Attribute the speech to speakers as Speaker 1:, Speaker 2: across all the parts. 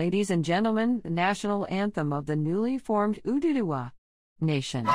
Speaker 1: Ladies and gentlemen, the national anthem of the newly formed Ududua Nation.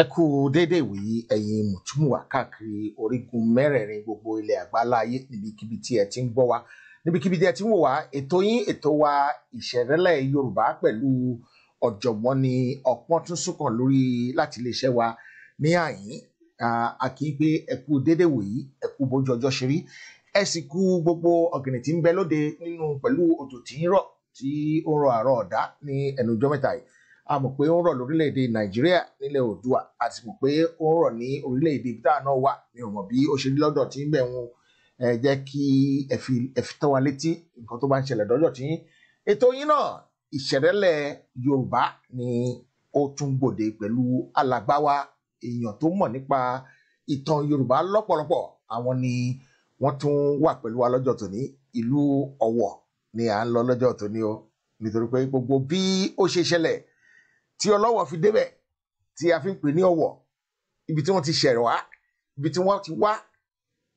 Speaker 2: ẹ kú déédé ìwòyí ẹ̀yin mùtúmùwà káàkiri orígun mẹ́rẹ̀ẹ̀rin gbogbo ilẹ̀ àgbáláyé níbikíbi tí ẹ ti ń gbọ́ wa níbikíbi tí ẹ ti ń wò wá ètò yín ètò wa ìṣẹ̀rẹ́lẹ̀ yorùbá pẹ̀lú ọ̀jọ̀gbọ́n ni ọ̀pọ̀n tún súnkàn lórí láti iléeṣẹ́ wa ní àyín a kì í pé ẹ kú déédé ìwòyí bójú ọjọ́ ṣe rí ẹ sì kú gbogbo ọ̀gìnì tí ń bẹ lóde nínú pẹ̀lú òjò tí ń rọ̀ tí ó ń rọ àárọ̀ ọ̀dá ní ẹnu ọjọ́ mẹ́ta yìí a mọ̀ pé ó ń rọ̀ lórílẹ̀‐èdè nàìjíríà nílẹ̀ oòdùà a ti mọ̀ pé ó ń rọ̀ ní orílẹ̀‐èdè ibi táà náà wà mi ò mọ̀ bí ó ṣe rí lọ́dọ̀ tí ń bẹ̀ wọn ẹ jẹ́ kí ẹ fi tó wa létí nǹkan tó bá ń ṣẹlẹ̀ lọ́dọ̀ tí ètò yín náà ìṣẹ̀rẹ́lẹ̀ yorùbá ni ó tún gbòde pẹ̀lú alàgbà èèyàn tó mọ̀ nípa ìtàn yorùbá lọ́pọ̀lọpọ̀ àwọn ni wọ́n tún wà pẹ̀lú wa lọ́jọ́ tòní ìlú ọ̀wọ̀ ni à ń lọ lọ́jọ́ tòní o nítorí pé gbogbo bí ó ṣe ṣẹlẹ̀ tí ọlọ́wọ̀ fi débẹ̀ tí a fi ń pè ní ọ̀wọ̀ ibi tí wọ́n ti ṣẹ̀rọ̀ wá ibi tí wọ́n ti wá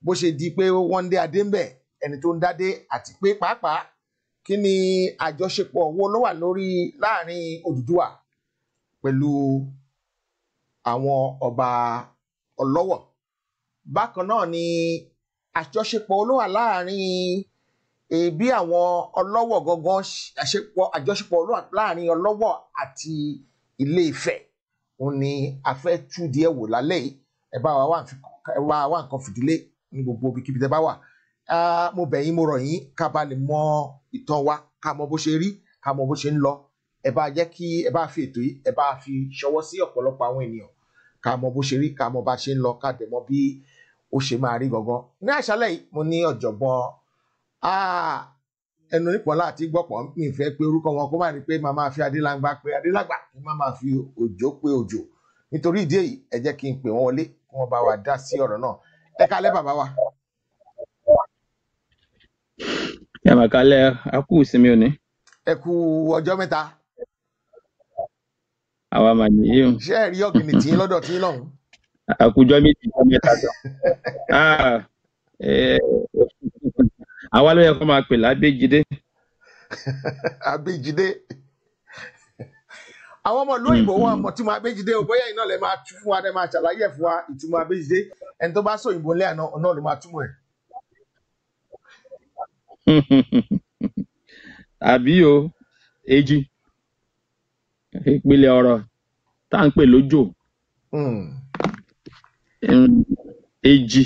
Speaker 2: bó ṣe di pé wọ́n ń dé adé ń bẹ̀ ẹni tó ń dádé àti pé pàápàá kí ni àjọṣepọ̀ wo ló wà lórí láàrin Odùduwà pẹ̀lú àwọn ọba ọlọ́wọ̀ bákan náà ni àjọṣepọ̀ ló wà láàrin bí àwọn ọlọ́wọ̀ gangan àjọṣepọ̀ ló láàrin ọlọ́wọ̀ àti Ilé-Ifẹ̀ òun ni a fẹ́ túdi ẹ̀ wò lálẹ́ yìí ẹ bá wa wá nǹkan fìdílé ní gbogbo ibikíbi tẹ́ bá wà mo bẹ̀ yín mo rọ̀ yín ká ba lè mọ ìtàn wa ká mọ bó ṣe rí ká mọ bó ṣe ń lọ ẹ bá jẹ́ kí ẹ bá fi ètò yìí ẹ bá fi ṣọwọ́ sí ọ̀pọ̀lọpọ̀ àwọn ènìyàn ká mọ bó ṣe rí ká mọ bá ṣe ń lọ ká dẹ̀ mọ bí ó ṣe máa rí gangan ní àṣálẹ́ yìí mo ní ọ̀jọ̀gbọ́n ẹnu onípọ̀lá àti gbọ́pọ̀ mi fẹ́ pé orúkọ wọn kó má rí pé màmá fi adélangba pé adélangba kí má má fi òjò pé òjò nítorí ìdí èyí ẹ jẹ́ kí n pè wọ́n wọlé kí wọ́n bá wa dá sí ọ̀rọ̀ náà ẹ kálẹ́ bàbá wa.
Speaker 3: ẹ mà kálẹ́ a kú ìsinmi òní.
Speaker 2: ẹ kú ọjọ́ mẹ́ta.
Speaker 3: àwa mà nìyí o.
Speaker 2: ṣé ẹ rí ọ̀gìnì tí lọ́dọ̀ tí lọ́hùn.
Speaker 3: àkùjọ méjì jọ mẹ́ta jọ àwa ló yẹ kó máa pè lábéjìdé.
Speaker 2: abéjìdé àwọn ọmọ ìlú wọn mọ̀ tí mo abéjìdé o bóyá iná lè máa tú fún wa lè máa ṣàlàyé fún wa ìtumọ̀ abéjìdé ẹni tó bá sọ òyìnbó ńlẹ àná ọ̀nà ló máa túmọ̀ ẹ̀.
Speaker 3: àbí o èjì ìpìlẹ̀ ọ̀rọ̀ tá à ń pè lójò hmm. èjì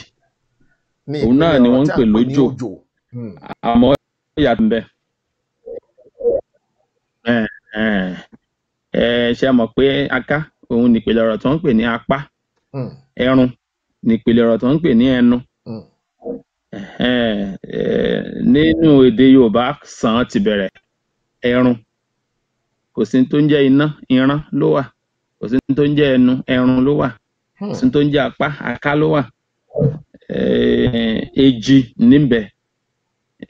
Speaker 4: òun náà ni wọ́n ń pè lójò.
Speaker 3: àmọ́ hmm. eh, eh. eh, ṣe mọ̀ pé aká òun nípìnlẹ̀ ọ̀rọ̀ tó ń pè ní apá hmm. ẹrun nípìnlẹ̀ ọ̀rọ̀ tó ń pè ní ẹnu hmm. nínú èdè Yorùbá sàn ti bẹ̀rẹ̀ ẹrun kò sí tó ń jẹ́ iná ló wà kò sí tó ń jẹ́ ẹnu ẹrun ló wà kò sí tó ń jẹ́ apá aká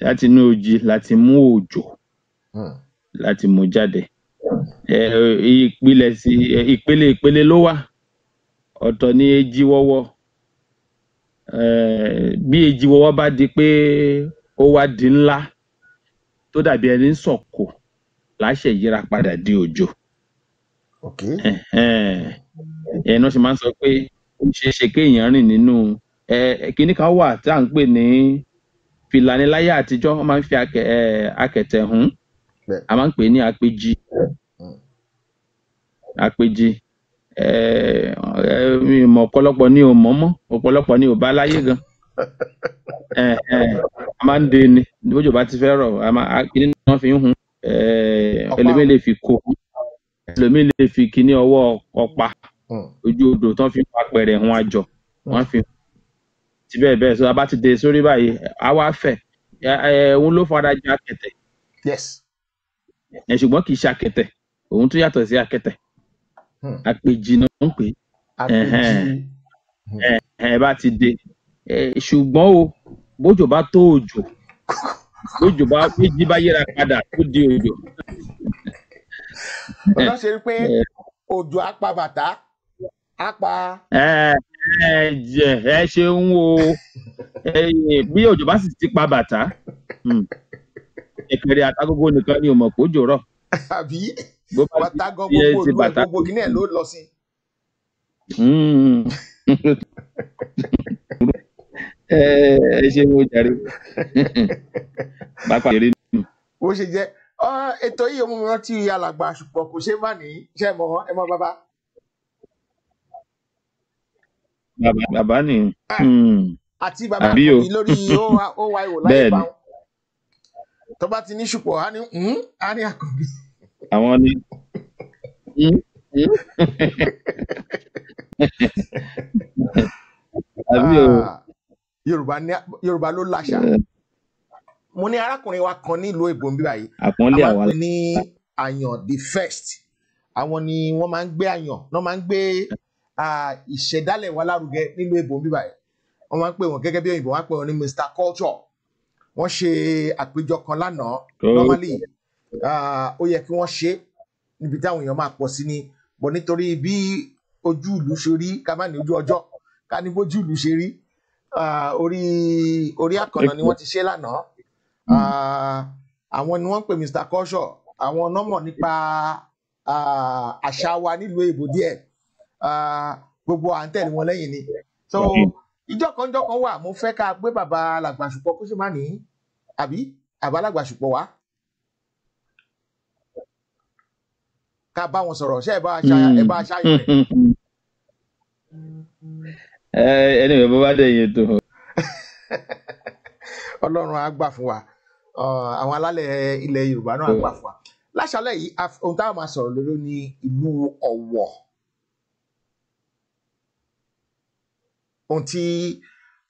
Speaker 3: láti inú ojì láti mú òjò hmm. láti mú jáde ìpìlẹ̀ sí ìpele ìpele ló wà ọ̀tọ̀ ni èjì wọ́wọ́ bí èjì wọ́wọ́ bá di pé ó wá di ńlá tó dàbí ẹni ń sọ̀kò láṣẹ yíra padà di òjò ẹ̀ẹ́n náà ṣe máa ń sọ pé ó ṣeé ṣe kéèyàn rìn nínú kinní wà tá à ń pè ní fìlà ní láyé àtijọ́ wọ́n máa ń fi akẹ̀tẹ̀ hún a máa ń pè ní apèjì hmm. apèjì ìmọ̀ ọ̀pọ̀lọpọ̀ ni ò mọ̀ mọ́ ọ̀pọ̀lọpọ̀ ni ò bá láyé gan a máa ń de ni bójú bá ti fẹ́ rọ̀ kíní ni wọ́n fi ń hun ẹlòmíì lè fi kó ẹlòmíì lè fi kíní ọwọ́ ọ̀pá hmm. ojú odò tán fi pa pẹ̀rẹ̀ hun àjọ wọ́n fi hun àti bẹ́ẹ̀ bẹ́ẹ̀ so a bá ti dé sórí báyìí a wá fẹ̀ òun ló fara jẹ akẹtẹ̀ ẹ̀ ṣùgbọ́n kì í ṣe akẹtẹ̀ òun tó yàtọ̀ sí akẹtẹ̀ hmm. àpèjì náà ń pè é hmm. bá ti dé ṣùgbọ́n o bójò bá tó òjò bójò bá méjì bá yẹra padà tó di òjò.
Speaker 2: ọ̀nà ṣe pé òjò á pa bàtà apá.
Speaker 3: ẹ ẹ jẹ ẹ ṣeun o bí òjò bá sì ti pa bàtà ìkẹrẹ
Speaker 2: hmm, àtàgógó nìkan ni òmò kò jòrọ. àbí bàtà gbogbo gbogbo kí náà ló lọ sí.
Speaker 3: Hmm. ẹ ṣe mo jàre pápá ìrírí nù.
Speaker 2: bó ṣe jẹ ètò yìí mo rántí alàgbà àṣùpọ̀ kò ṣeé má ní ṣe mọ́ ẹ mọ́ bàbá.
Speaker 3: bàbá bàbá ni hmm.
Speaker 2: àti bàbá mi lórí oy láyé bá wọn tó bá ti ní ṣùpọ̀ á ní á hmm, ní àwọn ni hmm. o. Ah, yorùbá ní yorùbá ló láṣà eh. mo ní arákùnrin wa kan nílùú èbó bíbá yìí àpọ́nlé àyàn the first àwọn ni wọ́n máa ń gbé àyàn wọ́n máa ń gbé ìṣẹ̀dálẹ̀ wọn lárugẹ nínú èbò bíbá yìí wọ́n máa ń pè wọ́n gẹ́gẹ́ bí òyìnbó wọ́n á pè wọ́n ní Mr Culture wọ́n ṣe àpéjọ kan lánàá normally ó yẹ kí wọ́n ṣe níbi táwọn èèyàn máa pọ̀ sí ni bọ̀ nítorí bí ojú ìlú ṣe rí ká má ní ojú ọjọ́ ká ní bójú ìlú ṣe rí orí orí àkànnà ni wọ́n ti ṣe lánàá àwọn ni wọ́n ń pè Mr Culture àwọn nọ́mọ̀ nípa àṣà wa nílùú èbò díẹ̀ Ah, gbogbo à ń tẹ̀lé wọn lẹ́yìn ni so ìjọ kan jọ kan wà mo fẹ́ ká gbé bàbá làgbàṣùpọ̀ kó sì má ní àbí àbá làgbàṣùpọ̀ wá ká bá wọn sọ̀rọ̀ ṣé ẹ bá aṣáájú rẹ̀.
Speaker 3: ẹni eh, mi bó bá dé yẹn tó.
Speaker 2: ọlọ́run á gbà fún wa àwọn alálẹ̀ ilẹ̀ yorùbá náà á gbà fún wa láṣálẹ̀ yìí ohun táwọn máa sọ̀rọ̀ lórí ni ìlú ọ̀wọ̀. ohun tí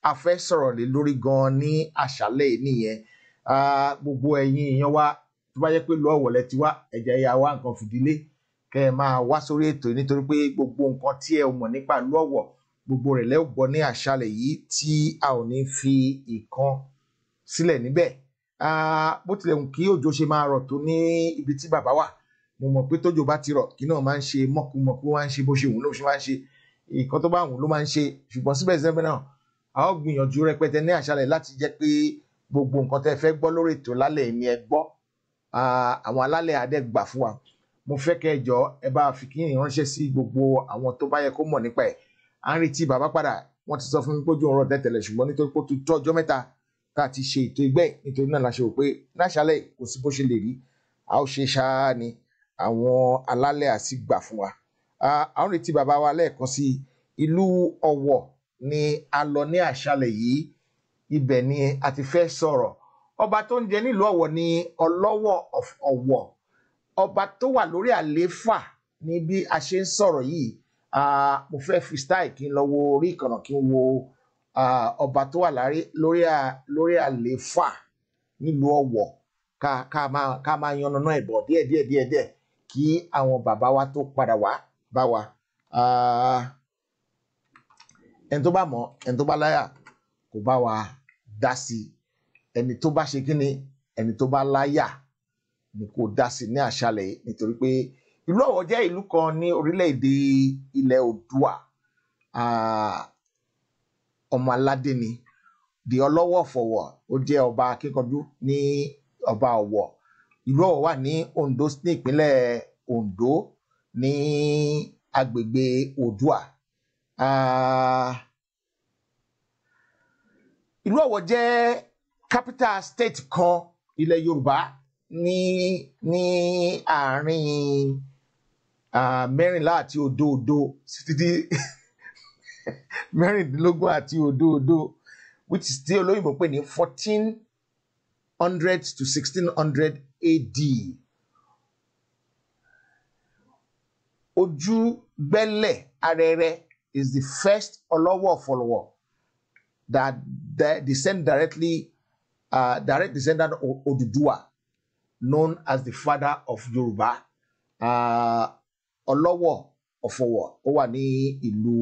Speaker 2: a fẹ́ sọ̀rọ̀ lé lórí gan-an ní àṣálẹ́ yìí nìyẹn gbogbo ẹ̀yin èèyàn wa tó bá yẹ pé lọ ọ̀wọ̀lẹ̀ ti wá ẹ̀jẹ̀ ya wá nǹkan fìdílé kẹ́ ẹ máa wá sórí ètò nítorí pé gbogbo nǹkan tí ẹ mọ̀ nípa ìlú Ọ̀wọ̀ gbogbo rẹ̀ lẹ́ gbọ́ ní àṣálẹ́ yìí tí a ò ní fi ìkan sílẹ̀ níbẹ̀ bó tilẹ̀ wù kí òjò ṣe máa rọ̀ tó ní ibi tí bàbá wà mo mọ̀ pé tójò bá ti rọ̀ kí náà máa ń ṣe mọ́kùmọ́kù máa ń ṣe bó ṣe wù nǹkan tó bá wù ló máa ń ṣe ṣùgbọ́n síbẹ̀síbẹ̀ náà a ó gbìyànjú rẹpẹtẹ ní àṣálẹ́ láti jẹ́ pé gbogbo nǹkan tẹ́ fẹ́ gbọ́ lórí ètò lálẹ́ ni ẹ gbọ́ àwọn alálẹ̀ adẹ́ gbà fún wa mo fẹ́ kẹ́ ẹ jọ ẹ bá fi kí ìránṣẹ́ sí gbogbo àwọn tó bá yẹ kó mọ̀ nípa ẹ̀ à ń retí bàbá padà wọ́n ti sọ fún mi pójú ọ̀rọ̀ tẹ́tẹ̀lẹ̀ ṣùgbọ́n nítorí pé ó ti tó ọjọ́ mẹ́ta tá a ti ṣe ètò ìgbẹ́ nítorí náà la ṣe rò pé láṣálẹ̀ kò sí bó ṣe lè rí a ó ṣe ṣáá ni àwọn alálẹ̀ àti gbà fún wa à ń retí bàbá wa lẹ́ẹ̀kan sí ìlú Ọ̀wọ̀ ni a lọ ní àṣálẹ́ yìí ibẹ̀ ni a ti fẹ́ sọ̀rọ̀ ọba tó ń jẹ nílùú Ọ̀wọ̀ ni Ọlọ́wọ̀ of Ọ̀wọ̀ ọba tó wà lórí àlééfà ní bí a ṣe ń sọ̀rọ̀ yìí mo fẹ́ fi style kí n lọ wo orí ìkànnà kí n wo ọba tó wà lórí àlééfà nílùú Ọ̀wọ̀ ká máa yànnàná ẹbọ díẹ̀ díẹ̀ díẹ̀ díẹ̀ kí àwọn bàbá wa tó padà wá bá wa ẹni tó bá mọ̀ ẹni tó bá láyà kó bá wa dá sí ẹni tó bá ṣe kíni ẹni tó bá láyà ni kó dá sí ní àṣálẹ́ nítorí pé ìlú Ọ̀wọ̀ jẹ́ ìlú kan ní orílẹ̀-èdè ilẹ̀ ọmọ aládé ni di ọlọ́wọ̀ fọ̀wọ̀ ó jẹ́ ọba akíkanjú ní ọba Ọ̀wọ̀ ìlú Ọ̀wọ̀ wà ní Ondo ní ìpínlẹ̀ Ondo ní agbègbè Oòduà. um Ìlú Ọ̀wọ̀ jẹ́ capital state kan ilẹ̀ Yorùbá ní ní àárín um mẹ́rìnlá odo òdoòdo títí dé mẹ́rìndínlógún odo òdoòdo which is tí olóyìnbó pè ní fourteen hundred to sixteen hundred AD. ojú gbẹ́lẹ̀ arẹrẹ is the first ọlọ́wọ̀ fọlọ́wọ̀ that, that descend directly uh, direct descendant of Oduduwa known as the father of Yoruba ọlọ́wọ̀ uh, ọ̀fọ̀wọ̀ ó wà ní ìlú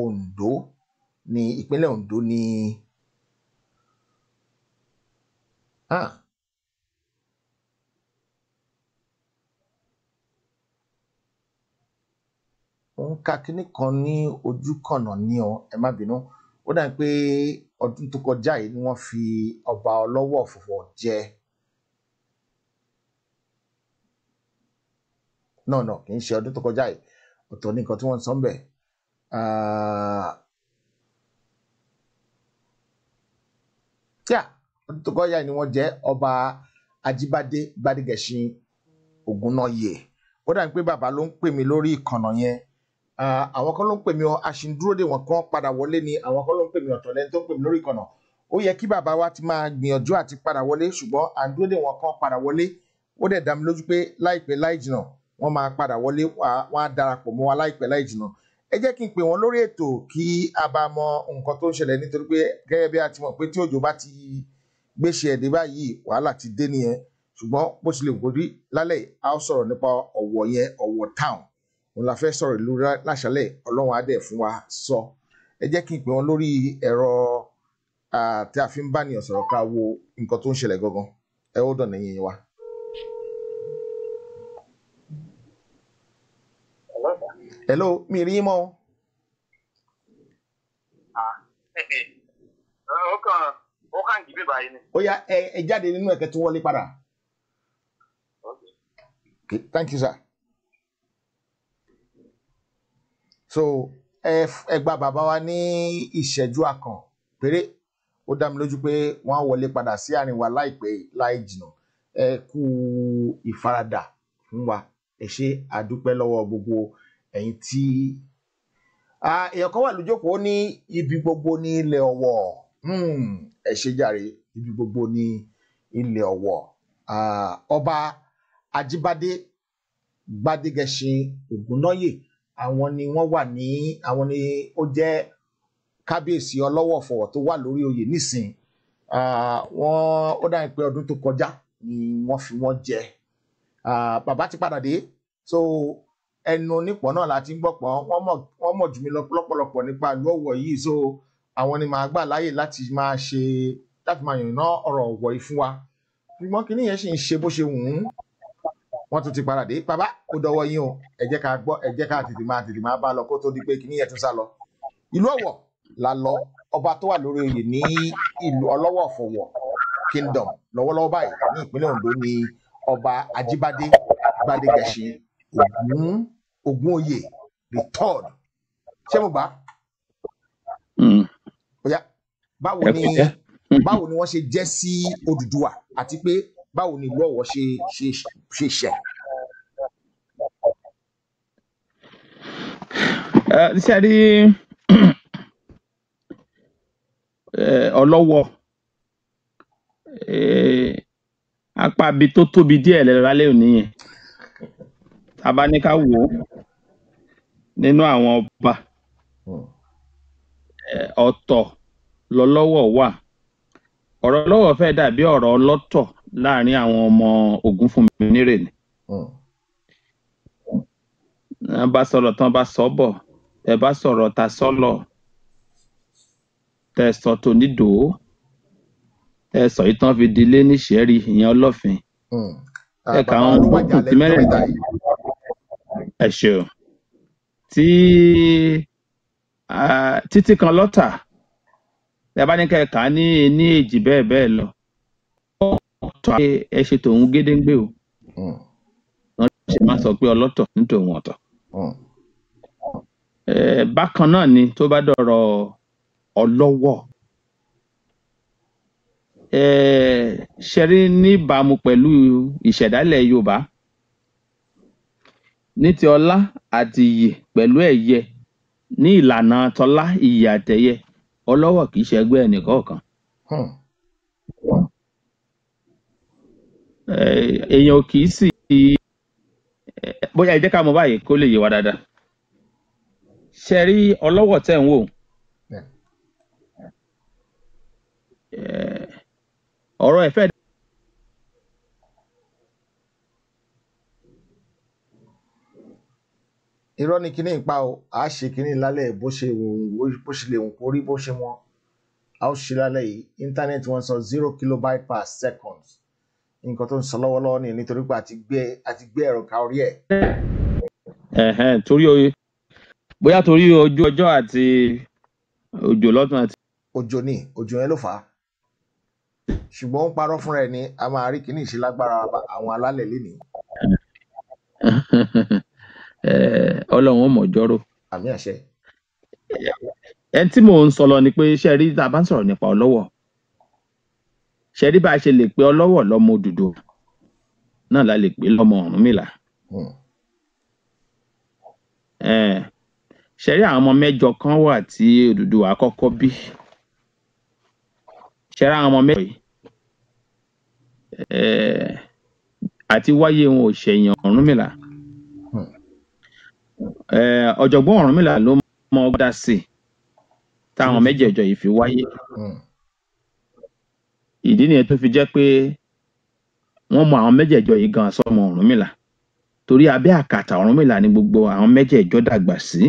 Speaker 2: Ondo ní ìpínlẹ̀ Ondo ní. Ah. ń ka kinní kan ní ojú kànnà ní ọ ẹ má bínú ó dà pé ọdún tó kọjá yìí ni wọ́n fi ọba ọlọ́wọ́ ọ̀fọ̀fọ̀ jẹ náà náà kì í ṣe ọdún tó kọjá yìí ọ̀tọ̀ ní nǹkan tí wọ́n ń sọ tíà ah, ọdún tó kọjá yìí ni wọ́n jẹ́ ọba Ajíbádé Gbádégẹṣin Ògúnnáyè ó dà pé bàbá ló ń pè mí lórí ìkànnà yẹn Ah, àwọn kan ló ń pè mí ọ aṣíndúró dè kan padà wọlé ni àwọn kan ló ń pè mí ọ̀tọ̀ lẹ́ni tó ń pè mí lórí ìkànnà ó yẹ kí bàbá wa ti máa gbìyànjú àti padà wọlé ṣùgbọ́n à ń dúró dè wọ́n kan padà wọlé ó dẹ̀ dá mi lójú pé láìpẹ́ láì jìnà wọ́n máa padà wọlé wọ́n á darapọ̀ mọ́ wa láìpẹ́ láì jìnà ẹ jẹ́ kí n pè wọ́n lórí ètò kí a bá mọ nǹkan tó ń ṣẹlẹ̀ nítorí pé gẹ́gẹ́ bí a ti mọ̀ pé tí òjò bá ti gbéṣẹ́ ẹ̀dẹ́ báyìí wàhálà ti dé nìyẹn ṣùgbọ́n bó tilẹ̀ kó rí lálẹ́ a ó sọ̀rọ̀ nípa Ọ̀wọ̀ yẹn Ọ̀wọ̀ town òun la fẹ́ sọ̀rọ̀ ìlú láṣálẹ̀ ọlọ́run á fún wa sọ ẹ jẹ́ kí n pè wọ́n lórí ẹ̀rọ tí a fi ń bá nìyàn sọ̀rọ̀ ká wo nǹkan tó ń ṣẹlẹ̀ gangan ẹ ó dọ̀nà yín wa. hello mi rí mọ́.
Speaker 4: ó kàn ó kàn jì bí báyìí ni.
Speaker 2: ó yá ẹ jáde nínú ẹ̀kẹ́ tó wọlé padà. thank you sir. so ẹ gba bàbá wa ní ìṣẹ́jú àkàn péré ó dá mi lójú pé wọ́n á wọlé padà sí àárín wa láìpẹ́ láì jìnà ẹ kú ìfaradà fún wa ẹ ṣe àdúpẹ́ lọ́wọ́ gbogbo ẹ̀yin tí èèyàn kan wà lójókòó ní ibi gbogbo ní ilẹ̀ ọ̀wọ̀ hmm, ẹ ṣe jàre ibi gbogbo ní ilẹ̀ ọ̀wọ̀ ọba Ajíbádé Gbádégẹṣin Ògúnnáyè àwọn ni wọ́n wà ní àwọn ni ó jẹ́ kábíyèsí ọlọ́wọ̀ fọ̀wọ̀ tó wà lórí oyè nísìn wọ́n ó dàbí pé ọdún tó kọjá ni wọ́n fi wọ́n jẹ bàbá ti padà dé so ẹnu onípọ̀ náà la ti ń gbọ̀pọ̀ wọ́n mọ̀ jù mí lọ́pọ̀lọpọ̀ nípa ìlú Ọ̀wọ̀ yìí so àwọn ni màá gbà láàyè láti máa ṣe láti máa yànnà ọ̀rọ̀ Ọ̀wọ̀ yìí fún wa ṣùgbọ́n kinní yẹn sì ń ṣe bó ṣe wù ú wọ́n tún ti padà dé bàbá ó dọwọ́ yín o ẹ jẹ́ ká gbọ́ ẹ jẹ́ ká tètè máa tètè máa bá lọ kó tó di pé kí níyẹn tún sá lọ ìlú Ọ̀wọ̀ la lọ ọba tó wà lórí oyè ní ìlú ọlọ́wọ̀ fọ̀wọ̀ kingdom lọ́wọ́lọ́wọ́ báyìí ní ìpínlẹ̀ Ondo ni ọba Ajíbádé Gbádégẹṣin Ògún Ògún oyè the third ṣé mo gbà. Hmm. báwo ni báwo ni wọ́n ṣe jẹ́ sí Odùduwà àti pé báwo ni ìlú Ọ̀wọ̀ ṣe ṣe ṣe ṣẹ.
Speaker 3: ṣe rí Ọlọ́wọ̀ apá ibi tó tóbi díẹ̀ lẹ́nu lálẹ́ òní yẹn tá a bá ní ká wò ó nínú àwọn ọba ọ̀tọ̀ lọ́lọ́wọ̀ wà ọ̀rọ̀ lọ́wọ̀ fẹ́ dàbí ọ̀rọ̀ ọlọ́tọ̀ láàrin àwọn ọmọ Ògúnfúnmi nírèlè hmm. bá sọ̀rọ̀ tán bá sọ bọ̀ ẹ bá sọ̀rọ̀ ta sọ́lọ̀ tẹ sọ tó nídòó tẹ sọ yìí tán fi dilé níṣẹ́rí ìyẹn ọlọ́fin hmm. ẹ kà àwọn kókò tí mẹ́rẹ̀ẹ̀ta ẹ ṣeun tí títí kan lọ́tà ẹ bá ní kẹ́ ẹ kà á ní ní èjì bẹ́ẹ̀ bẹ́ẹ̀ lọ tó àyè ẹ ṣe tòun gédéǹgbé o hmm. wọn ṣe máa sọ pé ọlọ́tọ̀ ní tòun hmm. bákan náà ni tó bá dọ̀rọ̀ ọlọ́wọ́ ṣẹrí níbàámu pẹ̀lú ìṣẹ̀dálẹ̀ Yorùbá ní ti ọlá àti iyì pẹ̀lú ẹ̀yẹ ní ìlànà tọlá iyì àtẹ̀yẹ ọlọ́wọ̀ kì í ṣẹgbẹ́ ẹnìkọ̀ọ̀kan.
Speaker 5: Hmm. Eh,
Speaker 3: èèyàn kì í sì eh, bóyá ẹ jẹ́ ká mọ̀ báyìí kó lè yé wa dáadáa ṣe rí ọlọ́wọ̀ tẹ̀ ń wò
Speaker 2: eh, ọ̀rọ̀ ẹ̀fẹ́ irọ́ ni kíní ìpa o a ṣe kíní lálẹ́ bó ṣe bó ṣe lè wù kó bó ṣe wọn a ó ṣe lálẹ́ yìí íńtánẹ́ẹ̀tì wọn sọ zero kilobyte per second nǹkan tó ń sọ lọ́wọ́lọ́wọ́ ni nítorí pé a ti gbé ẹ̀rọ ka orí ẹ̀.
Speaker 3: torí oye bóyá torí ojú ọjọ́ àti òjò lọ́tún àti.
Speaker 2: òjò ni òjò yẹn ló fà á ṣùgbọ́n ó ń parọ́ fúnra ẹ̀ ni a máa rí kíní ìṣe lágbára àwọn alálẹ̀ lénìí.
Speaker 3: ọlọ́run ó mọ̀ jọ́rò. àmì àṣẹ. ẹni tí mò ń sọ lọ ni pé ṣé rí tá a bá ń sọ̀rọ̀ nípa ọlọ́wọ̀ ṣe rí bá a ṣe lè pe ọlọ́wọ̀ lọ́mọ òdòdó náà la lè pe lọ́mọ Ọ̀rúnmìlà hmm. ṣe rí àwọn ọmọ mẹ́jọ kan wà tí òdòdó àkọ́kọ́ bí ṣe rí àwọn ọmọ mẹ́jọ yìí àti wáyé wọn ò ṣẹ̀yìn Ọ̀rúnmìlà hmm. ọ̀jọ̀gbọ́n Ọ̀rúnmìlà ló mọ ọgbà dá sí táwọn hmm. mẹ́jẹ̀ẹ̀jọ yìí fi wáyé. Hmm ìdí nìyẹn tó fi jẹ́ pé wọ́n mọ àwọn mẹ́jẹ̀ẹ̀jọ yìí gan sọ́mọ Ọ̀rúnmìlà torí abẹ́ àkàtà Ọ̀rúnmìlà ni gbogbo àwọn mẹ́jẹ̀ẹ̀jọ dàgbà sí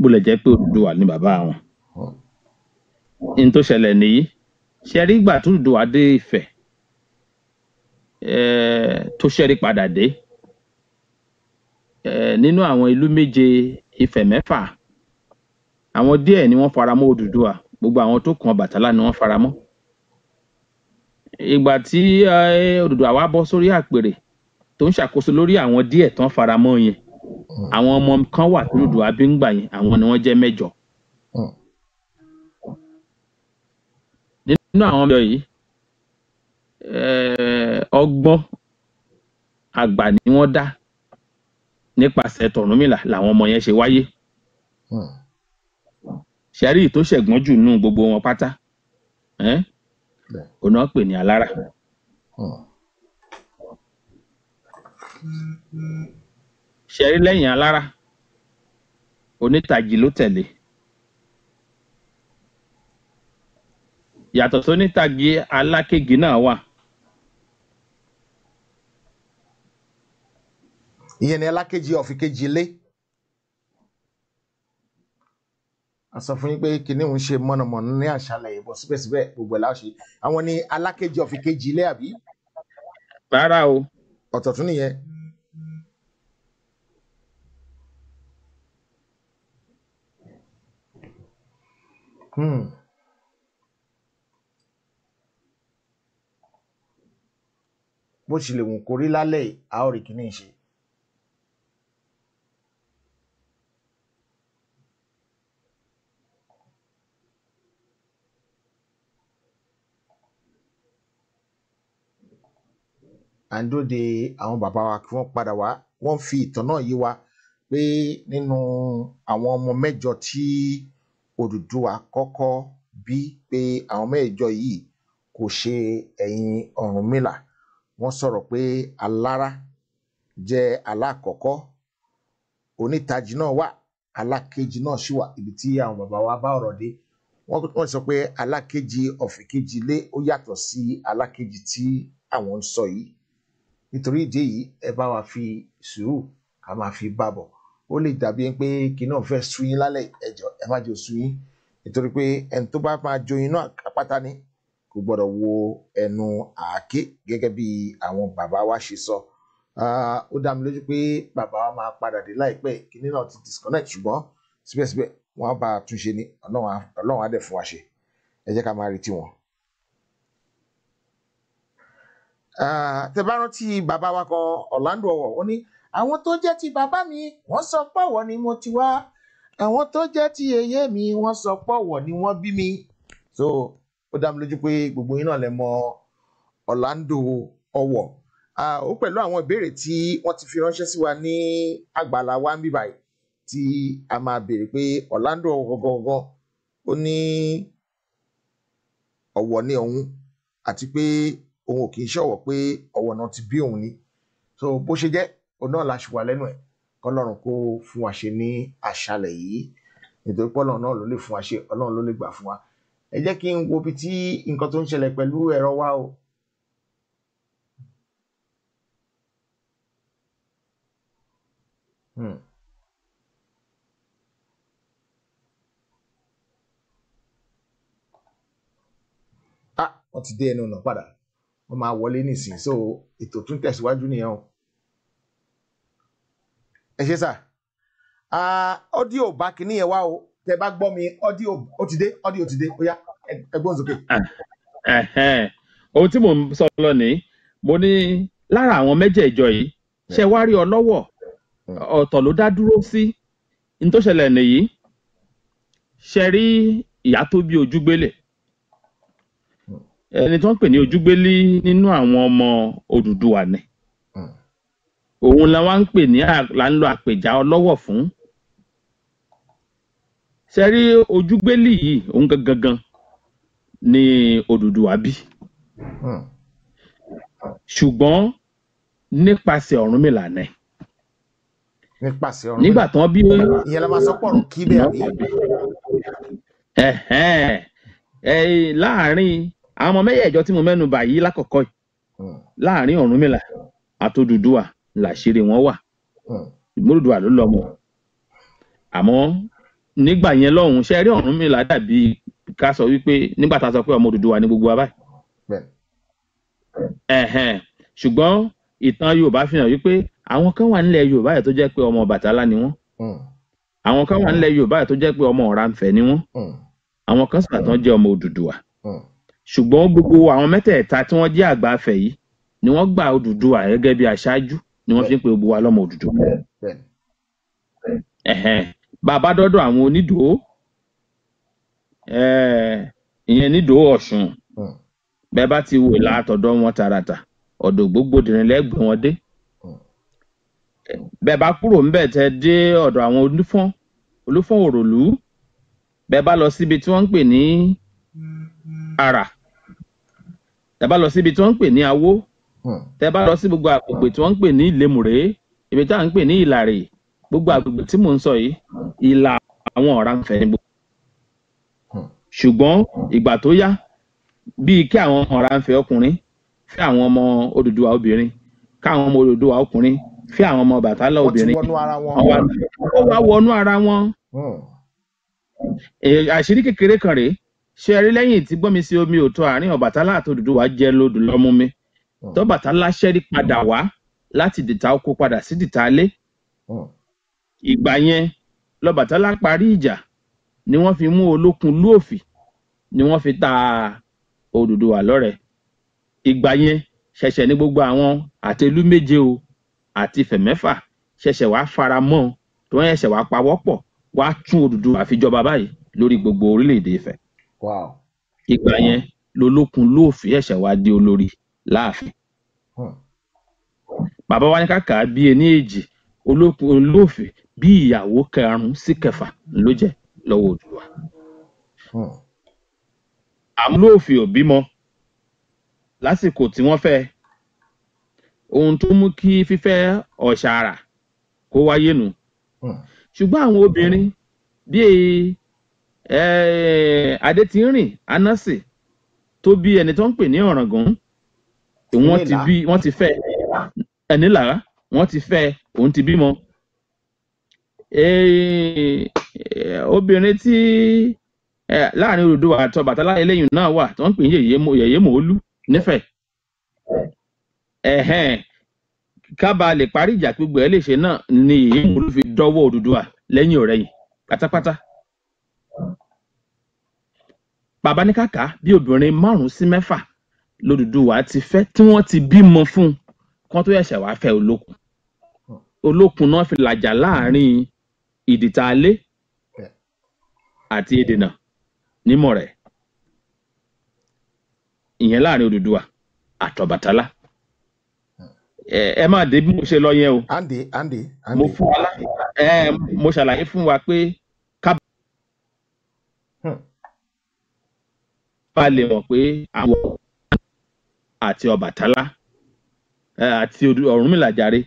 Speaker 3: bólẹ̀ jẹ́ pé Odùduwà ni bàbá wọn. n tó ṣẹlẹ̀ nìyí ṣe rí ìgbà tó Odùduwà dé Ifẹ̀ tó ṣẹ́rí padà dé nínú àwọn ìlú méje Ifẹ̀ mẹ́fà àwọn díẹ̀ ni wọ́n faramọ́ Odùduwà gbogbo àwọn tó kàn Ọbàtálá ni wọ́n faramọ́ ìgbà tí eh, Odùduwà wá bọ́ sórí àpèrè tó ń ṣàkóso lórí àwọn díẹ̀ tán faramọ́ yẹn hmm. àwọn ọmọ kan wà tí Odùduwà bí ń gbà yẹn àwọn ni wọ́n jẹ́ mẹ́jọ. Hmm. nínú àwọn ọmọ yìí eh, ọgbọ́n àgbà ni wọ́n dá nípasẹ̀ Ọ̀rúnmìlà làwọn ọmọ yẹn ṣe wáyé hmm. ṣẹ́rí tó ṣẹ̀gbọ́n jù nù gbogbo wọn pátá eh, òun náà pè ní alára. Hmm. ṣẹ̀rí lẹ́yìn alára onítàjì ló tẹ̀lé. yàtọ̀ tó nítàgé alákègé náà wà.
Speaker 2: ìyẹn ni alákejì ọ̀fìnkejì lé. a sọ fún yín pé kinní òun ṣe mọ̀nàmọ̀nà ní àṣàlẹ̀ ìbọn síbẹ̀síbẹ̀ gbogbo ẹ̀ láṣẹ àwọn ni alákejì ọ̀fi kejì ilé àbí. rárá o. ọ̀tọ̀ tún nìyẹn. Hmm. bó ṣe lè wù kórí lálẹ́ yìí a ó rí kinní ṣe. à de àwọn bàbá wa kí wọ́n padà wá wọ́n fi ìtàn náà yé wa pé nínú àwọn ọmọ mẹ́jọ tí Odùduwà kọ́kọ́ bí pé àwọn mẹ́jọ yìí kò ṣe ẹ̀yìn Ọ̀rúnmìlà wọ́n sọ̀rọ̀ pé Alára jẹ́ alákọ̀ọ́kọ́ Onítajì náà wà Alákejì náà sì wà ibi tí àwọn bàbá wa bá ọ̀rọ̀ dé wọ́n sọ pé Alákejì ọ̀fìnkejì lé ó yàtọ̀ sí Alákejì tí àwọn ń sọ yìí nítorí ìdí èyí ẹ bá wa fi sùúrù ká máa fi bá bọ̀ ó lè dàbí pé kí náà fẹ́ sú yín lálẹ́ ẹjọ́ ẹ má jò sú yín nítorí pé ẹni tó bá máa jó inú àpáta ni kò gbọ́dọ̀ wo ẹnu àáké gẹ́gẹ́ bí àwọn bàbá wa ṣe sọ ó dá mi lójú pé bàbá wa máa padà dé láìpẹ́ kíní náà ti disconnect ṣùgbọ́n síbẹ̀síbẹ̀ wọ́n á bá a túnṣe ni ọlọ́run á dẹ̀ fún wa ṣe ẹ jẹ́ ká máa retí wọn. tẹ bá rántí bàbá wa kan Orlando Owo ó ní àwọn tó jẹ́ ti bàbá mi wọ́n sọ pọ̀wọ̀ ni mo ti wá àwọn tó jẹ́ ti èyé mi wọ́n sọ pọ̀wọ̀ ni wọ́n bí mi so ó dá mi lójú pé gbogbo yín náà lè mọ Orlando Owo ó pẹ̀lú àwọn ìbéèrè tí wọ́n ti fi ránṣẹ́ sí wa ní àgbàlá wa ń bí báyìí tí a máa béèrè pé Orlando Owo gangan ó ní Ọ̀wọ̀ ni òun àti pé òun ò kì í ṣọ̀wọ́ pé ọ̀wọ̀ náà ti bí òun ni so bó ṣe jẹ́ òun náà la ṣì wà lẹ́nu ẹ̀ kọ́lọ́run kó fún wa ṣe ní àṣálẹ́ yìí nítorí pọ́lọ́run náà ló lè fún wa ṣe ọlọ́run ló lè gbà fún wa ẹ jẹ́ kí n wo ibi tí nǹkan tó ń ṣẹlẹ̀ pẹ̀lú ẹ̀rọ wa o. Hmm. Ah, wọ́n ti dé ẹnu ọ̀nà padà wọ́n máa wọlé nísìnyí so ètò tún tẹ̀síwájú nìyẹn o. ẹ ṣe sà ọ́díò bá kínní yẹn wá o tẹ bá gbọ́ mi ọ́díò ó ti dé ọ́díò ti dé ó yá ẹgbọ́n sókè.
Speaker 3: ohun tí mò ń sọ lọ ni mo ní lára àwọn mẹ́jẹ̀ẹ̀jọ yìí ṣe wá rí ọlọ́wọ̀ ọ̀tọ̀ ló dá dúró sí ní tó ṣẹlẹ̀ nìyí ṣe rí ìyá tó bí ojú gbélé ẹni tó ń pè ní ojúgbélé nínú àwọn ọmọ Odùduwà ni hmm. òun la wá ń pè ní là ń lo àpèjá ọlọ́wọ̀ fún ṣe rí ojúgbélé yìí òun gangan ni Odùduwà bí hmm. ṣùgbọ́n nípasẹ̀ Ọ̀rúnmìlà ni
Speaker 2: nípasẹ̀ Ọ̀rúnmìlà nígbà tán bí ìyẹn la máa sọ pọ̀rọ̀ kí bẹ́ẹ̀ àbí.
Speaker 3: láàárín àwọn ọmọ mẹ́yẹ̀ẹ̀jọ tí mo mẹ́nu bà yìí lákọ̀ọ́kọ́ yìí hmm. láàrin Ọ̀rúnmìlà àtòdùdùà làṣírí wọn wà hmm. ìgbódùdùà ló lọ́mọ àmọ́ nígbà yẹn lọ́hùn ṣe rí Ọ̀rúnmìlà dàbí ká sọ wípé nígbà tá a sọ pé ọmọ Odùduwà ní gbogbo wa báyìí ẹ̀hẹ̀n ìtàn Yorùbá fi hàn wípé àwọn kan wà nílẹ̀ Yorùbá yẹn tó jẹ́ pé ọmọ Ọbàtálá ni wọ́n hmm. àwọn kan wà nílẹ̀ Yorùbá yẹn tó jẹ́ pé ọmọ Ọ̀rànfẹ̀ ni wọ́n àwọn kan sàtàn jẹ́ ọmọ Odùduwà ṣùgbọ́n gbogbo àwọn mẹ́tẹ̀ẹ̀ta tí wọ́n jẹ́ àgbà yìí ni wọ́n gba Odùduwà gẹ́gẹ́ bí aṣáájú ni wọ́n fi ń pe gbogbo wa lọ́mọ Odùduwà. bàbá dọ́dọ̀ àwọn onídòó ìyẹn nídòó Ọ̀ṣun hmm. bẹ́ẹ̀ bá ti wò látọ̀dọ̀ wọn tààràtà ọ̀dọ̀ gbogbo dìrín lẹ́gbẹ̀ẹ́ wọn dé hmm. bẹ́ẹ̀ bá kúrò ńbẹ̀ tẹ́ dé ọ̀dọ̀ àwọn olúfọ́n olúfọ́n òròlú bẹ́ẹ̀ bá lọ síbi tí wọ́n ń pè ní àrà tẹ́ bá lọ síbi tí wọ́n ń pè ní awó hmm. tẹ́ bá lọ sí gbogbo àgbègbè tí wọ́n ń pè ní ìlémùrè ibi tá à ń pè ní ìlàrè gbogbo àgbègbè tí mò ń sọ yìí ìlà àwọn Ọ̀rànfẹ̀ ni gbogbo ṣùgbọ́n hmm. ìgbà tó yá bíi kí àwọn Ọ̀rànfẹ̀ ọkùnrin fẹ́ àwọn ọmọ Odùduwà obìnrin káwọn ọmọ Odùduwà ọkùnrin fẹ́ àwọn ọmọ Ọbàtálá obìnrin
Speaker 2: wọ́n
Speaker 3: wá wọnú ara wọn hmm. àṣírí kékeré kan rèé ṣe rí lẹ́yìn tí gbọ́mi sí omi òótọ́ àárín ọ̀bàtálá àti odùduwà jẹ́ lódù lọ́mú mi hmm. tọ́bàtálá ṣẹ́rí padà wá láti dìtà oko padà sí dìtà lé hmm. ìgbà yẹn lọ́bàtálá parí ìjà ni wọ́n fi mú olókun lóòfì ni wọ́n fi ta odùduwà lọ́rẹ ìgbà yẹn ṣẹ̀ṣẹ̀ ní gbogbo àwọn àtẹlú méje o àti fẹ̀mẹ́fà ṣẹ̀ṣẹ̀ wàá fara mọ́ tí wọ́n ṣẹ̀ṣẹ̀ wàá pawọ́pọ̀ wàá tún odùduwà fi jọba báyìí lórí gbogbo orílẹ̀-èdè Ifẹ̀ ìgbà yẹn lolókun lóòfin ṣẹ̀ṣẹ̀ wá dé olórí láàfin hmm. bàbá wa ní kàkà bíi ẹni èjì olókun olóòfin bí ìyàwó karùnún sí kẹfà ló jẹ lọ́wọ́ Odùduwà hmm. àmúlòòfin ò bímọ lásìkò tí wọ́n fẹ́ ohun tó mú kí fífẹ́ ọ̀ṣàrà kó wáyé nù hmm. ṣùgbọ́n àwọn obìnrin bíi Eh, adétìrìn anásì tó bí ẹni tó ń pè ní ọ̀ràngún wọ́n ti bí wọ́n ti fẹ́ ẹ̀nílára wọ́n ti fẹ́ òun ti bímọ. Eh, obìnrin tí eh, láàrin Odùduwà àti Ọbàtálá eléyìí náà wà tó ń pè ní yèyé mòólù
Speaker 5: nífẹ̀ẹ́
Speaker 3: kábà lè parí ìjà gbogbo ẹ lè ṣe náà ni yèyé mòólù fi dọ́wọ́ Odùduwà lẹ́yìn ọ̀rẹ́yìn pátápátá bàbá ní kàkà bí obìnrin márùn sí mẹ́fà lódùdúwà ti fẹ́ tí wọ́n ti bímọ fún un kan tó ṣẹ̀ṣẹ̀ wáá fẹ́ olókun olókun náà fi làjà láàrin ìdìtàlé àti èdènà nímọ̀ rẹ̀ ìyẹn láàrin Odùduwà àtọ̀bàtálá ẹ má dé bí mo ṣe lọ yẹn o ande ande ande mo fún wa ẹ mo ṣàlàyé fún wa pé kábàámọ̀. Hmm bá lè mọ̀ pé àwọn àti Ọbàtálá àti Ọ̀rúnmìlà jàre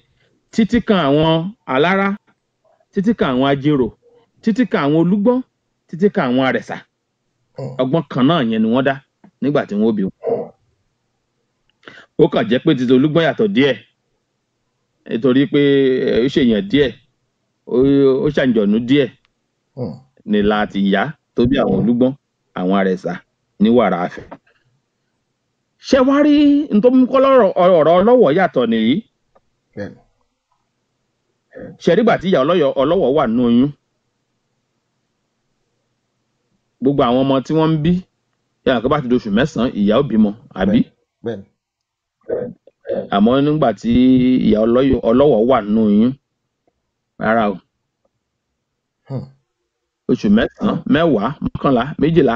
Speaker 3: títí kan àwọn alára títí kan àwọn ajérò títí kan àwọn olúgbọ́n títí kan àwọn àrẹ̀sà ọgbọ́n kan náà yẹn ni wọ́n dá nígbà tí wọ́n bí wọn. ó kàn jẹ́ pé títí olúgbọ́n yàtọ̀ díẹ̀ nítorí pé ó ṣèyàn díẹ̀ ó ṣàǹjọ̀nú díẹ̀ hmm. nílà àti ìyá tó bí àwọn olúgbọ́n àwọn àrẹ̀sà ní wàrà àfẹ́ ṣé wá rí n tó mú kọ́ ọ̀rọ̀ ọlọ́wọ̀ yàtọ̀ nìyí ṣẹ̀rígbà tí ìyá ọlọ́wọ̀ wà nínú oyún gbogbo àwọn ọmọ tí wọ́n ń bí yàrá kan bá ti doṣù mẹ́sàn-án ìyá ò bímọ àbí àmọ́ nígbà tí ìyá ọlọ́wọ̀ wà nínú oyún rárá o hmm. oṣù mẹ́sàn-án mẹ́wàá mọ́kànlá méjìlá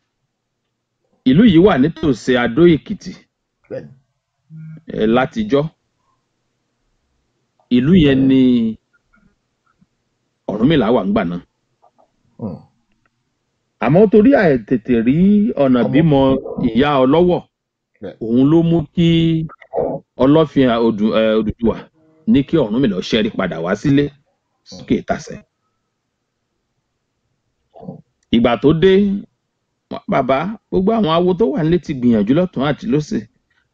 Speaker 3: ìlú yìí wà nítòsí Adó Èkìtì látijọ́ ìlú yẹn ni Ọ̀rúnmìlà wà ńgbà náà hmm. àmọ́ torí àìtètè rí ọ̀nà bímọ ìyá ọlọ́wọ̀ òun ló mú kí Ọlọ́fin eh, eh, Odùduwà ní kí Ọ̀rúnmìlà ṣẹ́rí padà wá sílé sókè Ìtàsẹ̀ hmm. ìgbà tó dé bàbá gbogbo àwọn awo tó wà nílé ti gbìyànjú lọ́tún àti lọ́sì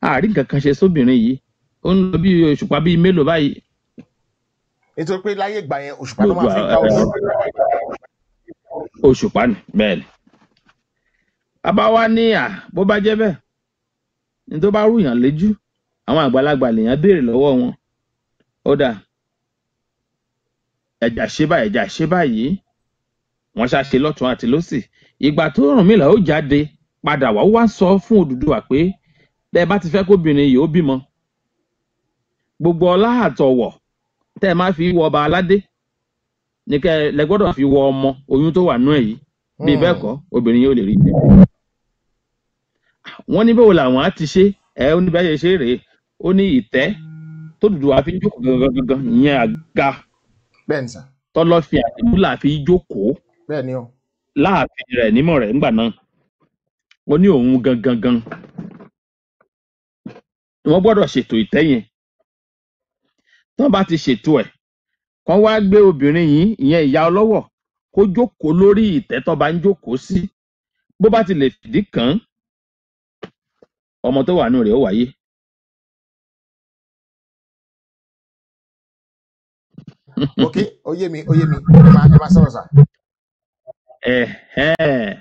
Speaker 3: àárín nǹkan kan ṣe sóbìnrin yìí ó ń lọ bí òṣùpá bíi mélòó báyìí.
Speaker 2: nítorí pé láyé ìgbà yẹn òṣùpá ló máa fi ká òṣùpá.
Speaker 3: òṣùpá ni bẹ́ẹ̀ ni. bàbá wa ní à bó bá jẹ́ bẹ́ẹ̀ ní tó bá rúyàn léjú àwọn àgbàlagbà lèèyàn béèrè lọ́wọ́ wọn ó dà ẹ̀jà ṣe báyìí ẹ̀jà ṣe báyìí wọ́n ṣàṣe lọ́tún àti lọ́sì ìgbà tó Ọ̀rúnmìlà ó jáde padà wá wá sọ fún Odùduwà pé tẹ́ ẹ bá ti fẹ́ kóbìnrin yìí ó bímọ gbogbo ọlá àtọ̀wọ̀ tẹ́ ẹ máa fi wọ ọba aládé ní kẹ́ lẹ gbọ́dọ̀ fi wọ ọmọ oyún tó wà nú ẹ̀ yìí bí bẹ́ẹ̀ kọ́ obìnrin yóò lè rí jẹ wọ́n ní báwo làwọn á ti ṣe ẹ ó ṣe rèé ó ní ìtẹ́ tó dùdú àfi jókòó gangan gangan ìyẹn àga tọ́lọ́ fi àdìmúlà fi jókòó láàfin rẹ nímọ̀ rẹ ńgbà náà ó ní òun gangan gan wọ́n ṣètò ìtẹ́ yẹn tán bá ti ṣètò ẹ kán wá gbé obìnrin yìí ìyẹn ìyá ọlọ́wọ̀ kó jókòó lórí ìtẹ́ tó bá ń jókòó sí bó bá ti lè fìdí kàn án ọmọ tó wà nù rẹ̀ ó
Speaker 6: wáyé. ok ó yé mi ẹ máa sọ̀rọ̀ sà. ẹ̀hẹ́n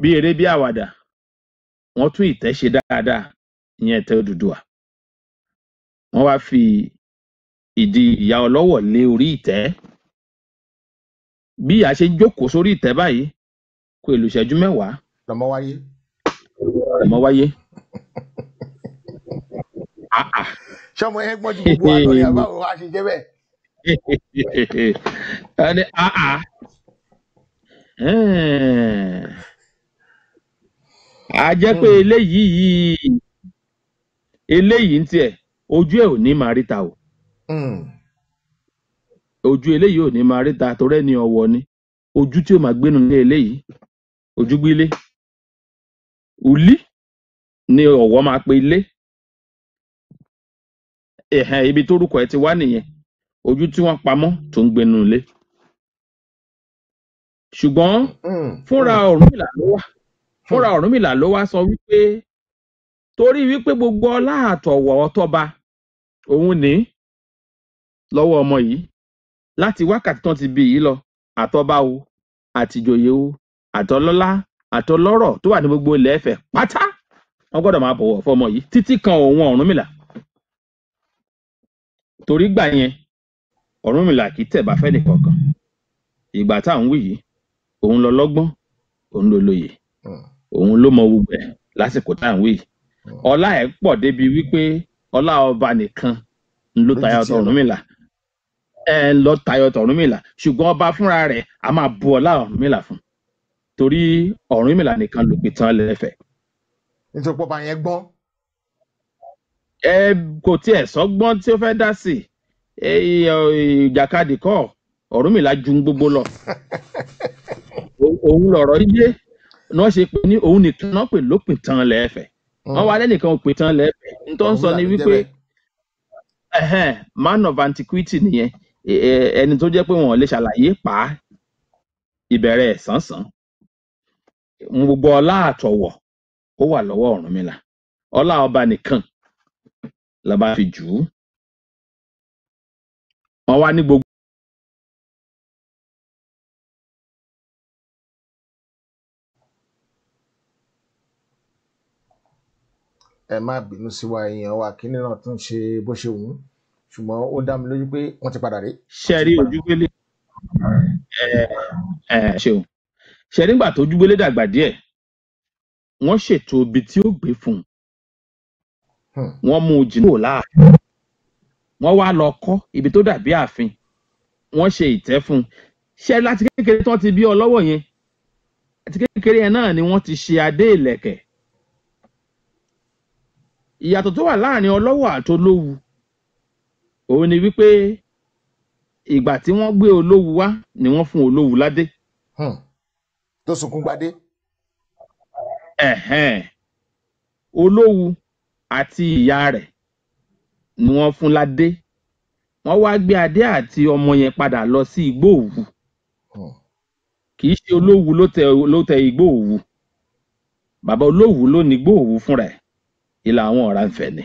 Speaker 6: bí eré bí àwàdà wọ́n tún ìtẹ́ ṣe dáadáa ìyẹn ìtẹ́ Odùduwà wọ́n wá fi ìdí
Speaker 3: ìyá ọlọ́wọ̀ lé orí ìtẹ́ bí ìyá ṣe jókòó sórí ìtẹ́ báyìí kò èlò ìṣẹ́jú mẹ́wàá. lọmọ wáyé. lọmọ wáyé.
Speaker 2: sọmọ yẹn gbọ́n ju gbogbo àgbọ̀yà báwo wá ṣe jẹ́ bẹ́ẹ̀.
Speaker 3: Hmm. a jẹ́ pé eléyìí yìí eléyìí ń tiẹ̀ ojú ẹ ò ní máa ríta o hmm. ojú eléyìí ò ní máa ríta torí ní ọ̀wọ̀ ni ojú tí o máa gbénu ní eléyìí ojú gbílé ulí ni
Speaker 6: ọwọ máa pe ilé ibi ibi rúkọ ẹ ti wá nìyẹn
Speaker 3: ojú tí wọn pamọ tó ń gbénu ilé. ṣùgbọ́n mm. fúnra mm. Ọ̀rúnmìlà ló wá mm. fúnra Ọ̀rúnmìlà ló wá sọ wípé torí wípé gbogbo ọlá àtọ̀wọ̀ ọtọ́ba òun ní lọ́wọ́ ọmọ yìí láti wákàtí tán ti bí yìí lọ àtọba o àtìjòyè o àtọlọ́lá àtọlọ́rọ̀ tó wà ní gbogbo ilẹ̀ Ifẹ̀ pátá wọ́n gbọ́dọ̀ máa bọ̀wọ̀ fọmọ yìí títí kan òun Ọ̀rúnmìlà torí gbà yẹn Ọ̀rúnmìlà kì í tẹ̀bà fẹ́nìkankan ìgbà tá ń wí yìí òun lọ lọ́gbọ́n òun ló lóye hmm. òun ló mọ gbogbo ẹ̀ lásìkò tá à ń wí hmm. ọlá ẹ̀ pọ̀ débi wípé ọlá ọba nìkan ló tayọ t'Ọ̀rúnmìlà ẹ lọ tayọ t'Ọ̀rúnmìlà ṣùgbọ́n ọba fúnra rẹ̀ a máa bu ọlá Ọ̀rúnmìlà fún torí Ọ̀rúnmìlà nìkan ló pìtàn lẹ́fẹ̀.
Speaker 2: nítorí pọ́ba yẹn gbọ́n.
Speaker 3: ẹ kò tiẹ̀ sọ́gbọ́n tí ó fẹ́ dá sí ìjàkadì kọ́ Ọ̀rúnmìlà ju gbogbo lọ. òun lọ̀rọ̀ yé náà ṣe pé ní òun nìkan náà pè lópin tán lẹ́ẹ̀fẹ̀ hmm. wọ́n wá lẹ́nìkan ò pè tán lẹ́ẹ̀fẹ̀ n tó ń sọ ni wípé man of antiquity nìyẹn e, e, ẹni tó jẹ́ pé wọ́n lè ṣàlàyé pa ìbẹ̀rẹ̀ sánsan gbogbo ọlá àtọ̀wọ̀ ó wà lọ́wọ́ Ọ̀rúnmìlà
Speaker 6: ọlá ọba nìkan lọ́ba fi jù ú wọ́n wá ní gbogbo.
Speaker 2: ẹ má bínú sí wa èèyàn wa kí nìran tún ṣe bó ṣe wù ú ṣùgbọ́n ó dá mi lójú pé wọ́n ti padà dé. ṣe rí ojúgbélé
Speaker 3: ẹ ẹ ṣeun ṣe nígbà tó ojúgbélé dàgbà díẹ̀ wọ́n ṣètò ibi tí ó gbé fún un hmm. wọ́n mú un jìnnà láàfin wọ́n wá lọ kọ́ ibi tó dàbí ààfin wọ́n ṣe ìtẹ́ fún un ṣe láti kékeré tí wọ́n ti bí ọ lọ́wọ́ yẹn àti kékeré yẹn náà ni wọ́n ti ṣe adé ìlẹ̀kẹ̀ ìyàtọ̀ tó wà láàrin ọlọ́wọ̀ àtolówu òun ni wípé ìgbà tí wọ́n gbé olówu wá ni wọ́n fún olówu ládé. Hmm. tó sunkún gbadé. olówu àti ìyá rẹ̀ ni wọ́n fún ládé wọ́n wá gbé adé àti ọmọ yẹn padà lọ sí igbó òwu hmm. kì í ṣe olówu ló tẹ igbó òwu bàbá olówu ló ní igbó òwu fúnra ẹ̀ ìlà àwọn ọ̀rànfẹ̀ ni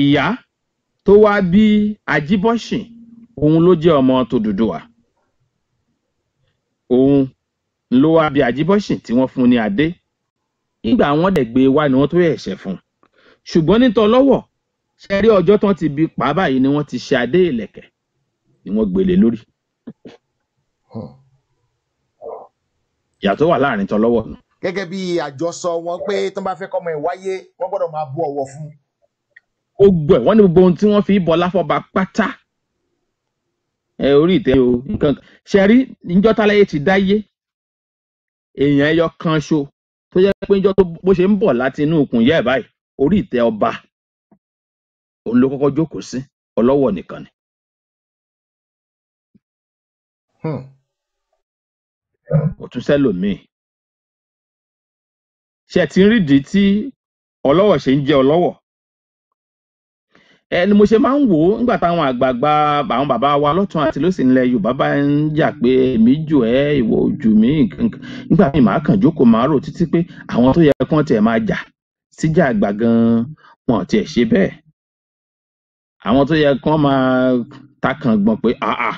Speaker 3: ìyá tó wá bí Ajíbọ́sìn òun ló jẹ́ ọmọ tòdùdùwà òun ló wá bí Ajíbọ́sìn tí wọ́n fún ní adé nígbà wọ́n dẹ̀ gbé e wá ni wọ́n tó ẹ̀ṣẹ̀ fún ṣùgbọ́n ní tọlọ́wọ̀ ṣe rí ọjọ́ tán ti bí pa báyìí ni wọ́n ti ṣe adé ìlẹ̀kẹ̀ ni wọ́n gbélé lórí ìyàtọ̀ wà láàrin tọlọ́wọ̀ nù
Speaker 2: gẹ́gẹ́ bí àjọsọ wọn pé tó bá fẹ́ kọ́mọ ìwáyé wọ́n gbọ́dọ̀ máa bu ọ̀wọ̀ fún un.
Speaker 3: ó gbọ́ ẹ̀ wọ́n ní gbogbo ohun tí wọ́n fi bọ́ láfọ́ba pátá ẹ orí ìtẹ́ o nǹkan ṣẹ̀rí níjọ́ ti dáyé èèyàn ẹyọ kan ṣo tó jẹ́ pé níjọ́ tó bó ṣe ń bọ̀ láti inú òkun yẹ́ ẹ̀ báyìí orí ìtẹ́ ọba òun ló kọ́kọ́ jókòó sí ọlọ́wọ̀
Speaker 6: nìkan ni. Hmm. kò tún sẹ́lòmíì ṣe ti ń rídìí tí
Speaker 3: ọlọ́wọ̀ ṣe ń jẹ́ ọlọ́wọ̀ ẹni mo ṣe máa ń wò ó nígbà táwọn àgbààgbà àwọn bàbá wa lọ́tún àti lósì ńlẹ̀ Yorùbá bá ń jà pé èmi jù ẹ́ ìwọ jù mí nígbà míì màá kàn jókòó màá rò títí pé àwọn tó yẹ kán tiẹ̀ máa jà síjà àgbà gan-an wọn tiẹ̀ ṣe bẹ́ẹ̀ àwọn tó yẹ kán máa takàn gbọ̀n pé àà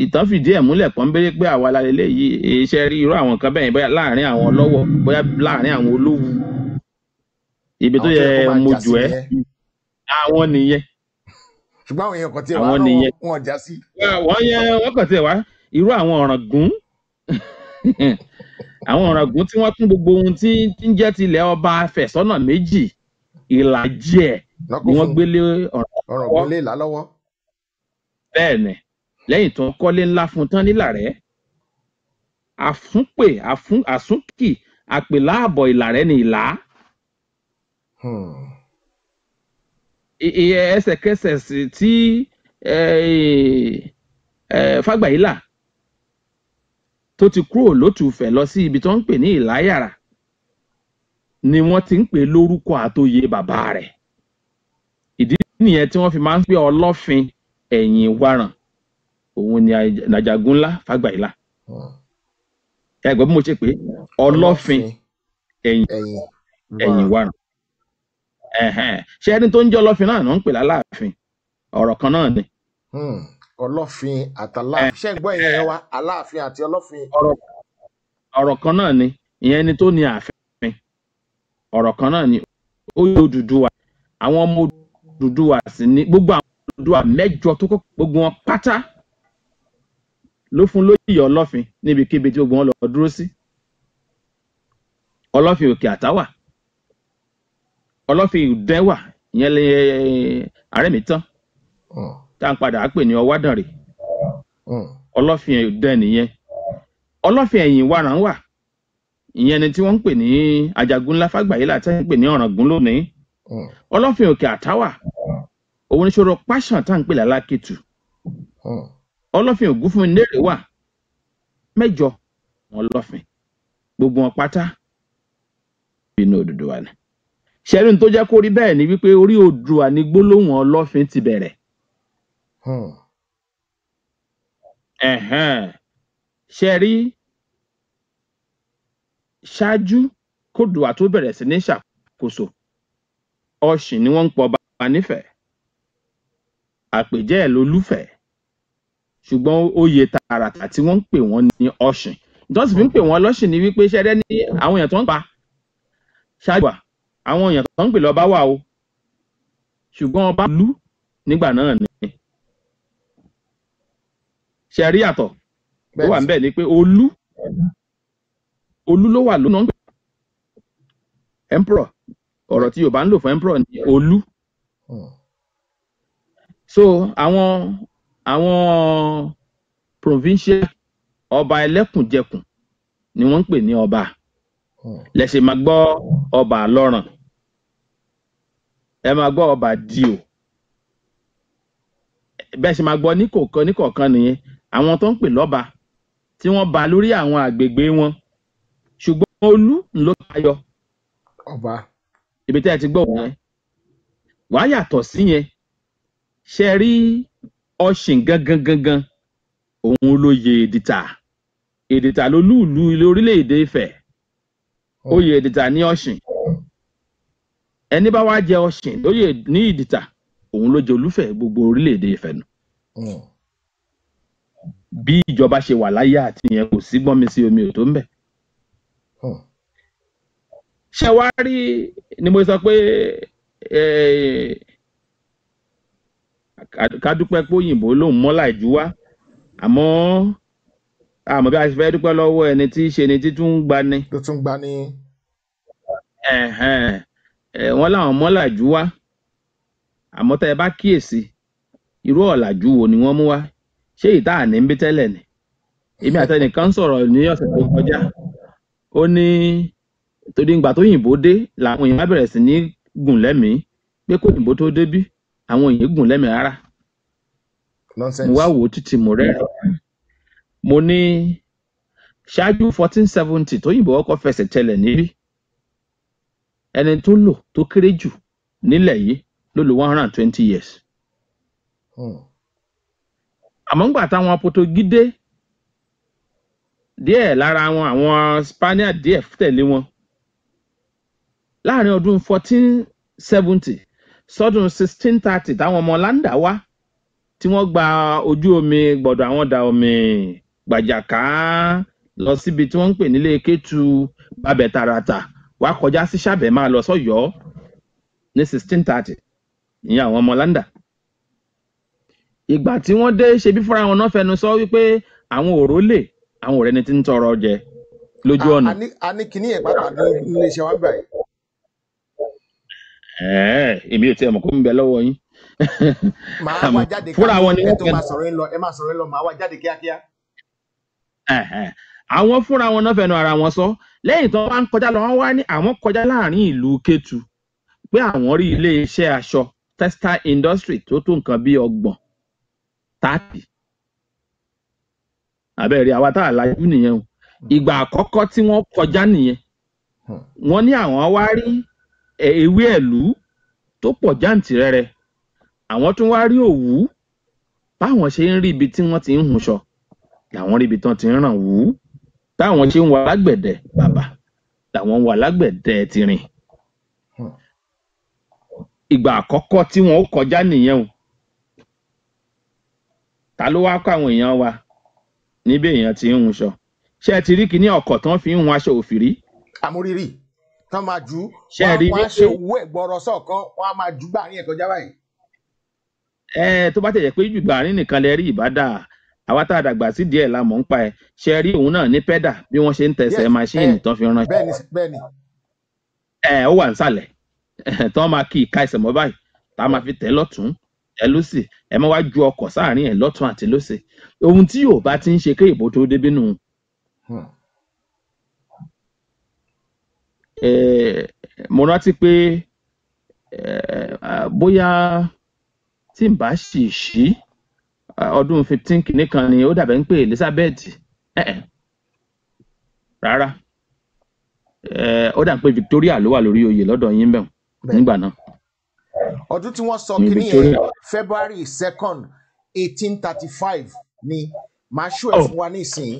Speaker 3: ìtàn fìdí ẹ̀ múlẹ̀ pọ́nbélé pé àwa la lè léyìí iṣẹ́ rí irú àwọn kan bẹ́ẹ̀ bóyá láàrin àwọn lọ́wọ́ bóyá láàrin àwọn olówó ibi tó yẹ mojù ẹ́ àwọn nìyẹn. ṣùgbọ́n àwọn èèyàn kan tiẹ̀ wá wọn ọjà sí. wọ́n yẹ wọ́n kàn tiẹ̀ wá irú àwọn ọ̀ràngún àwọn ọ̀ràngún tí wọ́n tún gbogbo ohun tí ń jẹ́ tilẹ̀ ọba fẹ̀sọ́nà méjì ìlàjì ni wọ́n gbélé ọ̀ràngún lọ́wọ́. E bẹ́ẹ̀ ni lẹ́yìn tó ń kọ́lé ńlá fún tán nílàrẹ́ àfúnpè àsúnkì àpèláàbọ̀ ìlàrẹ́ ni ìlà. Hmm. ẹsẹ̀kẹsẹ̀ tí Fágbàyílà tó ti kúrò lótùfẹ̀ lọ sí ibi tó ń pè ní Ìláyàrá ni wọ́n ti ń pè lórúkọ àtòyè bàbá rẹ̀ ìdí nìyẹn tí wọ́n fi máa ń pè Ọlọ́fin ẹ̀yìn waràn òun ni nàjàgún ńlá fàgbàìlà hmm. ẹgbẹ́ bí mo ṣe pé ọlọ́fin ẹ̀yìn ẹ̀yìn warùn ṣé ẹni tó ń jẹ́ ọlọ́fin náà ló ń pè láláàfin ọ̀rọ̀ kan náà ni.
Speaker 5: Hmm.
Speaker 2: ọlọ́fin àtàláàfin ṣé ń gbọ́ ìyẹn wa aláàfin àti ọlọ́fin. ọ̀rọ̀ kan náà ni
Speaker 3: ìyẹn ẹni tó ní ààfin ọ̀rọ̀ kan náà ni ó yẹ Odùduwà àwọn ọmọ Odùduwà sì ni gbogbo àwọn Odùduwà mẹ́jọ tó kọ́ gbogbo wọn pátá ló fún lóyè ọlọ́fin níbikíbi tí gbogbo wọn lọ dúró sí ọlọ́fin òkè àtàwà ọlọ́fin ìdẹ́wà ìyẹn lè àrẹ́mìtán hmm. tá à ń padà á pè ní ọwádànrè hmm. ọlọ́fin ìdẹ́ nìyẹn ọlọ́fin ẹ̀yìn wàràǹwà ìyẹn ni tí wọ́n ń pè ní ajagun ńlá fàgbàyé láti ń pè ní ọ̀ràngún lónìí hmm. ọlọ́fin òkè àtàwà òun ní ṣòro pásán tá à pè lálákìtù ọlọ́fin ògúnfúnmiléèrè wà mẹ́jọ wọn lọ́fin gbogbo wọn pátá inú Odùduwà ni ṣẹ́rin tó jẹ́ kó rí bẹ́ẹ̀ ni wípé orí Odùduwà ni gbólóhùn ọlọ́fin ti bẹ̀rẹ̀ hmm. ṣe rí ṣáájú kódùwà tó bẹ̀rẹ̀ sí ní ṣàkóso ọ̀sìn ni wọ́n ń pọ̀ bá nífẹ̀ẹ́ àpèjẹ́ ẹ̀ lólúfẹ̀ẹ́ ṣùgbọ́n oyè tààràtà tí wọ́n ń pè wọ́n ní ọ̀ṣìn ìjọsìn fi ń pè wọ́n lọ́ṣìn ni wípé ṣẹ́rẹ́ ní àwọn èèyàn tó ń pa ṣáájú wa àwọn èèyàn tó ń pè lọ́ba wà o ṣùgbọ́n ọba lú nígbà náà ni ṣe rí àtọ̀ ó wà níbẹ̀ ni pé olú olú ló wà lónà ń pè emperor ọ̀rọ̀ tí Yorùbá ń lò fún emperor ni olú hmm. so àwọn àwọn provincial ọba ẹlẹ́kùnjẹkùn ni wọ́n ń pè ní ọba hmm. lẹ́sẹ̀ máa gbọ́ ọba lọ́ràn ẹ máa gbọ́ ọba díò bẹ́ẹ̀ sì máa gbọ́ níkọ̀ọ̀kan níkọ̀ọ̀kan nìyẹn àwọn tó ń pè lọ́ba tí wọ́n ba lórí àwọn àgbègbè wọn ṣùgbọ́n olú ló tayọ ọba ibi tẹ́ ẹ ti gbọ́ wọ́n wàá yàtọ̀ sí ṣe rí ọ̀sìn gangan gangan òun ló yẹ èdìtà èdìtà ló lùlù ilé orílẹ̀-èdè Ifẹ̀ oyè èdìtà ní ọ̀sìn ẹni bá wá jẹ ọ̀sìn lóyè ní ìdìtà òun ló jẹ olúfẹ̀ gbogbo orílẹ̀-èdè Ifẹ̀ nù hmm. bí ìjọba ṣe wà láyé àti yẹn kò sí gbọ́n mi sí omi ò tó ń bẹ̀. Hmm. ṣé wàá rí ni mo sọ pé eh, kádúpẹ́ pé òyìnbó lòun mọ́là ìjú wá àmọ́ àmọ́ bí a ṣe fẹ́ dúpẹ́ lọ́wọ́ ẹni tí í ṣe ni títún ń gbani. tó tún gbani. wọ́n láwọn mọ́là ìjú wá àmọ́ tẹ́ ẹ bá kíyèsí irú ọ̀làjú wo ni wọ́n mú wá ṣé ìta àní ń bí tẹ́lẹ̀ ni èmi àtẹnìkan sọ̀rọ̀ ní ọ̀sẹ̀ tó kọjá ó ní torí ìgbà tó yìnbó dé làwọn èèyàn bá bẹ̀rẹ̀ sí ní gùn lẹ́mìí pé kó yìnbó tó débí àwọn èèyàn gùn lẹ́mìí rárá mo wá wò ó títí mo rẹ́rìn mo ní ṣáájú fourteen seventy tóyìnbó ọkọ̀ fẹsẹ̀ tẹlẹ̀ níbí ẹni tó lò tó kéré jù nílẹ̀ yìí ló lò one hundred and twenty years hmm. àmọ́ ńgbà táwọn Portogídé díẹ̀ lára wọn àwọn Spaniard díẹ̀ tẹ̀lé wọn láàrin ọdún fourteen seventy sọ́dún sixteen thirty táwọn ọmọ láńdà wá tí wọ́n gba ojú omi gbọ̀dọ̀ àwọn da omi gbàjàká lọ síbi tí wọ́n ń pè nílé kétu babẹ̀ tààràtà wá kọjá sí sàbẹ̀ máa lọ sọ́yọ́ ní sixteen thirty ìyẹn àwọn ọmọ láńdà ìgbà tí wọ́n dé ṣebí fúnra wọn náà fẹnu sọ wípé àwọn òró lè àwọn ọ̀rẹ́ni tí ń tọrọ jẹ lójú ọ̀nà.
Speaker 2: a ní kíní ẹ̀ pàápàá ní iléeṣẹ́ wa gbà yìí
Speaker 3: èmi ò tiẹ̀ mọ̀ kó ń bẹ lọ́wọ́ yín.
Speaker 2: màá wá jáde kíákíá ẹ tó máa sọ̀rọ̀ ń lọ ẹ máa sọ̀rọ̀ ń lọ màá wá jáde kíákíá.
Speaker 3: àwọn fúnra wọn náà fẹnu ara wọn sọ lẹ́yìn tó wá ń kọjá lọ wọ́n wá ní àwọn kọjá láàrin ìlú Kétu pé àwọn rí iléeṣẹ́ aṣọ textile industry tó tó nǹkan bíi ọgbọ̀n tààtì àbẹ̀rẹ̀ àwa tá a nìyẹn o hmm. ìgbà àkọ́kọ́ tí wọ́n kọjá nìyẹn hmm. wọ́n ní àwọn wá rí ewé ẹ̀lú tó pọ̀ jáǹtìrẹrẹ àwọn tún wá rí òwú báwọn ṣe ń rí ibi tí wọ́n ti ń hunṣọ làwọn rí ibi tán ti ń ràn wú táwọn ṣe ń wà lágbẹ̀dẹ bàbà làwọn wà lágbẹ̀dẹ tìrìn ìgbà àkọ́kọ́ tí wọ́n ó kọjá nìyẹn o ta ló wá kó àwọn èèyàn wa níbi èèyàn ti ń hunṣọ ṣé ẹ ti rí kíní ọkọ̀ tán fi ń hun aṣọ òfìrí.
Speaker 2: amúrírì tán máa jù ú wọn á ṣe owó ẹ̀gbọ́rọ̀ sọ̀kan wọn á máa jù gbàrin ẹ̀ kọjá báyìí.
Speaker 3: ẹ tó bá tẹ̀yẹ̀ pé jùgbàrin nìkan lè rí ìbádà àwa tá a dàgbà sí díẹ̀ la mọ̀ ń pa ẹ̀ ṣe rí òun náà ní pẹ́dà bí wọ́n ṣe ń tẹ̀sẹ̀ máṣíìnì tán fi ránṣẹ́.
Speaker 2: bẹ́ẹ̀ni bẹ́ẹ̀ni.
Speaker 3: ẹ ó wà nísàlẹ̀ tán máa kí ìka ẹsẹ̀ mọ́ báyìí tá a máa fi tẹ̀ lọ́tún ẹ lọ́sì ẹ máa wá ju ọkọ̀ sáàárín ẹ̀ lọ́tún àti lọ́sì ohun tí yóò bá ti ń ṣe kéyìnbó tó débínú. Hmm. Eh, mo rántí pé eh, bóyá tí n bá sì ṣí eh, ọdún fifteen kìíní kan ni ó dàbẹ̀ ń pè Elizabeth rárá ó dà ń pé Victoria ló wà lórí oyè lọ́dọ̀ yín bẹ̀rù nígbà náà.
Speaker 2: ọdún tí wọ́n sọ kìíní yẹn February second eighteen thirty five ni màá ṣú ẹ̀ fún wa nísìnyí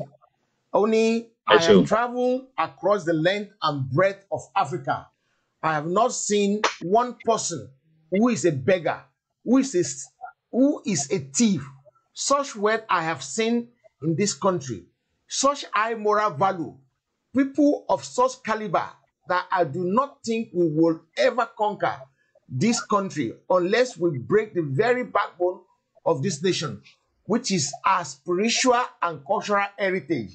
Speaker 2: ó ní. I, have traveled across the length and breadth of Africa. I have not seen one person who is a beggar, who is a, who is a thief. Such word I have seen in this country. Such high moral value. People of such caliber that I do not think we will ever conquer this country unless we break the very backbone of this nation, which is our spiritual and cultural heritage.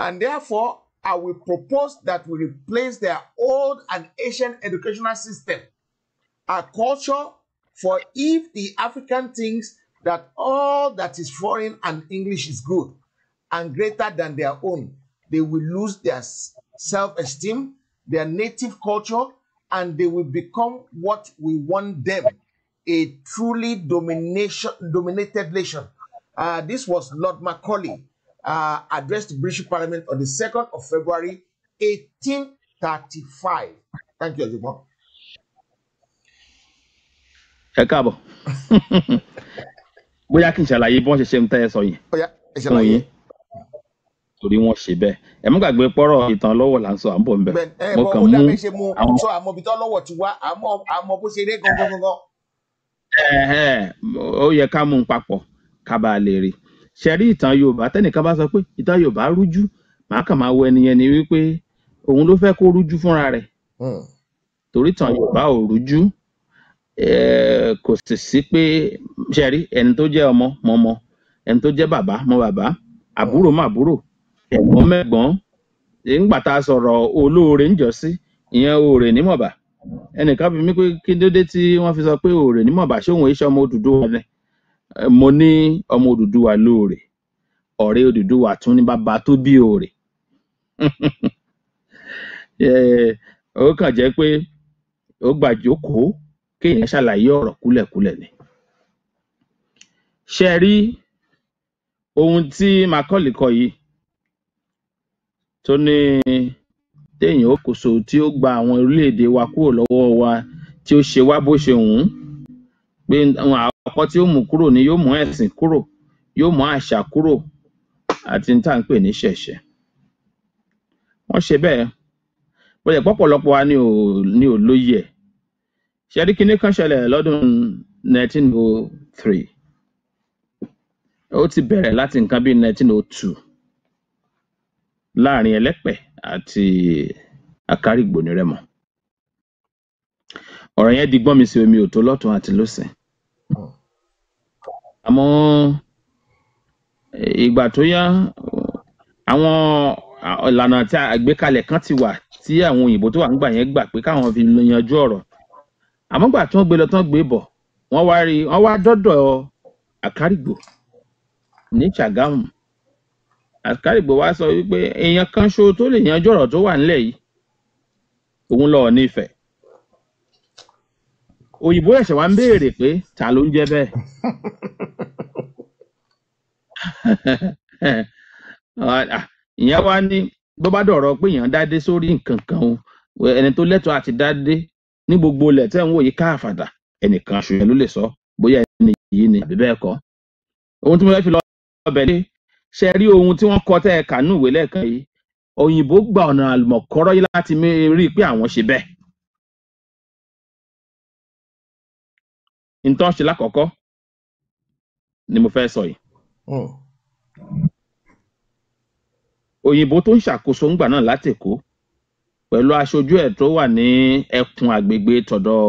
Speaker 2: And therefore, I will propose that we replace their old and ancient educational system, a culture for if the African thinks that all that is foreign and English is good and greater than their own, they will lose their self esteem, their native culture, and they will become what we want them a truly domination, dominated nation. Uh, this was Lord Macaulay uh, addressed the British Parliament on the 2nd of February 1835. Thank you, Ojúbọ.
Speaker 3: Ẹ káàbọ̀. Bóyá kí n ṣàlàyé bí wọ́n ṣe ṣe ń tẹ́ ẹ sọ yìí. Bóyá ẹ ṣàlàyé. Torí wọ́n ṣe bẹ́ẹ̀. Ẹ mú gbàgbé pọ́rọ̀ ìtàn lọ́wọ́ là ń sọ à ń bọ̀ eh, Mo kàn mú àwọn.
Speaker 2: Sọ àmọ́ ibi tó lọ́wọ́ ti wá àmọ́ bó ṣe dé gangan gangan.
Speaker 3: Ó yẹ ká mú un papọ̀ ká bàa lè rí i ṣe rí ìtàn yorùbá tẹnìkan bá sọ pé ìtàn yorùbá rújú màá kàn máa wo ẹnìyẹn ni wípé òun ló fẹ́ kó rújú fúnra rẹ̀ hmm. torí ìtàn yorùbá ò rújú kò sì sí pé ṣe rí ẹni tó jẹ́ ọmọ mọ ọmọ ẹni tó jẹ́ bàbá mọ bàbá àbúrò mọ àbúrò ẹ̀gbọ́n mẹ́gbọ́n ńgbà tá a sọ̀rọ̀ olóore ń jọ sí ìyẹn oore nímọ̀bà ẹnìkan bí mi pé kí ló dé tí wọ́n fi sọ pé oore nímọ̀bà ṣé òun èso e ọmọ Odùduwà ni mo ní ọmọ Odùduwà lóòrè ọ̀rẹ́ Odùduwà tún ní bàbá tó bí òòrè ó kàn jẹ́ pé ó gbà jókòó kéèyàn ṣàlàyé ọ̀rọ̀ kúlẹ̀kúlẹ̀ ni ṣe rí ohun tí Macaulay kọ yìí tó ní téèyàn ó kóso tí ó gba àwọn orílẹ̀ wa kúrò lọ́wọ́ wa tí ó ṣe wá bó ṣe wù ú pé a àkọ́kọ́ tí ó mú kúrò ni yóò mú ẹ̀sìn kúrò yóò mú àṣà kúrò àti ní tá à ń pè ní ṣẹ̀ṣẹ̀ wọ́n ṣe bẹ́ẹ̀ bó jẹ́ pọ́pọ̀lọpọ̀ wa ni ò ni ò lóye ẹ̀ ṣẹ́rí kínní kan ṣẹlẹ̀ lọ́dún 1903 ó ti bẹ̀rẹ̀ láti nǹkan bíi 1902 láàrin ẹlẹ́pẹ̀ àti àkárìgbò ní rẹ́mọ ọ̀rọ̀ yẹn di gbọ́n mi sí omi òtó lọ́tún àti lọ́sẹ̀ àmọ́ ìgbà tó yá àwọn ìlànà tí àgbékalẹ̀ kan ti wà tí àwọn òyìnbó tó wà nígbà yẹn gbà pé káwọn fi yanjú ọ̀rọ̀ àmọ́ gbà tí wọ́n gbé lọ tán gbé bọ̀ wọ́n wá rí wọ́n wá dọ́dọ̀ àkárìgbò ní Ṣàgámù àkárìgbò wá sọ wípé èèyàn kan ṣo tó lè yanjú ọ̀rọ̀ tó wà nílẹ̀ yìí òun lọ Ọọ̀ni Ifẹ̀ òyìnbó ẹ̀sẹ̀ wa ń béèrè pé ta ló ń jẹ́ bẹ́ẹ̀ ìyẹn wá ní bó bá dọ̀rọ̀ pé èèyàn dádé sórí nǹkan kan o ẹni tó lẹ́tọ̀ọ́ àti dádé ní gbogbo ilẹ̀ tẹ́ ń wò yí káàfàdà ẹnìkan aṣọ ló lè sọ bóyá ẹni yìí ni àbí bẹ́ẹ̀ kọ́ ohun tí mo fẹ́ fi lọ ọbẹ̀ ni ṣe rí ohun tí wọ́n kọ tẹ́ ẹ kà ní ìwé lẹ́ẹ̀kan yìí òyìnbó gba ọ̀nà àlùmọ̀kọ́rọ́ yìí láti rí i pé àwọn ṣe bẹ́ẹ̀
Speaker 6: nǹkan ṣe lákọ̀ọ́kọ́
Speaker 3: ni mo fẹ́ sọ yìí. òyìnbó tó ń ṣàkóso ńgbà náà láti Èkó pẹ̀lú aṣojú ẹ̀ tó wà ní ẹkùn agbègbè tọ̀dọ̀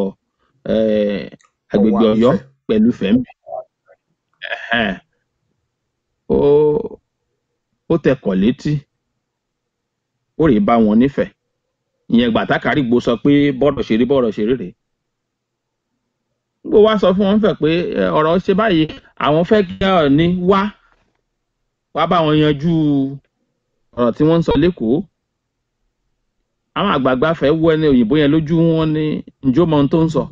Speaker 3: agbègbè Ọ̀yọ́ pẹ̀lú Fẹ́mi ó tẹkọ̀ létí ó rèé bá wọn nífẹ̀ẹ́ ìyẹn gbàtàkàrí gbó sọ pé bọ́rọ̀ ṣe rí bọ́rọ̀ ṣe rèé gbogbo wa sọ fún wọn fẹ́ pé ọ̀rọ̀ ṣe báyìí àwọn fẹ́ kí Ọọ̀ni wá wá bá wọn yanjú ọ̀rọ̀ tí wọ́n ń sọ lẹ́kọ̀ọ́ àwọn àgbààgbà fẹ́ wọ ẹni òyìnbó yẹn lójú wọn ní njó mọ ohun tó ń sọ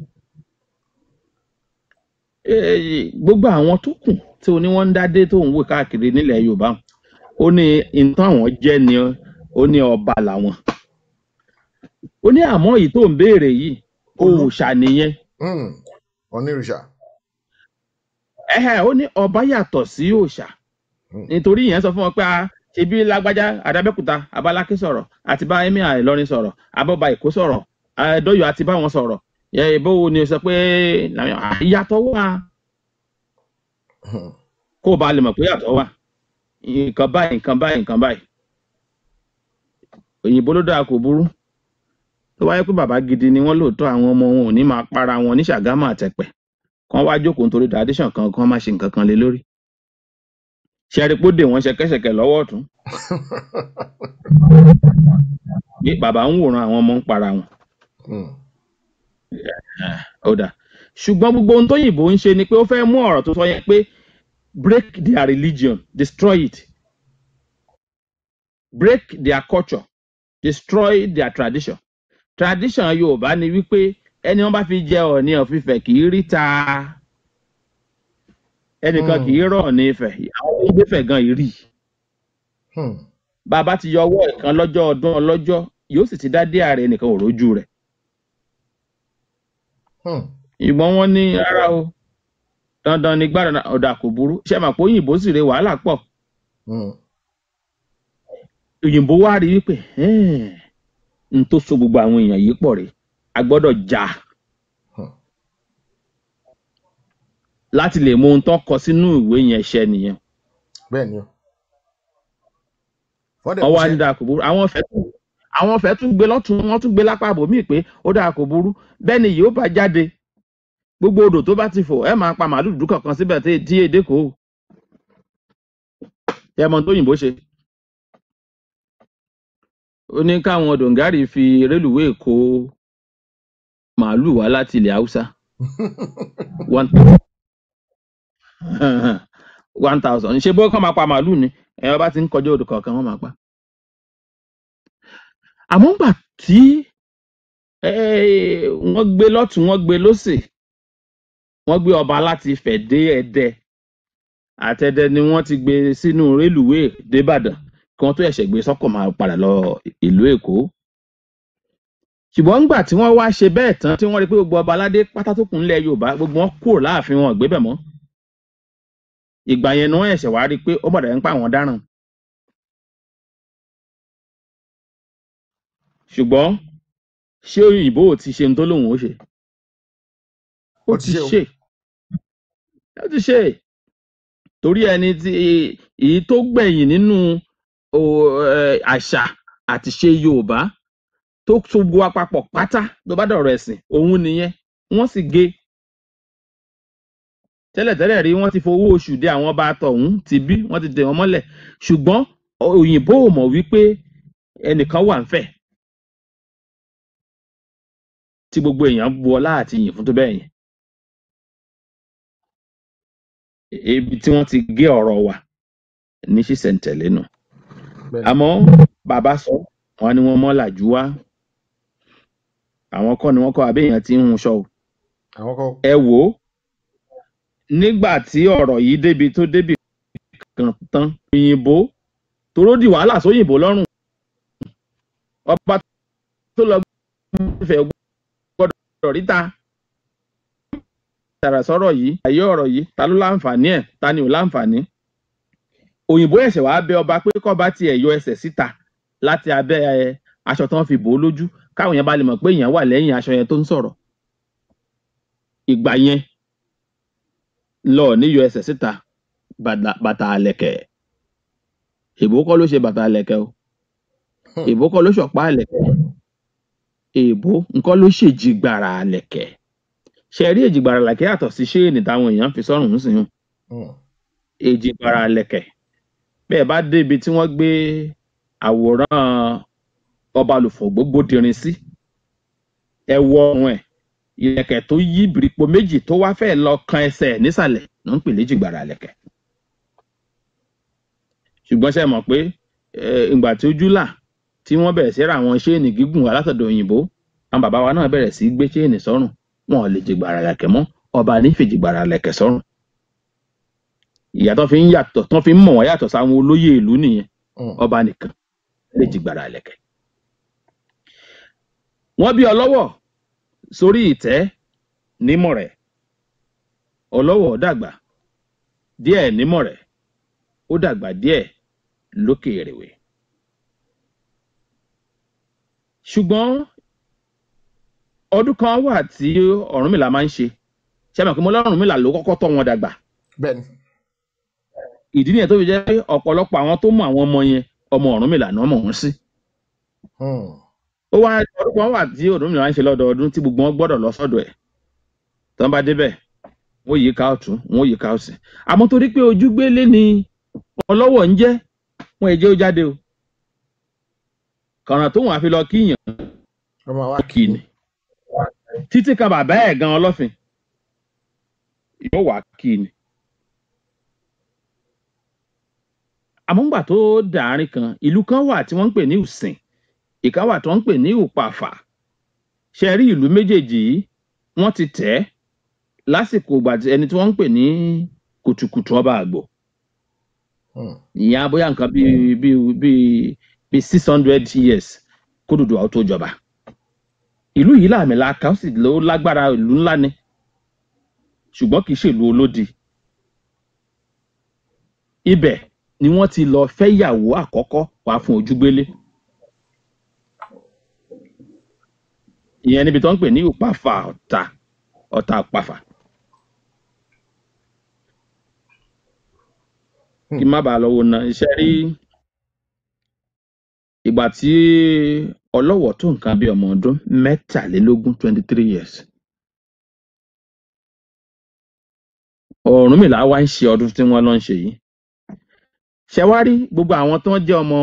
Speaker 3: gbogbo àwọn tó kù tí oní wọn ń dádé tó ń wò káàkiri nílẹ̀ Yorùbá ó ní ìtàn àwọn jẹ́ ni ó ní ọba làwọn ó ní àmọ́ yìí tó ń béèrè yìí mm-hmm. òòṣà nìyẹn mm onírìṣà. ó ní ọba yàtọ̀ sí òòṣà hmm. nítorí ìyẹn sọ fún wọn pé a ah, ṣebí lágbájá àdàbẹ́kúta abaláké sọ̀rọ̀ àti bá emir ìlọrin sọ̀rọ̀ abọ́ba èkó sọ̀rọ̀ eh, dọ́yọ̀ àti bá wọn sọ̀rọ̀ ìbò wo ni o sọ pé ah, ìyàtọ̀ wà hmm. kó o bá lè mọ̀ pé ìyàtọ̀ wà nǹkan báyìí nǹkan báyìí nǹkan báyìí òyìnbó ló dáa kò burú tó wáyé pé bàbá gidi ni wọn lóòótọ àwọn ọmọ wọn ò ní máa para wọn ní ṣàgámù àtẹpẹ kán wá jókòó nítorí tradition kan kán má ṣe nǹkan kan lé lórí ṣẹripódè wọn ṣẹkẹṣẹkẹ lọ́wọ́ ọ̀tún bí bàbá ń wòran àwọn ọmọ ń para wọn ọdà ṣùgbọ́n gbogbo ohun tóyìnbó ń ṣe ni pé ó fẹ́ mú ọ̀rọ̀ tó sọ yẹn pé break their religion destroy it break their culture destroy their tradition tradition yorùbá ni wípé ẹni wọn bá fi jẹ ọ̀ọ̀ni ọ̀fìfẹ̀ kì í rí ta ẹnìkan hmm. kì í rọ̀ ní Ifẹ̀ àwọn onígbẹ̀fẹ̀ gan ìrì bàbá ti yọ ọwọ́ ìkan lọ́jọ́ ọdún ọlọ́jọ́ yóò sì ti dá dé ààrẹ nìkan òrójú rẹ̀ hmm. ìgbọ́n wọn ní ara o dandan ni gbára ọ̀dà kò burú ṣe mà pé òyìnbó sì re wàhálà pọ̀ hmm. òyìnbó wá rí wípé n tó so gbogbo àwọn èèyàn yìí pọ̀ rèé a gbọ́dọ̀ jà láti lè mú ohun tó kọ sínú ìwé yẹn ṣẹ nìyẹn. bẹ́ẹ̀ni o. ọwọ́ adídá kò burú àwọn ọ̀fẹ́ tó àwọn ọ̀fẹ́ tún gbé lọ́tún wọ́n tún gbé lápá àbòmíì pé ó dáa kò burú bẹ́ẹ̀ ni yóò bá jáde gbogbo odò tó bá ti fò ẹ máa pa màálù dúdú kankan síbẹ̀ tí èdè kò. ẹ mọ ohun ṣe ó ní káwọn dongari fi rélùwéè kó màálùú wá láti ilẹ̀ haúsá one thousand ṣé bó kàn máa pa màálùú ni ẹ̀rọ bá ti ń kọjá odò kọ̀ọ̀kan wọ́n máa pa. àmọ́ ńgbà tí wọ́n gbé lọ́tún wọ́n gbé lọ́sì wọ́n gbé ọba láti Ifẹ̀ dé Ẹdẹ àtẹ̀dẹ̀ ni wọ́n ti gbé sínú rélùwéè débàdàn kí wọ́n tó ẹ̀ṣẹ̀ gbé sọ́kàn máa padà lọ ìlú èkó ṣùgbọ́n ńgbà tí wọ́n wá ṣe bẹ́ẹ̀ tán tí wọ́n rí pé gbogbo ọba aládé pátá tó kún ilẹ̀ yorùbá gbogbo wọn kúrò láàfin wọn gbé bẹ̀ mọ́ ìgbà yẹn ni wọ́n ẹ̀ṣẹ̀ wá rí pé ó bọ̀dọ̀ ń pa àwọn dáràn
Speaker 6: ṣùgbọ́n ṣé òyìnbó ò ti ṣe ń tó lóun ó ṣe ó ti ṣe ó
Speaker 3: ti ṣe torí ẹni tí èyí tó gbẹ̀yìn nínú Eh, àṣà àti ìṣe Yorùbá tó so gbogbo wa papọ̀ pátá tó bá dọ̀rọ̀ ẹ̀sìn òun nìyẹn wọ́n sì gé e tẹ́lẹ̀tẹ́lẹ̀ rí wọ́n ti fowó oṣù dé àwọn ọba tọ̀hún ti bí wọ́n ti dè wọ́n mọ́lẹ̀ ṣùgbọ́n òyìnbó ò mọ̀ wípé ẹnìkan wà ń fẹ̀
Speaker 6: tí gbogbo èèyàn bu ọlá àti ìyìn fún tó bẹ́ẹ̀ yẹn
Speaker 3: ibi tí wọ́n ti gé ọ̀rọ̀ wà ní ṣísẹ̀ntẹ̀lé nù àmọ́ bàbá sọ wọn ni wọ́n mọ́ làjú wá àwọn kọ́ ni wọ́n kọ́ àbẹ́yẹn tí ń hun ṣọ́ ẹ wò ó nígbà tí ọ̀rọ̀ yìí débi tó débi kan tán òyìnbó toró di wàhálà sóyìnbó lọ́rùn ọba tó lọ fẹ́ gbọ́dọ̀ ríta tààrà sọ̀rọ̀ yìí àyè ọ̀rọ̀ yìí ta ló láǹfààní ẹ̀ ta ni ò láǹfààní òyìnbó ẹ̀sẹ̀ wàá bẹ ọba pé kọ́ba tiẹ̀ yọ ẹsẹ̀ síta láti abẹ́ aṣọ tán fi bò ó lójú káwọn yẹn bá lè mọ̀ pé èèyàn wà lẹ́yìn aṣọ yẹn tó ń sọ̀rọ̀ ìgbà yẹn lọ níyọ ẹsẹ̀ síta bàtà àlẹ̀kẹ̀ èbó ló ṣe bàtà àlẹ̀kẹ̀ o hmm. èbó ló ṣọ̀pá àlẹ̀kẹ̀ èbó nǹkan ló ṣèjìgbàrà àlẹ̀kẹ̀ ṣe rí èjìgbàrà àlẹ̀kẹ̀ yàtọ̀ sí ṣéènì táwọn èèyàn fi sọ́rùn ń sìn ún hmm. èjìgbàrà àlẹ̀kẹ̀ bẹ́ẹ̀ bá dé ibi tí wọ́n gbé àwòrán ọba lùfọ̀gbó gbódirin sí ẹ wọ ọrùn ẹ̀ ìlẹ̀kẹ̀ tó yí ìbìrìpò méjì tó wá fẹ́ẹ́ lọ kan ẹsẹ̀ nísàlẹ̀ ló ń pè léjìgbàrà lẹ̀kẹ̀ ṣùgbọ́n ṣe mọ̀ pé ìgbà tí ojú là tí wọ́n bẹ̀rẹ̀ sí ra àwọn ṣéènì gígùn alátọ̀dọ̀ òyìnbó àwọn bàbá wa náà bẹ̀rẹ̀ sí gbé ṣéènì sọ́rùn wọn ò lè jìgbàrà lẹ̀kẹ̀ mọ́ ọba ní fìjìgbàrà lẹ̀kẹ̀ sọ́rùn ìyàtọ̀ fi ń yàtọ̀ tán fi ń mọ̀ wọ́n yàtọ̀ sáwọn olóyè ìlú nìyẹn mm. ọba nìkan lè ti gbàrà lẹ̀kẹ̀. wọ́n bí ọlọ́wọ̀ sórí ìtẹ́ nímọ̀rẹ̀ ọlọ́wọ̀ dàgbà díẹ̀ nímọ̀rẹ̀ ó dàgbà díẹ̀ lókè èrèwé. ṣùgbọ́n ọdún kan wà tí Ọ̀rúnmìlà máa ń ṣe ṣé ẹ pé mo lọ́rùnmìlà ló kọ́kọ́ tọ́ wọn dàgbà. bẹ́ẹ̀ni ìdí nìyẹn tó fi jẹ́ pé ọ̀pọ̀lọpọ̀ àwọn tó mọ àwọn ọmọ yẹn ọmọ Ọ̀rúnmìlà náà mọ̀ wọ́n sí. Hmm. ó wá ọdún kan wà tí Ọ̀rúnmìlà ń ṣe lọ́dọọdún tí gbogbo wọn gbọ́dọ̀ lọ sọ́dọ̀ ẹ̀ tó ń bá débẹ̀ wọ́n yí ká ọ̀tún wọ́n yí ká ọ̀sìn àmọ́ torí pé ojúgbélé ni ọlọ́wọ̀ ń jẹ́ wọn èjẹ́ ó jáde o kàrà tó wọn àfi lọ kíyàn kì ní títí kan bàbá ẹ̀ gan ọlọ́fin yóò wá kì ní amóńgbà tó dàárín kan ìlú kan wà tí wọ́n ń pè ní ùsìn ìkan wà tó ń pè ní ùpàfà ṣe rí ìlú méjèèjì yìí wọ́n ti tẹ̀ lásìkò ìgbà ẹni tí wọ́n ń pè ní kùtùkùtù ọba àgbò hmm. ìyẹn abóyá nǹkan bíi bíi bíi bíi six hundred years kó dòdò àwọn tó jọba ìlú yìí làmì làkà ó sì ló lágbára ìlú ńlá ni ṣùgbọ́n kì í ṣèlú olódi ibẹ̀ ni wọ́n ti lọ fẹ́yàwó àkọ́kọ́ wá fún ojúgbélé ìyẹn níbi tó ń pè ní ìpàfà ọ̀tà ọ̀tà ìpàfà. Hmm. kí n má bàa lọ́wọ́ náà iṣẹ́ rí ìgbà tí ọlọ́wọ̀ tó nǹkan bíi ọmọ ọdún mẹ́tàlélógún
Speaker 6: twenty three years Ọ̀rúnmìlà
Speaker 3: wá ń ṣe ọdún tí wọ́n lọ ń ṣe yìí ṣe wá rí gbogbo àwọn tó ń jẹ ọmọ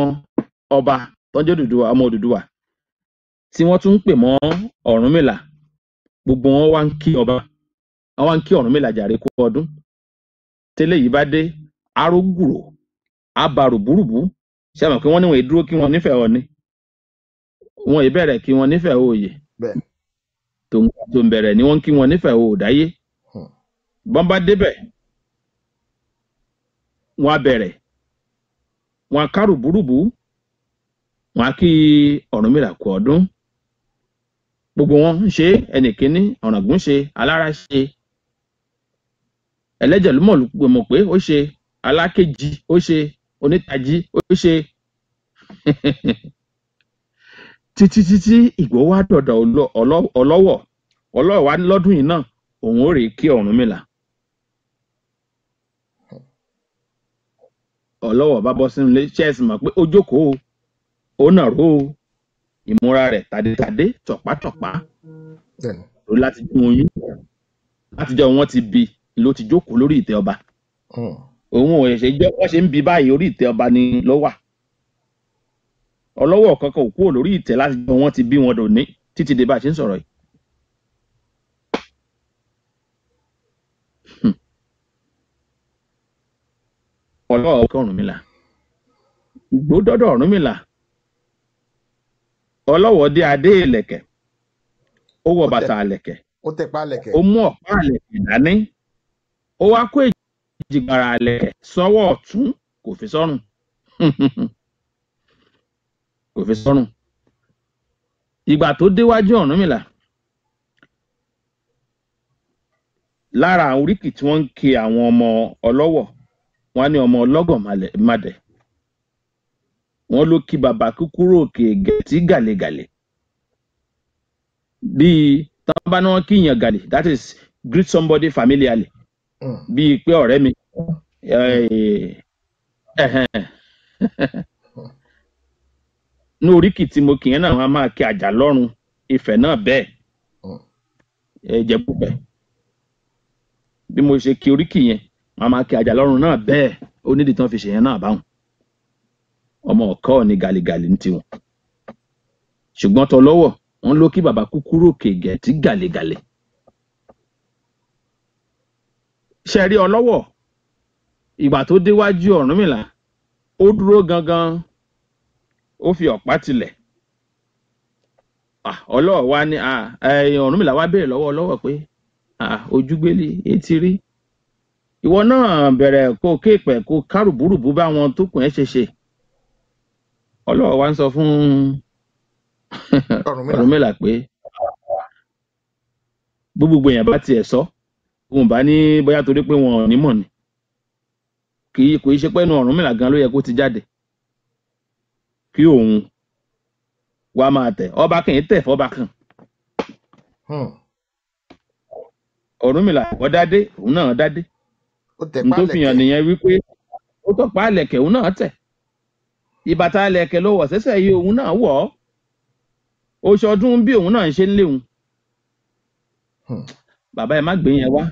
Speaker 3: ọba tó ń jẹ òdùdúwà ọmọ òdùdúwà tí wọn tún ń pè mọ ọ̀rúnmìlà gbogbo wọn wá ń kí ọba wọn wá ń kí ọ̀rúnmìlà jàre kú ọdún tẹ́lẹ̀ yìí bá dé arógùrò abarùbùrùbù ṣe àmọ pé wọn ní wọn kí wọn nífẹ̀ẹ́ ọni wọn èé bẹ̀rẹ̀ kí wọn nífẹ̀ẹ́ òòyè tó ń bẹ̀rẹ̀ ni wọn kí wọn nífẹ̀ẹ́ òòdáyé hmm. bọ́n bá débẹ̀ wọn á bẹ̀rẹ̀ wọn á kárù burúbu wọn á kí Ọ̀rúnmìlà kú ọdún gbogbo wọn ń ṣe ẹnìkíní Ọ̀ràngún ṣe alára ṣe ẹlẹ́jẹ̀ ló mọ̀ pé ó ṣe alákejì ó ṣe onítajì ó ṣe títí títí Ìgbò wá dọ̀dọ̀ ọlọ́wọ̀ ọlọ́wọ̀ wá lọ́dún yìí náà òun ó rèé kí Ọ̀rúnmìlà ọlọ́wọ̀ bá bọ́ sínú ilé chess mọ̀ pé ó jókòó ó nà ró o ìmúra rẹ̀ tàdétàdé tọ̀pátọ̀pá ló láti jọ oyún látijọ́ wọn ti bi ló ti jókòó lórí ìtẹ́ ọba òun hmm. ò ṣe jẹ́ wọ́n ṣe ń bi báyìí orí ìtẹ́ ọba ni ló wà ọlọ́wọ̀ kankan ò kúrò lórí ìtẹ́ látijọ́ wọn ti bí wọn dò ní títí dé bá a ṣe ń sọ̀rọ̀ yìí ọlọ́wọ́ kọ́rùnmìlà gbódọ́dọ̀ ọ̀rúnmìlà ọlọ́wọ́ dé adé ìlẹ̀kẹ̀ ó wọ bàtà àlẹ̀kẹ̀ ó mú ọ̀pá àlẹ̀kẹ̀ dání ó wá kó ìjìgbara àlẹ̀kẹ̀ sọ́wọ́ ọ̀tún kò fi sọ́rùn kò fi sọ́rùn ìgbà tó déwájú ọ̀rúnmìlà lára àwọn oríkì tí wọ́n ń kí àwọn ọmọ ọlọ́wọ̀ wọ́n ni ọmọ ọlọ́gàn madẹ Wọn ló kí bàbá kúkúrú òkè gẹ̀tì gàlégàlé bíi táwọn bá ní wọ́n kíyàn gàlè that is greet somebody familially. Hmm. bíi pé ọ̀rẹ́ mi hmm. ní oríkì tí mo kì náà wọ́n á máa kí àjà lọ́rùn ìfẹ́ náà bẹ́ẹ̀ hmm. ẹ jẹ́ púpẹ́ bí mo ṣe kí oríkì yẹn wọn máa kí ajá lọ́rùn náà bẹ́ẹ̀ ó nídìí tí wọ́n fi ṣèyẹn náà báwọn ọmọ ọ̀kọ́ ni gàlígàlí ní tiwọn ṣùgbọ́n tọlọ́wọ̀ wọn ló kí bàbá kúkúrú òkè gẹ̀ẹ́tì gàlígàlí ṣe rí ọlọ́wọ̀ ìgbà tó déwájú Ọ̀rúnmìlà ó dúró gangan ó fi ọ̀pá tilẹ̀ ọlọ́wọ̀ wá ní Ọ̀rúnmìlà wá béèrè lọ́wọ́ ọlọ́wọ̀ pé ojúgbélé etí rí ìwọ náà bẹ̀rẹ̀ kó kéèpẹ kó kárùbùrùbù bá wọn tó kùn ẹ ṣe ṣe ọlọ́rọ̀ wa ń sọ fún Ọ̀rúnmìlà pé gbogbo èèyàn bá tiẹ̀ sọ òun bá ní bóyá torí pé wọn ò ní mọ̀ ni kì í kò í ṣe pẹ́nu Ọ̀rúnmìlà gan ló yẹ kó ti jáde kí òun wàá máa tẹ̀ ọba kìí tẹ̀ fọba kan. Hmm. Ọ̀rúnmìlà ọ̀dádé òun náà dádé. Hmm ó tẹ̀ pálẹ̀kẹ̀ nítorí fihàn nìyẹn wípé ó tọ́ pálẹ̀kẹ̀ òun náà tẹ̀ ìbàtà alẹ̀kẹ̀ ló wọ̀ sẹ́sẹ̀ yìí òun náà wọ̀ ọ́ oṣù ọdún bí òun náà ń ṣe ń léwu hmm. bàbá ẹ má gbé yẹn wá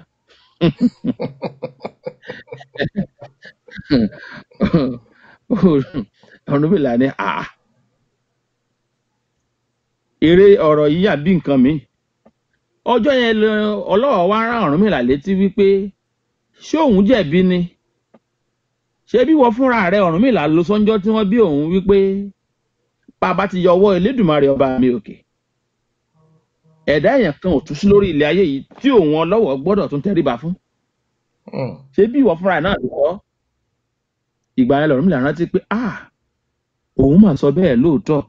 Speaker 3: ọ̀nùbìlà ni à eré ọ̀rọ̀ yìí àbí nǹkan mi ọjọ́ yẹn ọlọ́wọ́ wa rán Ọ̀rúnmìlà létí wípé ṣé òun jẹ̀bi ni ṣé bí wọ́n fúnra rẹ̀ Ọ̀rúnmìlà ló sọ́njọ́ tí wọ́n bí òun wípé bàbá ti yọ ọwọ́ Elédùmarè ọba mi òkè ẹ̀dá èèyàn kan ò tún sí lórí ilẹ̀ ayé yìí tí òun ọlọ́wọ́ gbọ́dọ̀ tún tẹríba fún hmm. ṣé bí ìwọ fúnra náà ló kọ́ ìgbà yẹn lọ́rùn mi là rántí pé ah òun mà sọ bẹ́ẹ̀ lóòótọ́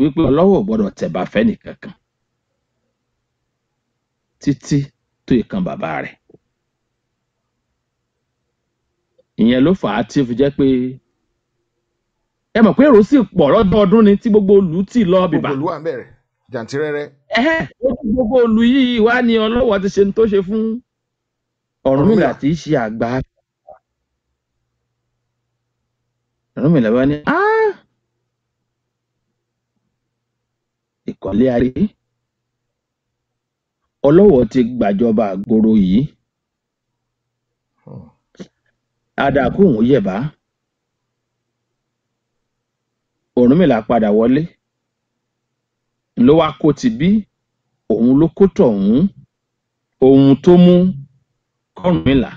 Speaker 3: wípé ọlọ́wọ́ gbọ́dọ̀ tẹ̀bà fẹ́ nìkankan títí tó ìkan bàbá rẹ̀ ìyẹn ló fà á tí ó fi jẹ́ pé ẹ mọ̀ pé èrò sì pọ̀ lọ́dọọdún ni tí gbogbo olú tì lọ bìbà. gbogbo olú à ń bẹ̀rẹ̀ jàǹtìrẹ́rẹ́. ẹ̀hẹ́ ojú gbogbo olú yìí wá ní ọlọ́wọ́ ti ṣe tó ṣe fún Ọ̀rúnmìlà tí í ṣe àgbà. Ọ̀rúnmìlà bá ní ìkọ̀lé ayé ọlọ́wọ́ ti gbàjọba àgbòrò yìí àdàkùn yẹ̀bá Ọ̀rúnmìlà padà wọlé ló wá kó ti bí òun ló kó tọ̀hún ohun tó mú kọ́rùnmìlà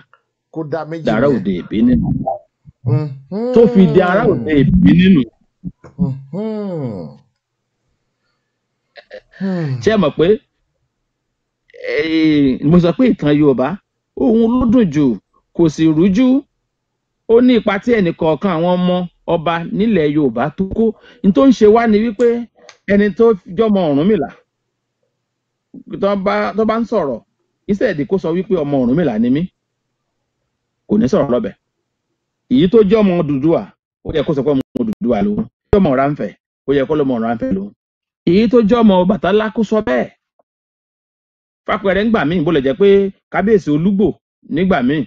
Speaker 3: dàrá òde ìbí nínú
Speaker 2: tó fi di ará òde
Speaker 3: ìbí nínú. ṣé ẹ mọ̀ pé eh, mo sọ pé ìtàn Yorùbá òun ló dùn jù kò sì rújú ó ní ipa tí ẹnìkọ̀ọ̀kan àwọn ọmọ ọba nílẹ̀ yorùbá tó kó ní tó ń ṣe wá ni wípé ẹni tó jọmọ ọ̀rúnmìlà tó bá ń sọ̀rọ̀ instead kó sọ wípé ọmọ ọ̀rúnmìlà ni mí kò ní sọ̀rọ̀ lọ́bẹ̀ èyí tó jẹ́ ọmọ ó yẹ kó sọ pé ọmọ Odùduwà lòun ó yẹ kó èyí tó kó sọ bẹ́ẹ̀ fapẹ̀rẹ̀ ńgbà míì bó jẹ́ pé kábíyèsí Olúgbò nígbà míì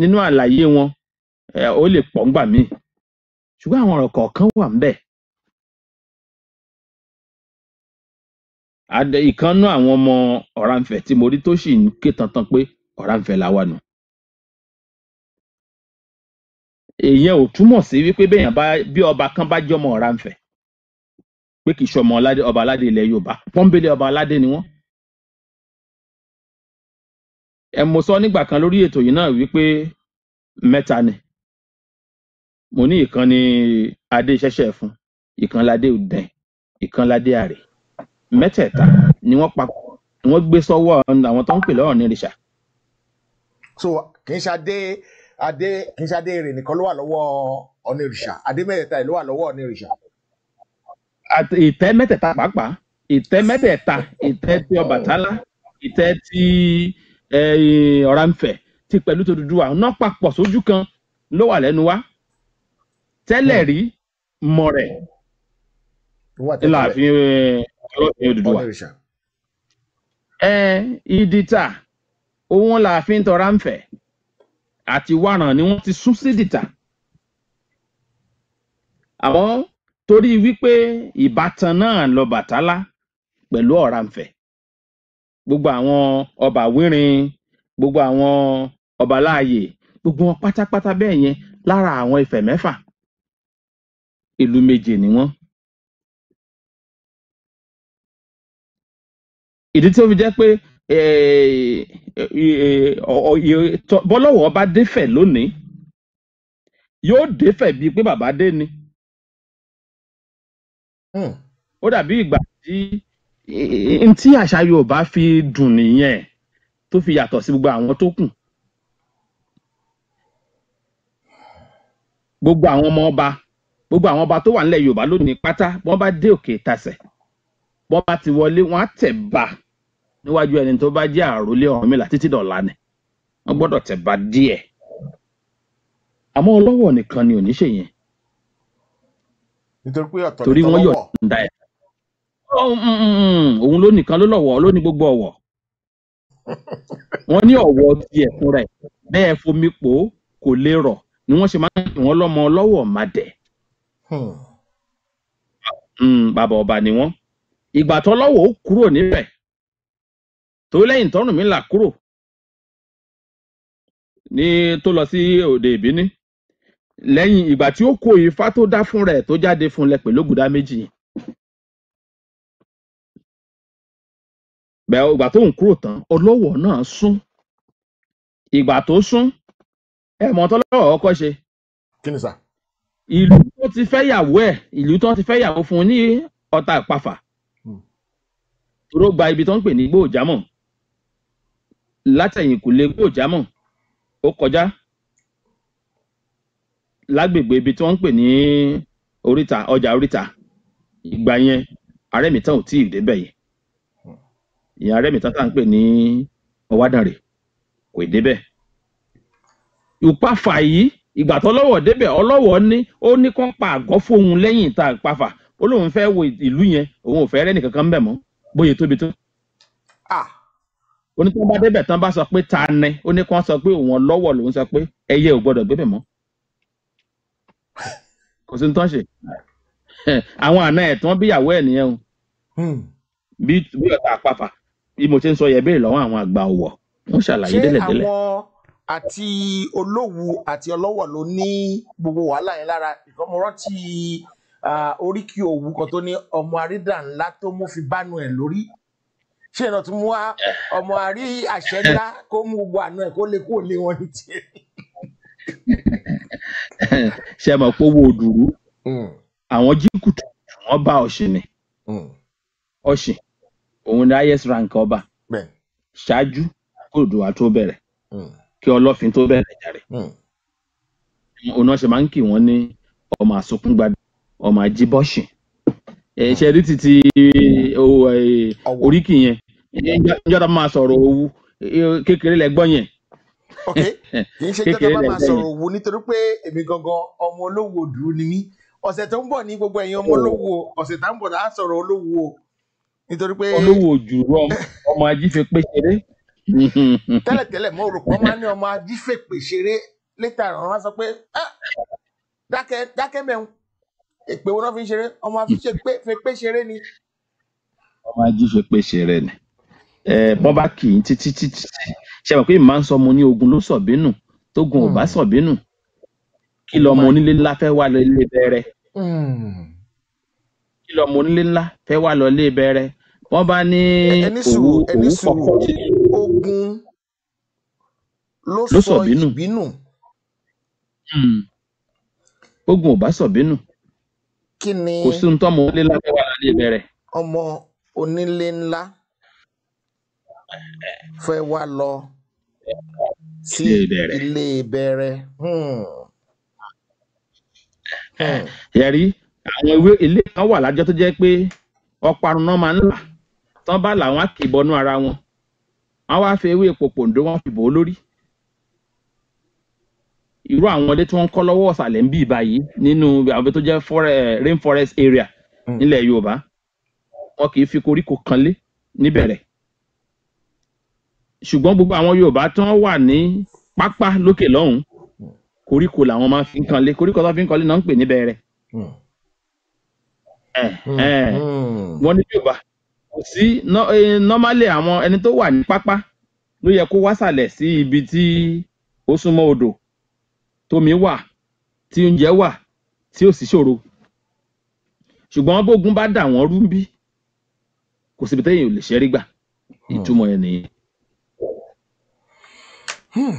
Speaker 3: nínú àlàyé wọn ó lè pọ̀ ńgbà míì
Speaker 6: ṣùgbọ́n àwọn ọ̀rọ̀ kọ̀ọ̀kan wà ń bẹ̀.
Speaker 3: ìkànnú àwọn ọmọ ọ̀rànfẹ̀ tí mo rí tó sì ń ké tantan pé ọ̀rànfẹ̀ làwa nù. èèyàn ò túmọ̀ sí wípé bẹ́ẹ̀yàn
Speaker 6: bá bí ọba kan bá jọmọ ọ̀rànfẹ̀ pé kì ṣọmọ ọba aládé ilẹ̀ yorùbá pọ́ńbélé ọba aládé ni wọ́n. ẹ mo sọ nígbà kan
Speaker 3: lórí ètò yìí náà wípé mẹ́ta ni mo ní ìkan ní adé ṣẹṣẹ fún ìkan ládé ọdẹn ìkan ládé àrè mẹ́tẹ̀ẹ̀ta ni wọ́n pa ni wọ́n gbé sọ́wọ́ àwọn tó ń pè lọ́rùn ní rìṣà.
Speaker 2: so kì í ṣadé adé kì í ṣadé èrè nìkan ló wà lọ́wọ́ ọ̀nìrìṣà adé mẹ́tẹ̀ẹ̀ta ló wà lọ́wọ́ ọ̀nìrìṣà.
Speaker 3: ìtẹ́ mẹ́tẹ̀ẹ̀ta pàápàá ìtẹ́ mẹ́tẹ̀ẹ̀ta ìtẹ́ ti Ọbàtálá ìtẹ́ ti eh, Ọ̀rànfẹ̀ ti Pẹ̀lútòdùduwà náà papọ̀ sójú kan ló wà lẹ́nu wa tẹ́lẹ̀ hmm. rí mọ̀ rẹ̀
Speaker 5: ńlá fi ọlọ́fin Odùduwà
Speaker 3: ẹ ìdìtà òun là fi ń tọra àti wàràn ni wọ́n ti sún sí dìtà àmọ́ torí wípé ìbátan náà lọ Bàtálá pẹ̀lú Ọ̀rànfẹ̀ gbogbo àwọn ọba wírin gbogbo àwọn ọba láàyè gbogbo wọn pátápátá bẹ́ẹ̀ yẹn lára àwọn Ifẹ̀ mẹ́fà
Speaker 6: Ìlú méje ni wọ́n.
Speaker 3: Ìdí tí ó fi jẹ́ pé bọ́lọ́wọ́ bá défẹ̀ lónìí yóò défẹ̀ bíi pé bàbá dé ni. Hmm. Ó dàbí ìgbà tí n tí àṣà Yorùbá fi dùn nìyẹn tó fi yàtọ̀ sí gbogbo àwọn tó kù. Gbogbo àwọn ọmọ ọba gbogbo àwọn ọba tó wà nílẹ̀ yorùbá lónìí pátá wọ́n bá dé òkè ìtasẹ̀ wọ́n bá ti wọlé wọ́n á tẹ̀ bá níwájú ẹni tó bá jẹ́ àròlé Ọ̀rúnmìlà títí dọ̀la ni wọ́n gbọ́dọ̀ tẹ̀ bá díẹ̀ àmọ́ ọlọ́wọ̀ nìkan ni ò ní ṣe yẹn torí wọ́n yọ̀ǹda ẹ̀ òun ló nìkan ló lọ́wọ́ ló ní gbogbo ọ̀wọ̀ wọ́n ní ọ̀wọ̀ tiẹ̀ fúnra ẹ̀ bẹ́ẹ̀ fomi pò kò lè rọ̀ ni wọ́n ṣe máa ń pè wọ́n lọ́mọ ọlọ́wọ̀ má dẹ̀ Hmm. Hmm, bàbá ọba ni wọ́n ìgbà tó lọ́wọ́ ó kúrò níbẹ̀ tó lẹ́yìn tọ́rùn mi là kúrò ní tó lọ sí òde ìbíní lẹ́yìn ìgbà tí ó kó ifá tó dá fún rẹ̀ tó jáde fún lẹ pẹ̀lú ògùdá méjì
Speaker 6: bẹ́ẹ̀ ìgbà tó ń kúrò tán ọlọ́wọ̀ náà sún ìgbà
Speaker 3: tó sún ẹ̀ mọ́ tọ́lọ́wọ̀ ọkọ ṣe. kí ni sá. ìlú tó ti fẹ́ yàwó ẹ̀ ìlú tó ti fẹ́ yàwó fún un ní ọ̀tà ìpàfà hmm. tó gba ibi tó ń pè ní gbòòjámọ̀ látẹ̀yìn kò lè gbòòjámọ̀ ó kọjá lágbègbè ibi tí wọ́n ń pè ní oríta ọjà oríta ìgbà yẹn arẹ́mìtán ò tí ì débẹ̀ yẹn ìyẹn arẹ́mìtán tá à ń pè ní ọwádàrè kò débẹ̀ ìpàfà yìí ìgbà tọ́lọ́wọ̀ débẹ̀ ọlọ́wọ̀ ní ó ní kán pa àgọ́ fóun lẹ́yìn ìta àpàfà ó lóun fẹ́ wo ìlú yẹn òun ò fẹ́ rẹ́ nìkankan bẹ̀ mọ́ bóyá e tóbi tó. onítàn bá débẹ̀ tán bá sọ pé ta ni ó ní kán sọ pé òun ọlọ́wọ̀ lòun sọ pé ẹyẹ ò gbọ́dọ̀ gbébẹ̀ mọ́ kò sí ní tán ṣe àwọn àna ẹ̀ tán bíyàwó ẹ̀ nìyẹn o hmm. bí ọ̀tá àpàfà bí mo ṣe ń sọ yẹ béèrè lọ́wọ́ àwọn àgbà ọ̀wọ̀ wọ́n ṣàlàyé délẹ̀délẹ̀. ṣé
Speaker 5: àwọn
Speaker 2: àti olówu àti ọlọ́wọ̀ ló ní gbogbo wàhálà yẹn lára ìkan mo rántí oríkì òwú kan tó ní ọmọ àrídà ńlá tó mú fi bánu ẹ̀ lórí ṣé ìrántí mú wá ọmọ àrí àṣẹ ńlá kó mú gbogbo àánú ẹ̀ kó lè kó lé wọn ní tiẹ̀.
Speaker 3: ṣé ẹ mọ̀ pé owó òdùrú hmm. àwọn jíkùtù wọn bá ọ̀sìn ni hmm. ọ̀sìn òun ni highest rank ọba ṣáájú kóòdù wa tó bẹ̀rẹ̀. Hmm kí ọlọ́fin tó bẹ̀rẹ̀ ìjà rẹ̀ òun hmm. náà ṣe máa ń kì wọ́n ní ọmọ àsunkúngbadé ọmọ ajíbọ́sìn ẹ̀ṣẹ̀ rí títí oríkì yẹn ìjọba máa sọ̀rọ̀ owó kékeré lẹ́gbọ́n yẹn.
Speaker 2: ok kì í ṣe ìjọba máa sọ̀rọ̀ owó nítorí pé èmi gangan ọmọ olówó dúró ni mí ọ̀sẹ̀ tó ń bọ̀ ní gbogbo ẹ̀yin ọmọ oh. olówó ọ̀sẹ̀ tá bọ̀ láà sọ̀rọ̀ olówó nítorí pé. olówó jùlọ
Speaker 3: ọmọ ají fi pé ṣeré tẹ́lẹ̀tẹ́lẹ̀
Speaker 2: mo rò pé máa ní ọmọ ajífèpè ṣeré létà ràn wá sọ pé ah, dákẹ́ dákẹ́ mẹ́hun èpè wọn fi ń ṣeré ọmọ ajífèpè ṣeré ni.
Speaker 5: ọmọ ajífèpè
Speaker 3: ṣeré ni bọ́bá kì í títí títí ṣe mọ̀ pé màá ń sọ mo ní ogun ló sọ̀bínú tógun ò bá hmm. sọ̀bínú kí lọ́mọ hmm. onílé ńlá fẹ́ wà lọ ilé bẹ̀rẹ̀
Speaker 5: hmm.
Speaker 3: kí lọ́mọ onílé ńlá fẹ́ wà lọ ilé wọ́n bá ní òwú òwú fọkọ
Speaker 5: ogun ló sọ
Speaker 3: ìbínú. Hmm. ogun ò bá sọ bínú.
Speaker 2: kí ni kò sí ọmọ onílé ńlá
Speaker 5: wà bẹ̀rẹ̀.
Speaker 2: ọmọ onílé ńlá fẹ́ wá lọ sí ilé bẹ̀rẹ̀.
Speaker 3: yẹ̀rí hmm. hmm. àwọn ilé kan wà lájọ tó jẹ́ pé ọparun náà máa ń là tán bá kì ara wọn. wọ́n wá fi ewé epo pòǹdó wọ́n fi bò ó lórí irú àwọn ilé tí wọ́n ń kọ́ lọ́wọ́ ọ̀sàlẹ̀ ń bí ìbáyìí nínú àwọn tó jẹ́ rain forest area hmm. nílẹ̀ yorùbá wọn kì í fi koríko kan lé níbẹ̀rẹ̀ ṣùgbọ́n gbogbo àwọn yorùbá tí wọ́n wà ní pápá lókè lọ́hùn hmm. koríko làwọn máa fi ń kan lé koríko tó fi ń kan lé náà ń pè níbẹ̀rẹ̀ hmm. wọ́n ní yorùbá kò sí normally àwọn ẹni tó wà ní pápá ló yẹ kó wásàlẹ̀ sí ibi tí ó súnmọ́ odò tómi wà tí oúnjẹ wà tí ò sí ṣòro ṣùgbọ́n bógun bá dà wọ́n rú bí kò síbi téèyàn ò lè ṣẹ́rí gbà ìtumọ̀ ẹ̀ nìyẹn. Hmm. Hmm.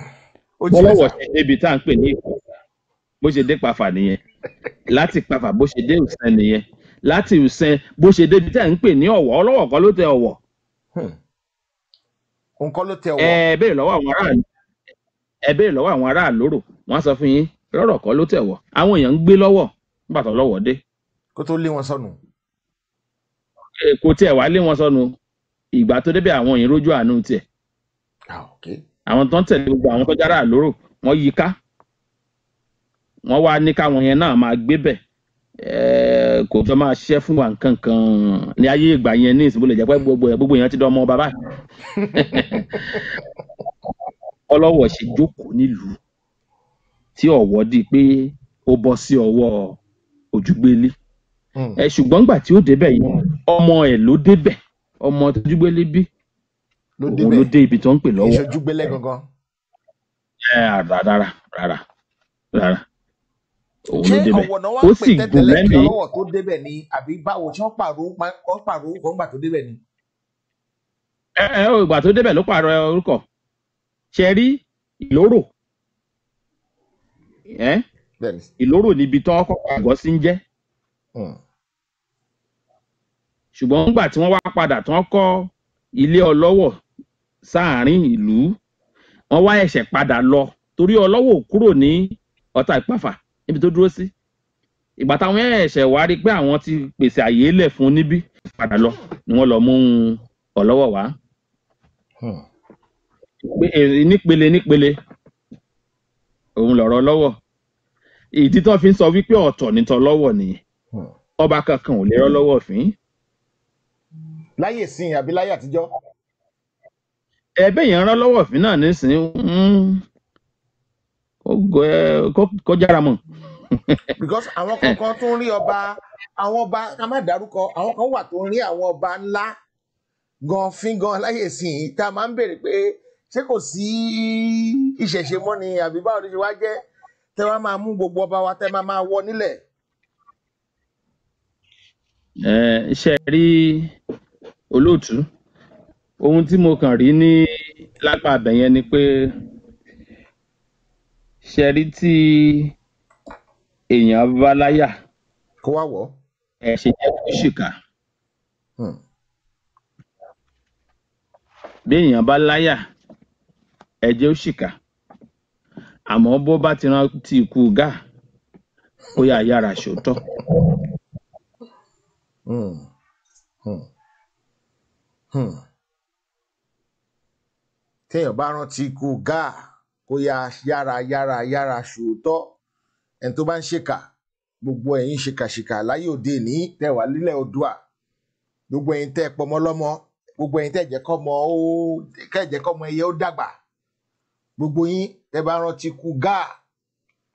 Speaker 3: bọ́lọ́wọ́ ṣe débi tá à ń pè ní ìpàfà bó ṣe dé pàfà nìyẹn láti pàfà bó ṣe dé òsán nìyẹn láti ìsìn bó ṣe débi tẹ́ ń pè ní ọ̀wọ́ ọlọ́wọ́ kan ló tẹ ọ̀wọ́. Hmm. nǹkan ló tẹ ọ̀wọ́. ẹ béèrè lọ́wọ́ àwọn aráàlú ẹ béèrè lọ́wọ́ àwọn aráàlú rò wọ́n á sọ fún yín lọ́rọ̀ kan ló tẹ ọ̀wọ́ àwọn èèyàn ń gbé lọ́wọ́ nígbà tó lọ́wọ́ dé. kó tó lé wọn sọnù. kò tiẹ̀ wá lé wọn sọnù ìgbà tó débẹ̀ àwọn èèyàn rójú àánú tiẹ̀. Ah, àwọn tó ń tẹ̀lé gbogbo àwọn tó jára àlórò wọ́n yí ká wọ́n wá ní káwọn yẹn náà máa gbé bẹ̀ ẹ kò jọ máa ṣiṣẹ́ fún wa nǹkan kan ní ayé ìgbà yẹn ní ìsìnkú lè jẹ́ pé gbogbo yẹn gbogbo yẹn ti dán ọmọ bàbá ọlọ́wọ̀ ṣe jókòó nílùú tí ọ̀wọ́ di pé ó bọ́ sí ọwọ́ òjúgbélé hmm. ẹ ṣùgbọ́n gbà tí ó débẹ̀ yìí ọmọ ẹ̀ ló débẹ̀ ọmọ tójúgbélé bí òun ló dé ibi tó ń pè lọ́wọ́
Speaker 2: ìṣojúgbélé gangan.
Speaker 3: ẹ rárá rárá rárá
Speaker 2: òun ló débẹ̀ ó sì gùn lẹ́mìí. lọ́wọ́ tó débẹ̀ ni àbí báwo ṣé wọ́n pààrọ̀ wọ́n pààrọ̀ orúkọ ńgbà tó débẹ̀ ni.
Speaker 3: ẹ ẹ ìgbà tó débẹ̀ ló pààrọ̀ orúkọ ṣe rí ìlóró ìlóró níbi tán kọ́kọ́ àgọ́ sí ń jẹ́ hmm. ṣùgbọ́n nígbà tí wọ́n wá padà tán kọ́ ilé ọlọ́wọ̀ sáàárín ìlú wọ́n wá ẹ̀ṣẹ̀ padà lọ torí ọlọ́wọ̀ kúrò ní ọ̀tà ìpáfà níbi tó dúró sí ìgbà táwọn ẹ̀ṣẹ̀ wá rí i pé àwọn ti pèsè àyè lẹ̀ fún níbí padà lọ ni wọ́n lọ mú ọ̀lọ́wọ̀ wá hmm. eh, nípele nípele òun lọ̀rọ̀ lọ́wọ̀ ìdí tó fi ń sọ wípé ọ̀tọ̀ ni tọ́ lọ́wọ̀ nìyẹn hmm. ọba kankan ò lè rọ́ lọ́wọ́ fín.
Speaker 2: láyè sin àbí láyè àtijọ́.
Speaker 3: ẹ̀bẹ̀ yẹn rán lọ́wọ́ fín náà nísìnyí hmm kó jára mọ́.
Speaker 2: because àwọn kankan tó ń rí ọba àwọn ọba ká má dárúkọ àwọn kan wà tó ń rí àwọn ọba ńlá gan fíngan láyè sí i tá a máa ń béèrè pé ṣé kò sí ìṣẹ̀ṣe mọ́ ni àbí báwo ló ṣe wá jẹ́ tẹ wá máa mú gbogbo ọba wa tẹ máa máa wọ nílẹ̀.
Speaker 3: ẹ rí olóòtú ohun tí mo kàn rí ní lápá abẹ yẹn ni pé. Eh, ṣẹ̀rí tí èèyàn bá láyà. kó wá wọ̀. ẹ ṣe jẹ́ kó ṣìkà. Hmm. bí èèyàn bá láyà ẹ jẹ́ ó ṣìkà àmọ́ bó bá ti rántí ikú gáà ó yà yára ṣòótọ́.
Speaker 5: Hmm. Hmm.
Speaker 2: téèyàn bá rántí ikú gáà kó yá yára yára yára ṣòótọ́ ẹni tó bá ń ṣèkà gbogbo ẹ̀yin ṣèkàṣèkà láyé òde ìní tẹ̀wá lílẹ̀ oòdùà gbogbo ẹ̀yin tẹ́ ẹ pọmọ lọ́mọ gbogbo ẹ̀yin tẹ́ ẹ jẹ́ kọ́mọ ó kẹ́ ẹ jẹ́ kọ́mọ ẹyẹ ó dàgbà gbogbo yín tẹ́ bá rántí kú gáà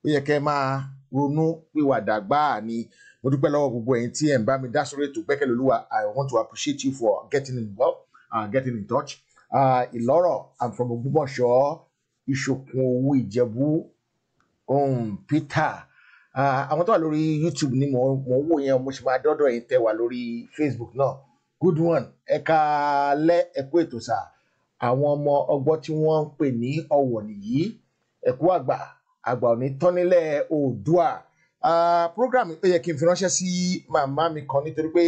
Speaker 2: ó yẹ kẹ́ ẹ máa ronú pìwàdà gbáà ni mo dúpẹ́ lọ́wọ́ gbogbo ẹ̀yin tí ẹ̀ ń bá mi dá sórí ètò Gbẹ́kẹ̀lé Olúwa I want to appreciate you for getting involved and uh, getting in touch uh, Ìlọ́rọ̀ I'm from Ògbómọ̀ṣọ́ ìṣòkun owó ìjẹ̀bú um peter àwọn tó wà lórí youtube ni mò wò yẹn mo sì máa dọ́dọ̀ yìí tẹ́ wà lórí facebook náà good one ẹ̀ka alẹ́ ẹ̀kú ètò sà àwọn ọmọ ọgbọ́n tí wọ́n ń pè ní ọ̀wọ̀ nìyí ẹ̀kú àgbà àgbà òní tọ́nílẹ̀ oòdùà program tó yẹ kí n fi ránṣẹ́ sí màmá mi kan nítorí pé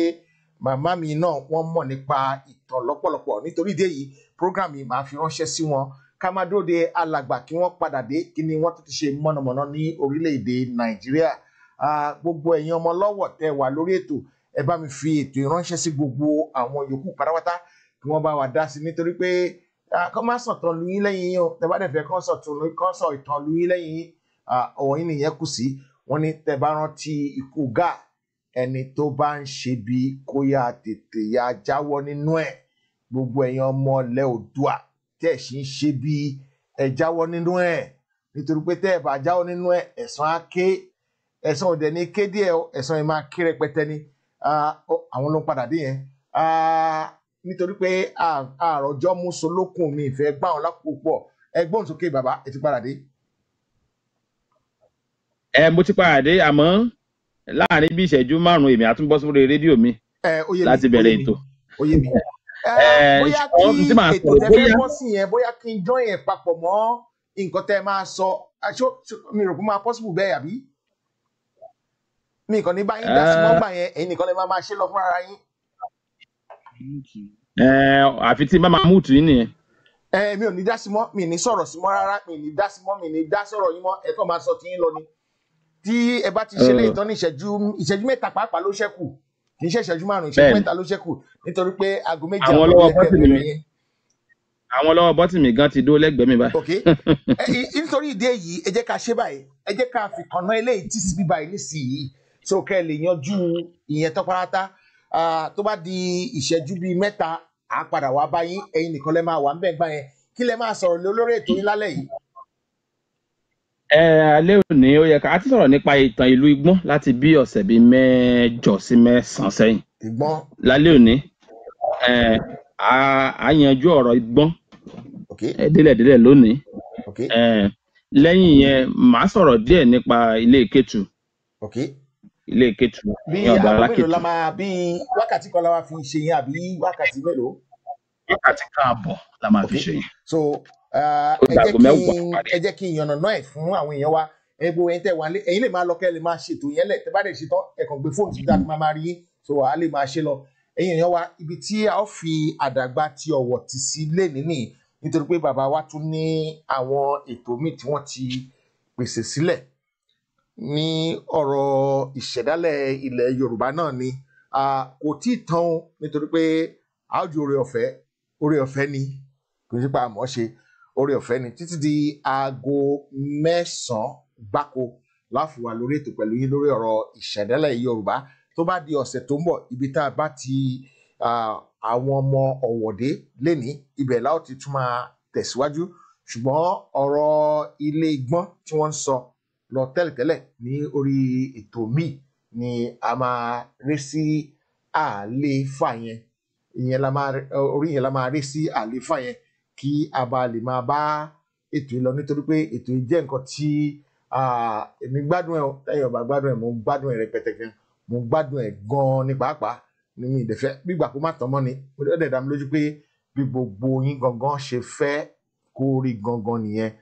Speaker 2: màmá mi náà wọ́n mọ̀ nípa ìtàn lọ́pọ̀lọpọ̀ nítorí ìdí èyí program yìí màá fi ránṣẹ́ sí wọn ká máa dúró de alàgbà kí wọ́n padà dé kí ni wọ́n tún ti ṣe mọ̀nàmọ́ná ní orílẹ̀-èdè nàìjíríà gbogbo ẹ̀yin ọmọ lọ́wọ́ tẹ́ wà lórí ètò ẹ bá mi fi ètò ìránṣẹ́ sí gbogbo àwọn yòókù pátápátá kí wọ́n bá wà dá sí nítorí pé kọ́ má sọ̀tàn lu yín lẹ́yìn yín o tẹ́ bá dẹ̀ fẹ́ kọ́ sọ ìtàn lu yín lẹ́yìn yín ọ̀wọ́n yín nìyẹn kù sí wọ́n ní tẹ́ bá rántí ikú gáà ẹni tó bá ń ṣe bí kó yá tètè yá jáwọ́ nínú ẹ̀ gbogbo ẹ̀yin ọmọ ilẹ̀ Oòduà tẹ́ ẹ̀ sì ń ṣe bí ẹ jáwọ́ nínú ẹ̀ nítorí pé tẹ́ ẹ bá jáwọ́ nínú ẹ̀ ẹ̀san á ké ẹ̀san ò dẹ̀ ní ké díẹ̀ o ẹ̀san yẹn máa ké rẹpẹtẹ ni àwọn ló ń padà dé yẹn nítorí pé àròjọ́ mú solókùn mi ìfẹ́ gbà wọn lápò pọ̀ ẹgbọ́n sókè bàbá ẹ ti padà dé.
Speaker 3: ẹ mo ti padà dé àmọ́ láàrin bí ìṣẹ́jú márùn-ún èmi àtúnbọ́sórí rédíò mi láti bẹ̀rẹ̀ ètò. ó yé mi ó Eh, bóyá kí ètò tẹ fẹ́ bọ́
Speaker 2: sí yẹn bóyá kí n jọ yẹn papọ̀ mọ́ nǹkan tẹ máa sọ aṣọ mi rò pé máa possible bẹ́ẹ̀ àbí mi nǹkan ní báyìí dá sí mọ́gbà eh. yẹn èyí nìkan lè máa máa ṣe lọ fún ara yín.
Speaker 3: Eh, àfi tí n bá máa mú tì í nìyẹn.
Speaker 2: mi ò ní dá sí mọ́ mi ní sọ̀rọ̀ sí mọ́ rárá mi ní dá sí mọ́ mi ní dá sọ̀rọ̀ yín mọ́ ẹ̀kọ́ máa sọ tiyín lọ ni tí ẹ bá ti ṣe lè tán ní ìṣẹ́jú mẹ́ta pàápàá ló ṣẹ́kù kì í ṣe ìṣẹ́jú márùn ìṣẹ́jú mẹ́ta ló ṣẹ́kù nítorí pé aago méjì àwọn lọ́wọ́ bọ́tìmì mi
Speaker 3: àwọn lọ́wọ́ bọ́tìmì gan ti dó lẹ́gbẹ̀ẹ́ mi báyìí. ok
Speaker 2: nítorí ìdí èyí ẹ jẹ́ ká ṣe báyìí ẹ jẹ́ ká fi kànáà eléyìí tí síbí báyìí nísìnyí tó kẹ́ lè yanjú ìyẹn tán pátá tó bá di ìṣẹ́jú bíi mẹ́ta àá padà wá báyìí ẹ̀yin nìkan lẹ́ máa wà ń bẹ̀ gbà yẹn kí lẹ máa sọ̀rọ̀ lórí ètò yín lálẹ́ yìí
Speaker 3: alẹ́ òní ó yẹ ká a ti sọ̀rọ̀ nípa ìtàn ìlú igbọ́n láti bí ọ̀sẹ̀ bíi mẹ́jọ sí mẹ́sàn-án sẹ́yìn. igbọ́n. lálẹ́ òní a yanjú ọ̀rọ̀ igbọ́n délẹ̀délẹ̀ lónìí. lẹ́yìn yẹn màá sọ̀rọ̀ díẹ̀ nípa ilé Kétu. ilé Kétu ní ọ̀dọ̀ alákẹ́tù. bí àwọn mélòó la
Speaker 2: máa bí wákàtí kan la máa fi ṣe yẹn àbí wákàtí mélòó. wákàtí kan àbọ̀ la máa fi ṣe yẹn. so ẹ jẹ́ kí n yànnàná ẹ̀ fún àwọn èèyàn wa gbogbo ẹ̀yin tẹ́ wà lé ẹ̀yin lè máa lọ kẹ́ ẹ lè máa ṣètò yẹn lẹ̀ tẹ́ bá dẹ̀ ṣe tán ẹ̀kàn gbé fóònù sí dáadáa máa rí so a lè máa ṣe lọ ẹ̀yin èèyàn wa ibi tí a ó fi àdàgbà ti ọ̀wọ̀ ti sí lé nínú nítorí pé bàbá wa tún ní àwọn ètò míì tí wọ́n ti pèsè sílẹ̀ ní ọ̀rọ̀ ìṣẹ̀dálẹ̀ ilẹ̀ Yorùbá náà ni kò tí ì tán nítorí pé àwùjọ oore ọ̀fẹ́ oore ọ̀fẹ́ ni kò ní pa àmọ́ ṣe oore ọ̀fẹ́ ni títí di aago mẹ́sàn-án gbáko láfiwá lórí ètò pẹ̀lú yín lórí ọ̀rọ̀ ìṣẹ̀dálẹ̀ Yorùbá tó bá di ọ̀sẹ̀ tó ń bọ̀ ibi tá a bá ti àwọn ọmọ ọ̀wọ̀dé lẹ́ni ibẹ̀ láò ti tún máa tẹ̀síwájú ṣùgbọ́n ọ̀rọ̀ ilé igbọ́n tí wọ́n ń sọ lọ tẹ́lẹ̀tẹ́lẹ̀ ní orí ètò míì ni a máa rí sí àlééfà yẹn ìyẹn la máa orí yẹn la máa rí sí àlééfà yẹn kí a bá lè máa bá ètò yìí lọ nítorí pé ètò yìí jẹ́ nǹkan tí èmi gbádùn ẹ̀ ẹ̀yọ̀ bá gbádùn ẹ̀ mo gbádùn ẹ̀ rẹpẹtẹ gan mo gbádùn ẹ̀ gan-an pàápàá ní mi ìdẹ̀fẹ́ gbígbà kó má tán mọ́ ni mo dẹ̀ dá mi lójú pé bí gbogbo yín gangan ṣe fẹ́ kó rí gangan nìyẹn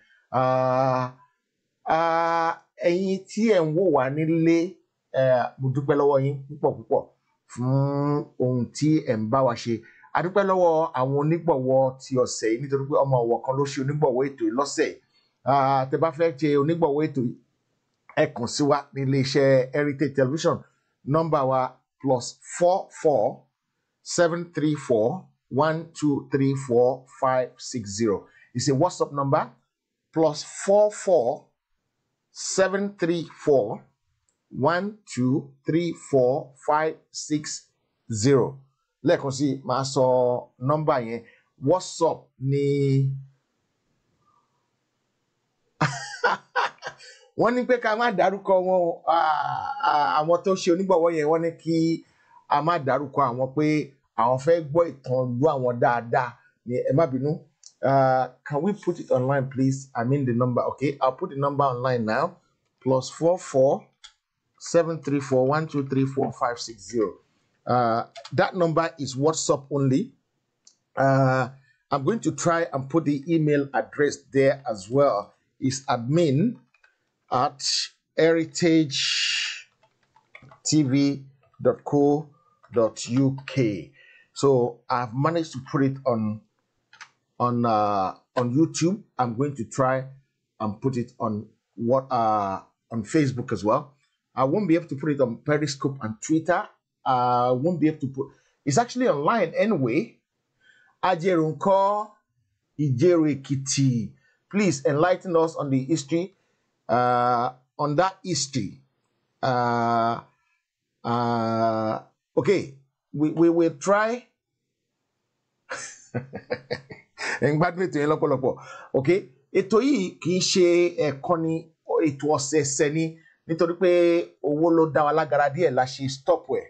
Speaker 2: ẹ̀yin tí ẹ̀ ń wò wá nílé mo dúpẹ́ lọ́wọ́ yín púpọ̀ púpọ̀ fún ohun tí ẹ̀ ń bá wa ṣe adúpẹ́ lọ́wọ́ àwọn onígbọ̀wọ́ ti ọ̀sẹ̀ yìí nítorí pé ọmọ ọ̀wọ̀ kan ló ṣe onígbọ̀wọ́ ètò yìí lọ́sẹ̀ tẹ́ bá fẹ́ ṣe onígbọ̀wọ́ ètò yìí ẹ kàn sí wa ní iléeṣẹ́ Heritage Television nọ́mbà wa plus four four seven three four one two three four five six zero it's a WhatsApp number plus four four seven three four one two three four five six zero lẹ́ẹ̀kan sí máa sọ nọ́mbà yẹn whatsapp ni wọ́n ní pé ká má dárúkọ wọn àwọn tó ṣe onígbọ̀wọ́ yẹn wọ́n ní kí a má dárúkọ àwọn pé àwọn fẹ́ gbọ́ ìtàn ìlú àwọn dáadáa ni ẹ má bínú can we put it online please i mean the number okay i'll put the number online now plus four four seven three four one two three four five six zero. Uh, that number is WhatsApp only. Uh, I'm going to try and put the email address there as well. It's admin at heritagetv.co.uk. So I've managed to put it on on uh, on YouTube. I'm going to try and put it on what uh, on Facebook as well. I won't be able to put it on Periscope and Twitter I uh, won't be able to put. It's actually online anyway. Ajerunko Ijerekiti. Please enlighten us on the history, uh, on that history. Uh, uh, okay, we, we will try. ẹ̀ǹgbádùn ètò yẹn lọ́pọ̀lọpọ̀ okay ètò yìí kì í ṣe ẹ̀kọ́ ni ètò ọ̀sẹ̀ẹ̀sẹ̀ ni nítorí pé owó ló dá wa lágara díẹ̀ la ṣe stop ẹ̀.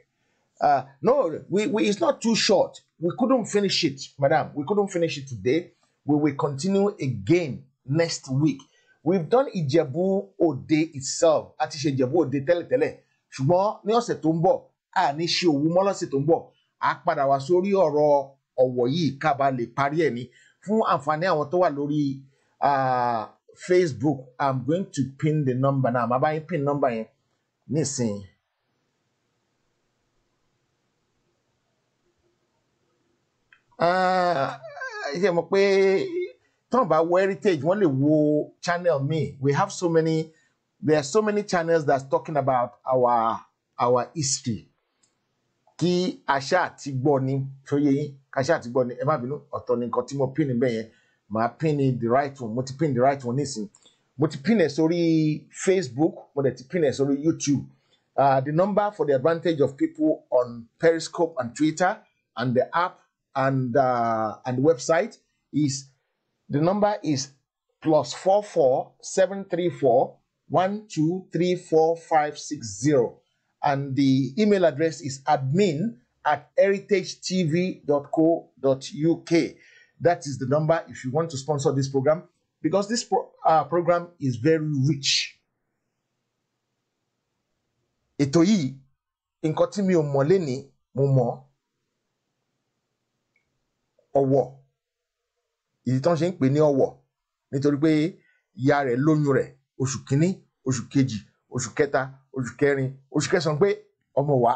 Speaker 2: Uh, no, we, we, it's not too short. We couldn't finish it, madam. We couldn't finish it today. We will continue again next week. We've done Ìjẹ̀bú Òde itself. A ti ṣe Tele. Òde tẹ́lẹ̀tẹ́lẹ̀. Ṣùgbọ́n ní ọ̀sẹ̀ tó ń bọ̀, a ní ṣe òwú mọ́ lọ́sẹ̀ tó ń bọ̀. A padà wá sórí ọ̀rọ̀ ọ̀wọ̀ yìí ká bá lè parí ẹ̀ ní. Fún àǹfààní Facebook, I'm going to pin the number now. Màá pin number ni nísìnyí. Uh, talking about heritage Only lè wo channel me. we have so many there are so many channels that's talking about our our history kí asha àti gbọ́ ni ṣóyè asha àṣà àti gbọ́ má bínú ọ̀tọ̀ mo pín the right one mo ti pín the right one nísìnyí mo ti pín sórí Facebook mo dẹ̀ ti pín sórí YouTube uh, the number for the advantage of people on Periscope and Twitter and the app and uh, and website is the number is plus four four seven three four one two three four five six zero, and the email address is admin at heritagetv.co.uk. That is the number if you want to sponsor this program because this pro uh, program is very rich. ètò yìí tí mi ò mọ̀ lénìí mo mọ̀ mo ọ̀wọ̀ ìdí tán ṣe ń pè ní ọ̀wọ̀ nítorí pé ìyá rẹ̀ lóyún rẹ̀ oṣù kínní oṣù kejì oṣù kẹta oṣù kẹrin oṣù kẹsàn pé ọmọ wá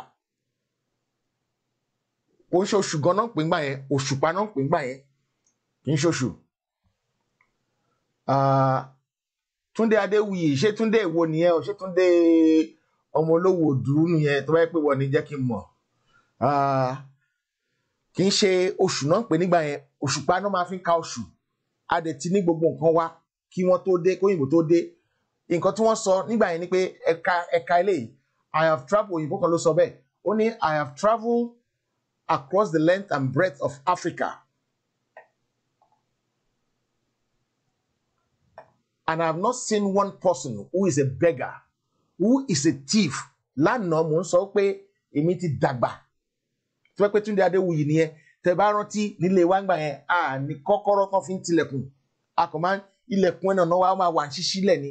Speaker 2: kò ń ṣe oṣù gan náà pè ń gbà yẹn òṣùpá náà pè gbà yẹn kì í ṣe oṣù. Túndé Adéwuyì ṣé Túndé èwo nìyẹn o ṣé Túndé ọmọ olówó òdúrú nìyẹn tó bá yẹ pé wọ́n ní jẹ́ kí n mọ̀ kì ṣe oṣù náà ń nígbà yẹn òṣùpá náà máa fi ka oṣù a ní gbogbo nǹkan wa kí wọ́n tó dé kóyìnbó tó dé nǹkan tí wọ́n sọ nígbà yẹn ni pé ẹ̀ka ẹ̀ka eléyìí I have travelled òyìnbó kan ló sọ bẹ́ẹ̀ ó ní I have travelled across the length and breadth of Africa and I have not seen one person who is a beggar who is a thief lánàá mò ń sọ pé èmi ti dàgbà tó fẹ́ pé Túndé Adéwuyì nìyẹn tẹ bá rántí nílé wa yẹn à ní kọ́kọ́rọ́ kan fi ń tilẹ̀kùn a kò máa ilẹ̀kùn ẹ̀nà náà wa máa wà ń ṣíṣí lẹ̀ ni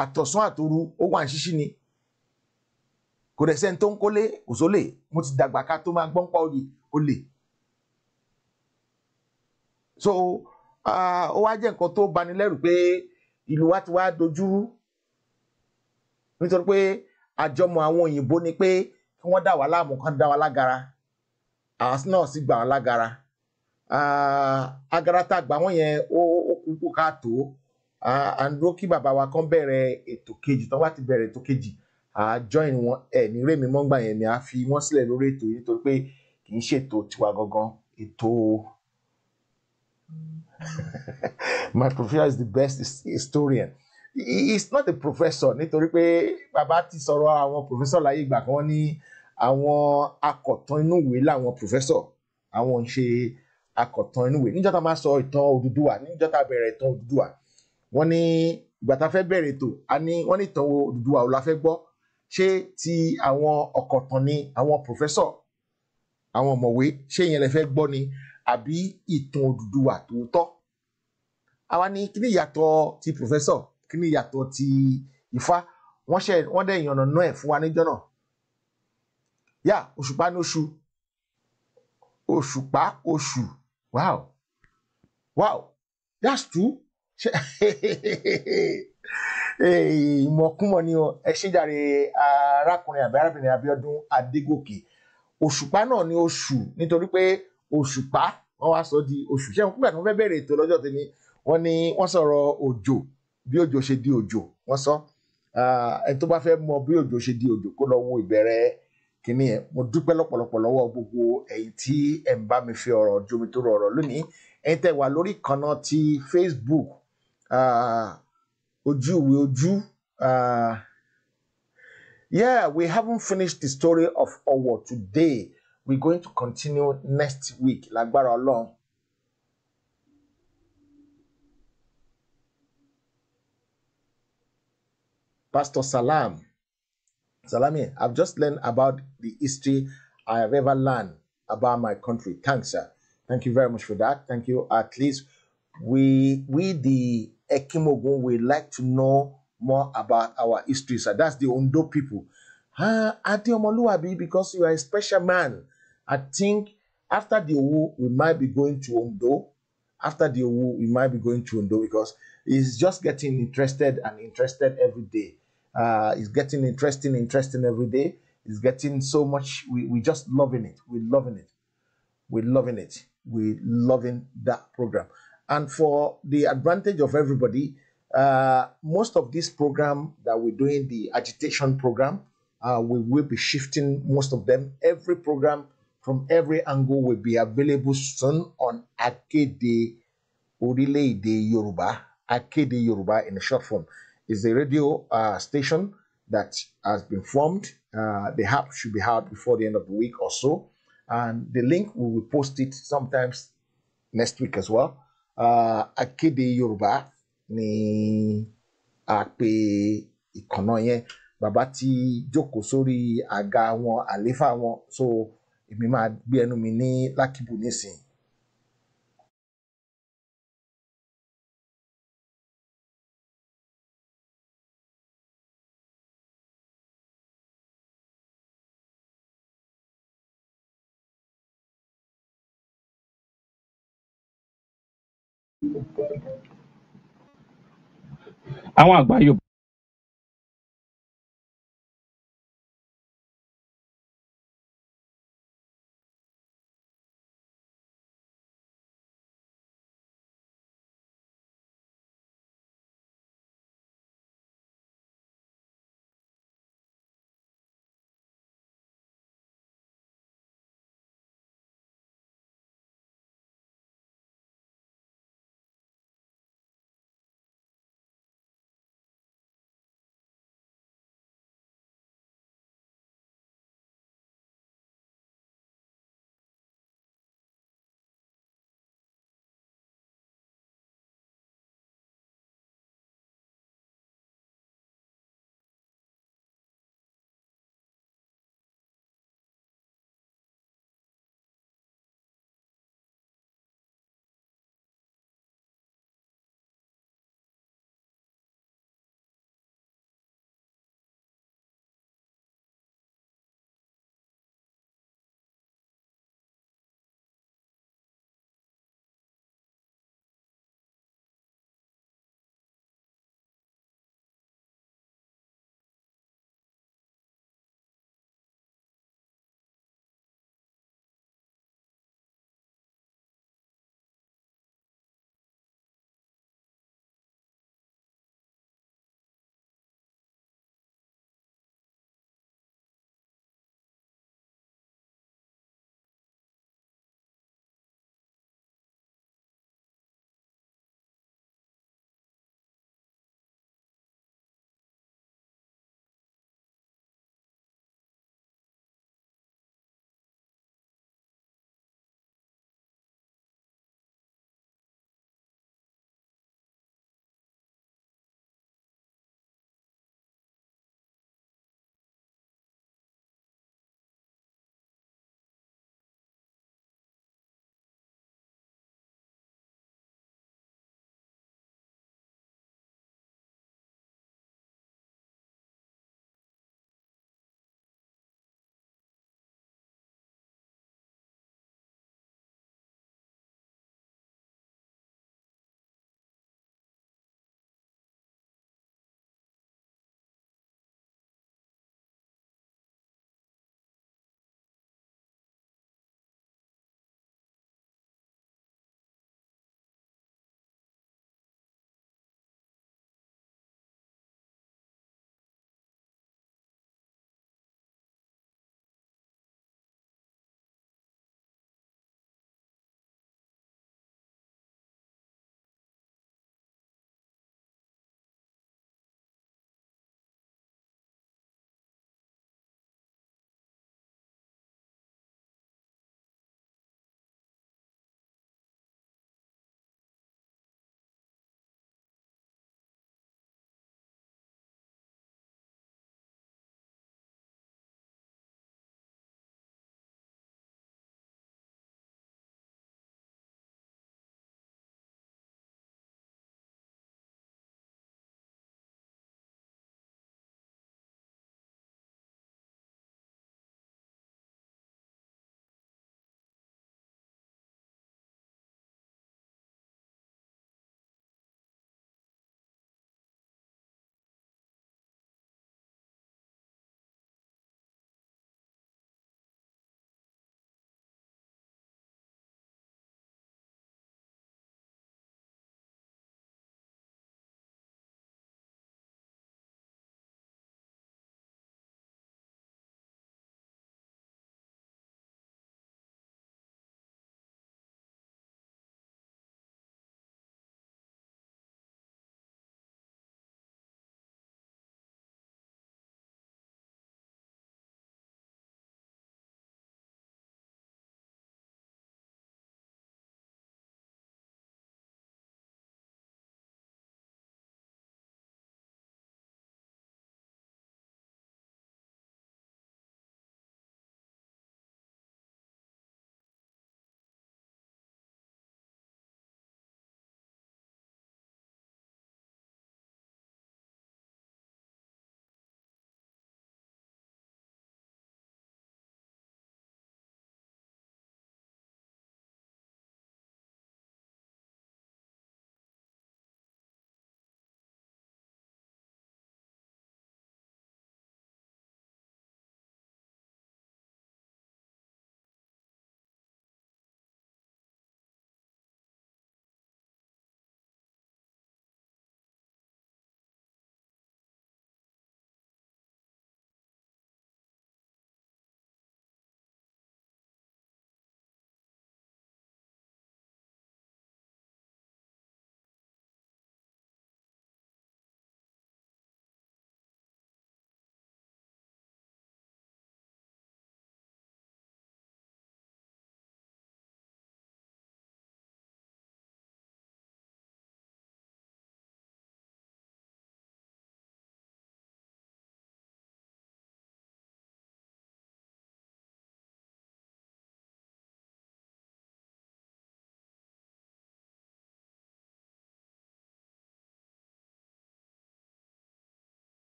Speaker 2: àtọ̀sán àtòru ó wà ń ṣíṣí ni kò dẹ̀ sẹ́ni tó ń kólé kò sólè mo ti dàgbà ká tó máa gbọ́n pa olè olè so ó wá jẹ́ nǹkan tó bani lẹ́rù pé ìlú wa ti wá dojúrú nítorí pé àjọmọ̀ àwọn òyìnbó ni pé kí wọ́n dà wá láàmú kán dá wá lágara àwọn náà sì gbà wọn lágara ah, agara tá a gbà wọn yẹn ó kú kú ká tó à ah, kí bàbá wa kan bẹ̀rẹ̀ ètò kejì tán wá ti bẹ̀rẹ̀ ètò kejì à join wọn ẹ̀ ní rémi mọ́ngbà yẹn ni a fi wọ́n sílẹ̀ lórí ètò yìí nítorí pé kì í ṣètò tiwa gangan ètò microphobia is the best historian he is not a professor nítorí pé bàbá ti sọ̀rọ̀ àwọn professor láyé ìgbà kan ní àwọn akọ̀tàn inú ìwé làwọn professor àwọn ń ṣe akọ̀tàn inú ìwé níjọ́ tá a máa sọ ìtàn Odùduwà níjọ́ tá a bẹ̀rẹ̀ ìtàn Odùduwà wọ́n ní ìgbà tá a fẹ́ bẹ̀rẹ̀ ètò a ní wọ́n ní ìtàn Odùduwà ò la fẹ́ gbọ́ ṣé ti àwọn ọ̀kọ̀tàn ni àwọn professor àwọn ọ̀mọ̀wé ṣé ìyẹn lẹ fẹ́ gbọ́ ni àbí ìtàn Odùduwà tòótọ́ àwa ní kí ni ìyàtọ̀ ti professor kí ni ìyàtọ̀ ti Ifá wọ́n ṣe wọ́n dẹ̀ yànnà náà ẹ̀ fún wa níjọ́ náà yà òṣùpá ní oṣù òṣùpá oṣù wow wow that's true ìmọ̀kúmọ̀ ni o ẹ ṣé jàre arákùnrin àbí arábìnrin Abíọ́dún Adégòkè òṣùpá náà ni oṣù nítorí pé òṣùpá wọn wá sọ di oṣù ṣẹ́wọ̀n kúgbà tí wọ́n fẹ́ bẹ̀rẹ̀ ètò lọ́jọ́ tèmi wọ́n ní wọ́n sọ̀rọ̀ òjò bí òjò ṣe di òjò wọ́n sọ ah, ẹni tó bá fẹ́ mọ bí òjò ṣe di òjò kó lọ wo ìbẹ̀rẹ̀ kíní yẹn mo dúpẹ́ lọ́pọ̀lọpọ̀ lọ́wọ́ gbogbo ẹ̀yin tí ẹ̀ ń bá mi fi ọ̀rọ̀ jomi tó rọrọ̀ lónìí ẹ̀yin tẹ́ wà lórí ìkànnà ti Facebook ojú ìwé ojú yeah we haven't finished the story of Owo today we're going to continue next week lágbára Ọlọ́run. Pastor Salam. Salami, I've just learned about the history I have ever learned about my country. Thanks, sir. Thank you very much for that. Thank you. At least we, we the Ekimogun, we like to know more about our history, sir. That's the Ondo people. Ah, Ati Omoluabi, because you are a special man. I think after the Owu, we might be going to Ondo. After the Owu, we might be going to Ondo because he's just getting interested and interested every day. Uh, it's getting interesting, interesting every day. It's getting so much. We, we just loving it. We're loving it. We're loving it. We're loving that program. And for the advantage of everybody, uh, most of this program that we're doing, the agitation program, uh, we will be shifting most of them. Every program from every angle will be available soon on Akede Orile de Yoruba, Akede Yoruba in a short form. is a radio uh, station that has been formed. Uh, the app should be out before the end of the week or so. And the link, we will post it sometimes next week as well. Uh, Akéde Yoruba ni a pe ìkànnà yẹn bàbá ti jókòó sórí àga so èmi máa gbé ẹnu mi ní lákìbù
Speaker 6: àwọn àgbà Yorùbá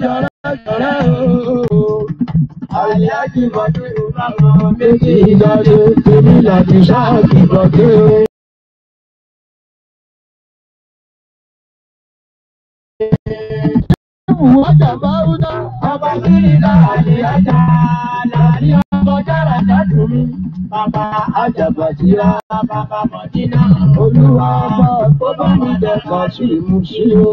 Speaker 7: jọ̀rọ̀ jọ̀rọ̀ ooo. Àlẹ́ àjìmọ̀dé ò bá mọ méjì lọ́dún, èmi làbí ṣáàkì bọ̀dé o. Ọjà máa ń dá ọba kiri dá àlè ajá láàrin ọmọ jára jádùn mi. Bàbá àjàbàjìrá bàbá Mọ̀dínà. Olúwa ọmọ tó bá mi dẹ̀kọ̀ sí ìmúṣí o.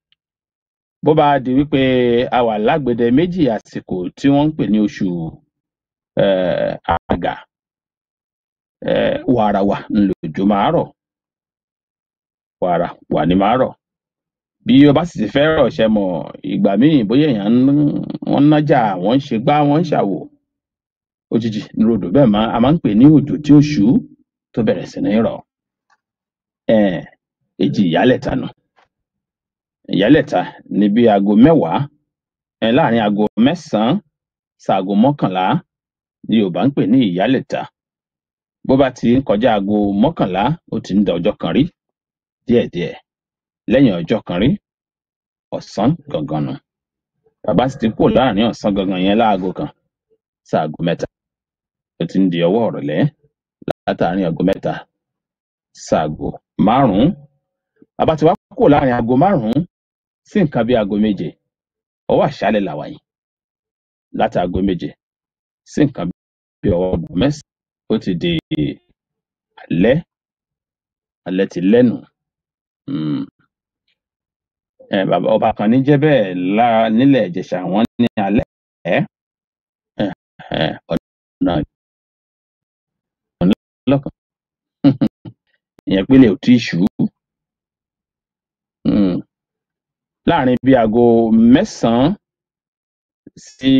Speaker 3: bó bá di wípé a wà lágbèdè méjì àsìkò tí wọn ń pè ní oṣù um àgà um wàràwà ńlòjò máa rọ wàrà wà ní máa rọ bí ó bá sì ti fẹ́ rọ̀ ṣe mọ̀ ìgbà míì bóyá èèyàn wọ́n nájà wọ́n ń ṣe gbá wọ́n ń ṣàwò òjijì ní rodò bẹ́ẹ̀ máa a máa ń pè ní òjò tí ó ṣú tó bẹ̀rẹ̀ sí ní rọ̀ um èjì ìyálẹ̀ta nù ìyálẹ̀ta ní bíi aago mẹ́wàá láàrin aago mẹ́sàn-án aago mọ́kànlá ni yorùbá ń pè ní ìyálẹ̀ta bó bá ti ń kọjá aago mọ́kànlá ó ti ń da ọjọ́ kan rí díẹ̀díẹ̀ lẹ́yìn ọjọ́ kan rí ọ̀sán gangan nù bàbá sì ti kúrò láàrin ọ̀sán gangan yẹn láago kan aago mẹ́ta ó ti ń di ọwọ́ ọ̀rọ̀lẹ́ látàárín aago mẹ́ta ṣaago márùn-ún bàbá ti wá kúrò láàrin aago márùn sí nǹkan bí aago méje ọwọ́ àṣálẹ́ làwà yìí láti aago méje sí nǹkan bí ọwọ́ ọgbọ̀n ó ti di alẹ́ alẹ́ ti lẹ́nu hmm. bàbá ọba kan ní jẹ́ bẹ́ẹ̀ lára nílẹ̀ Ìjẹ̀ṣà wọ́n ní alẹ́ ẹ̀
Speaker 6: ọ̀nà lọ́kàn
Speaker 3: ìyẹn pé lè ò tí ì ṣú hmm láàrin bíi aago mẹ́sàn-án sí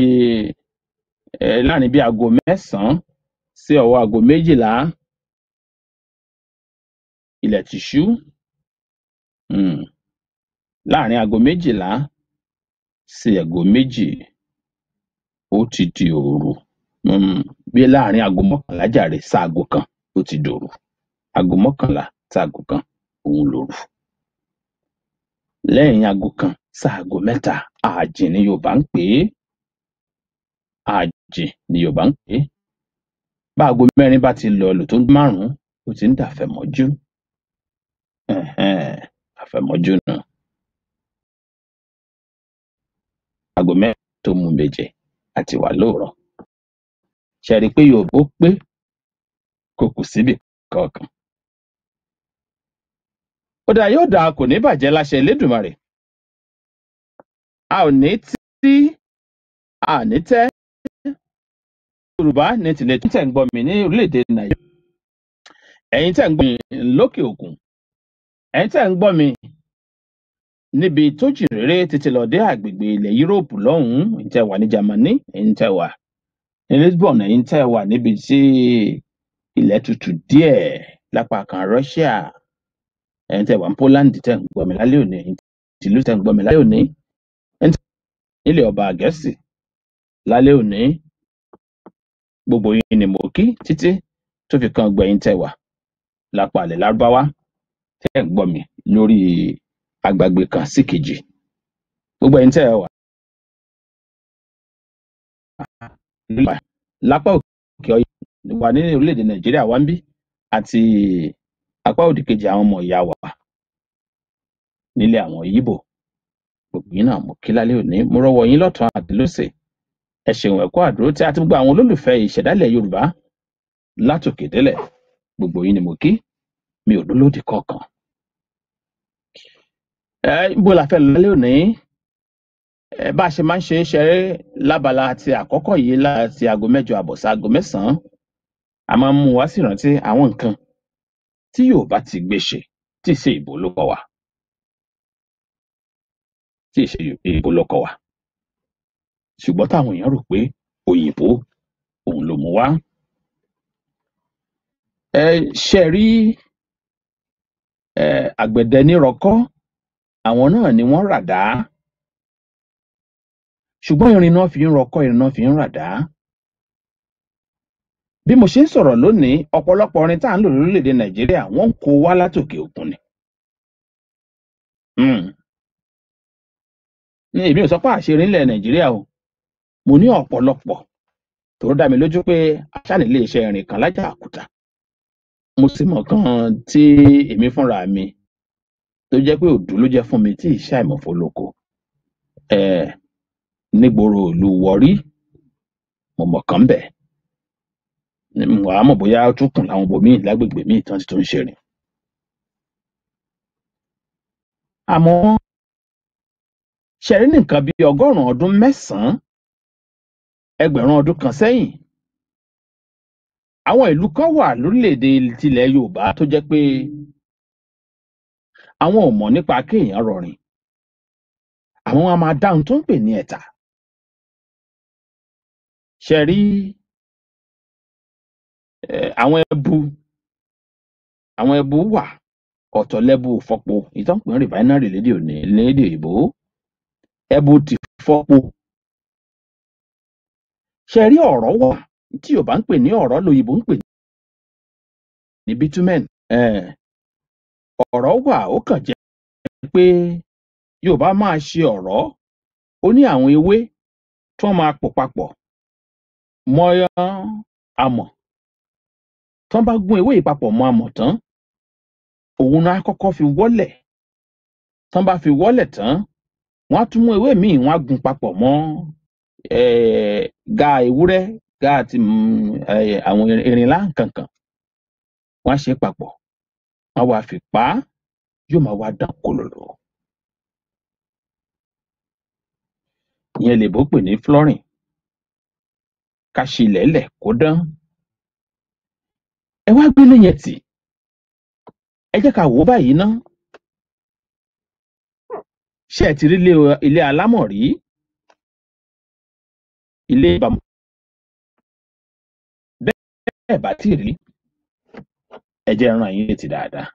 Speaker 3: láàrin bíi aago mẹ́sàn-án sí ọwọ́ aago méjìlá ilẹ̀ ti ṣú hmm. láàrin aago méjìlá sí aago méjì ó ti di òru hmm. bí láàrin aago mọ́kànlá jàre sáago kan ó ti dòru aago mọ́kànlá sáago kan òun lòru lẹ́yìn aago kan sáago mẹ́ta ààjìn ni yorùbá ń pè é ààjìn ni yorùbá ń pè é báago mẹ́rin bá ti lọ lò tó márùn-ún ó ti ń dàfẹ̀mọ́jú àfẹ̀mọ́jú nù
Speaker 6: aago mẹ́rin tó mú méje àti wà lóòrọ̀ ṣe rí i pé yorùbá ó pé kò kù síbì kankan kódà yóò dáa kò ní bàjẹ́ láṣẹ Elédùmarè a ò ní tí a ní tẹ́ Yorùbá ní tìlẹ̀ tó tẹ̀ ń gbọ́ mi ní orílẹ̀-èdè Nàìjíríà ẹ̀yin tẹ̀ ń gbọ́
Speaker 3: mi lókè òkun ẹ̀yin tẹ̀ ń gbọ́ mi níbi tó jìn réré títí lọ dé àgbègbè ilẹ̀ Yúróòpù lọ́hùn-ún ẹ̀yin tẹ̀ wà ní Jámánì ẹ̀yin tẹ̀ wà ní Lisbon ẹ̀yin tẹ̀ wà níbi tí ilẹ̀ tutù díẹ̀ lápá kan Russia ẹ̀yin tẹ́ wà ní Poland tẹ́ ń gbọ́ mi lálẹ́ òní ẹ̀yin tìlú tẹ́ ń gbọ́ mi òní ẹ̀yin tẹ́ nílẹ̀ ọba Gẹ̀ẹ́sì lálẹ́ òní gbogbo yín ni mo kí títí tó fi kan gbẹ̀yìn tẹ́ wà lápá Lárúbáwá tẹ́ ń gbọ́ mi lórí agbègbè kan sí kejì
Speaker 6: gbogbo ẹ̀yin tẹ́ wà
Speaker 3: lápá òkè ọyọ wà ní orílẹ̀ Nàìjíríà wá ń bí àti apá òdì kejì àwọn ọmọ ìyá wa nílé àwọn yíbò gbogbo yín náà mo kí lálẹ́ òní mo rọwọ́ yín lọ́tùn àti lósì ẹ ṣeun ẹkọ àdúró tí a ti gbogbo àwọn olólùfẹ́ ìṣẹ̀dálẹ̀ yorùbá látòkè délẹ̀ gbogbo yín ni mo kí mi ò lólódì kankan. ẹ bó la fẹ́ lọ lálẹ́ òní ẹ bá a ṣe máa ń ṣe é ṣeré lábala àti àkọ́kọ́ yìí láti aago mẹ́jọ àbọ̀ aago mẹ́sàn a máa ń mú wá sí ìrántí àwọn nǹkan tí yóò bá ti gbé ṣe tí ṣe ìbò ló kọ wa tí ṣe ìbò ló kọ wa ṣùgbọ́n táwọn èèyàn rò pé òyìnbó òun ló mú wá ẹ ṣe rí àgbẹ̀dẹ nírọ̀kọ́ àwọn náà ni wọ́n ràdá ṣùgbọ́n irin fi ń rọkọ́ irin fi ń ràdá bí mo ṣe ń sọ̀rọ̀ lónìí ọ̀pọ̀lọpọ̀ orin tá à ń lò lórílẹ̀‐èdè nàìjíríà wọ́n ń kó wá látòkè òkun ni. Hmm. ní èmi ò sọ pé àṣírí ńlẹ̀ nàìjíríà o mo ní ọ̀pọ̀lọpọ̀ tó dá mi lójú pé aṣáàlì lè ṣe ìrìn kan lájà àkúta mo sì mọ̀ kan tí èmi fúnra mi tó jẹ́ pé òdù ló jẹ́ fún mi tí ìṣe àìmọ̀fólóko nígboro ìlú wọrí mo mọ̀ kan bẹ́ẹ̀ wàá mọ̀ bóyá ó tún kùn láwọn ibòmíì lágbègbè míì tán ti tún ń ṣe rìn. àmọ́ ṣẹ̀rí nìkan bíi ọgọ́rùn-ún ọdún mẹ́sàn-án ẹgbẹ̀rún ọdún kan sẹ́yìn àwọn ìlú kan wà lórílẹ̀‐èdè tilẹ̀ Yorùbá tó jẹ́ pé àwọn ò mọ̀ nípa kéèyàn rọrìn
Speaker 6: àwọn a máa dáhùn tó ń pè ní ẹ̀tà ṣẹ̀rí um àwọn ẹbu
Speaker 3: àwọn ẹbu wà ọ̀tọ̀ lẹbu ìfọpo èyí tó ń pè ní refinery lédè òní lédè òyìnbó ẹbu ti fọpo ṣe rí
Speaker 6: ọ̀rọ̀ wà tí Yorùbá ń pè ní ọ̀rọ̀ lóyìnbó ń pè ní bitumen um ọ̀rọ̀ wà ó kàn jẹ́ pé Yorùbá máa ṣe ọ̀rọ̀ ó ní àwọn ewé tí wọ́n máa pò papọ̀ mọ́ amọ̀ tán bá gún ewé ìpapọ̀ mọ́ amọ̀ tán
Speaker 3: òun náà á kọ́kọ́ fi wọ́lẹ̀ tán bá fi wọ́lẹ̀ tán wọ́n á tún mú ewé míì wọ́n á gún papọ̀ mọ́ ga ewúrẹ́ ga àti mm, àwọn erinlá kankan wọ́n á ṣe papọ̀ wọ́n á wá fi pa á yóò máa wá dán kólòlò.
Speaker 6: ìyẹn lèbó pè ní flooring ká ṣe ilẹ̀ẹ́lẹ̀ kó dán ẹ wá gbélé yẹn tì ẹ jẹ́ ká wò ó báyìí ná ṣé ẹ ti rí ilé alámọ̀ rí ilé ìbámu bẹ́ẹ̀ bá ti rí ẹ jẹ́ rán yín létí dáadáa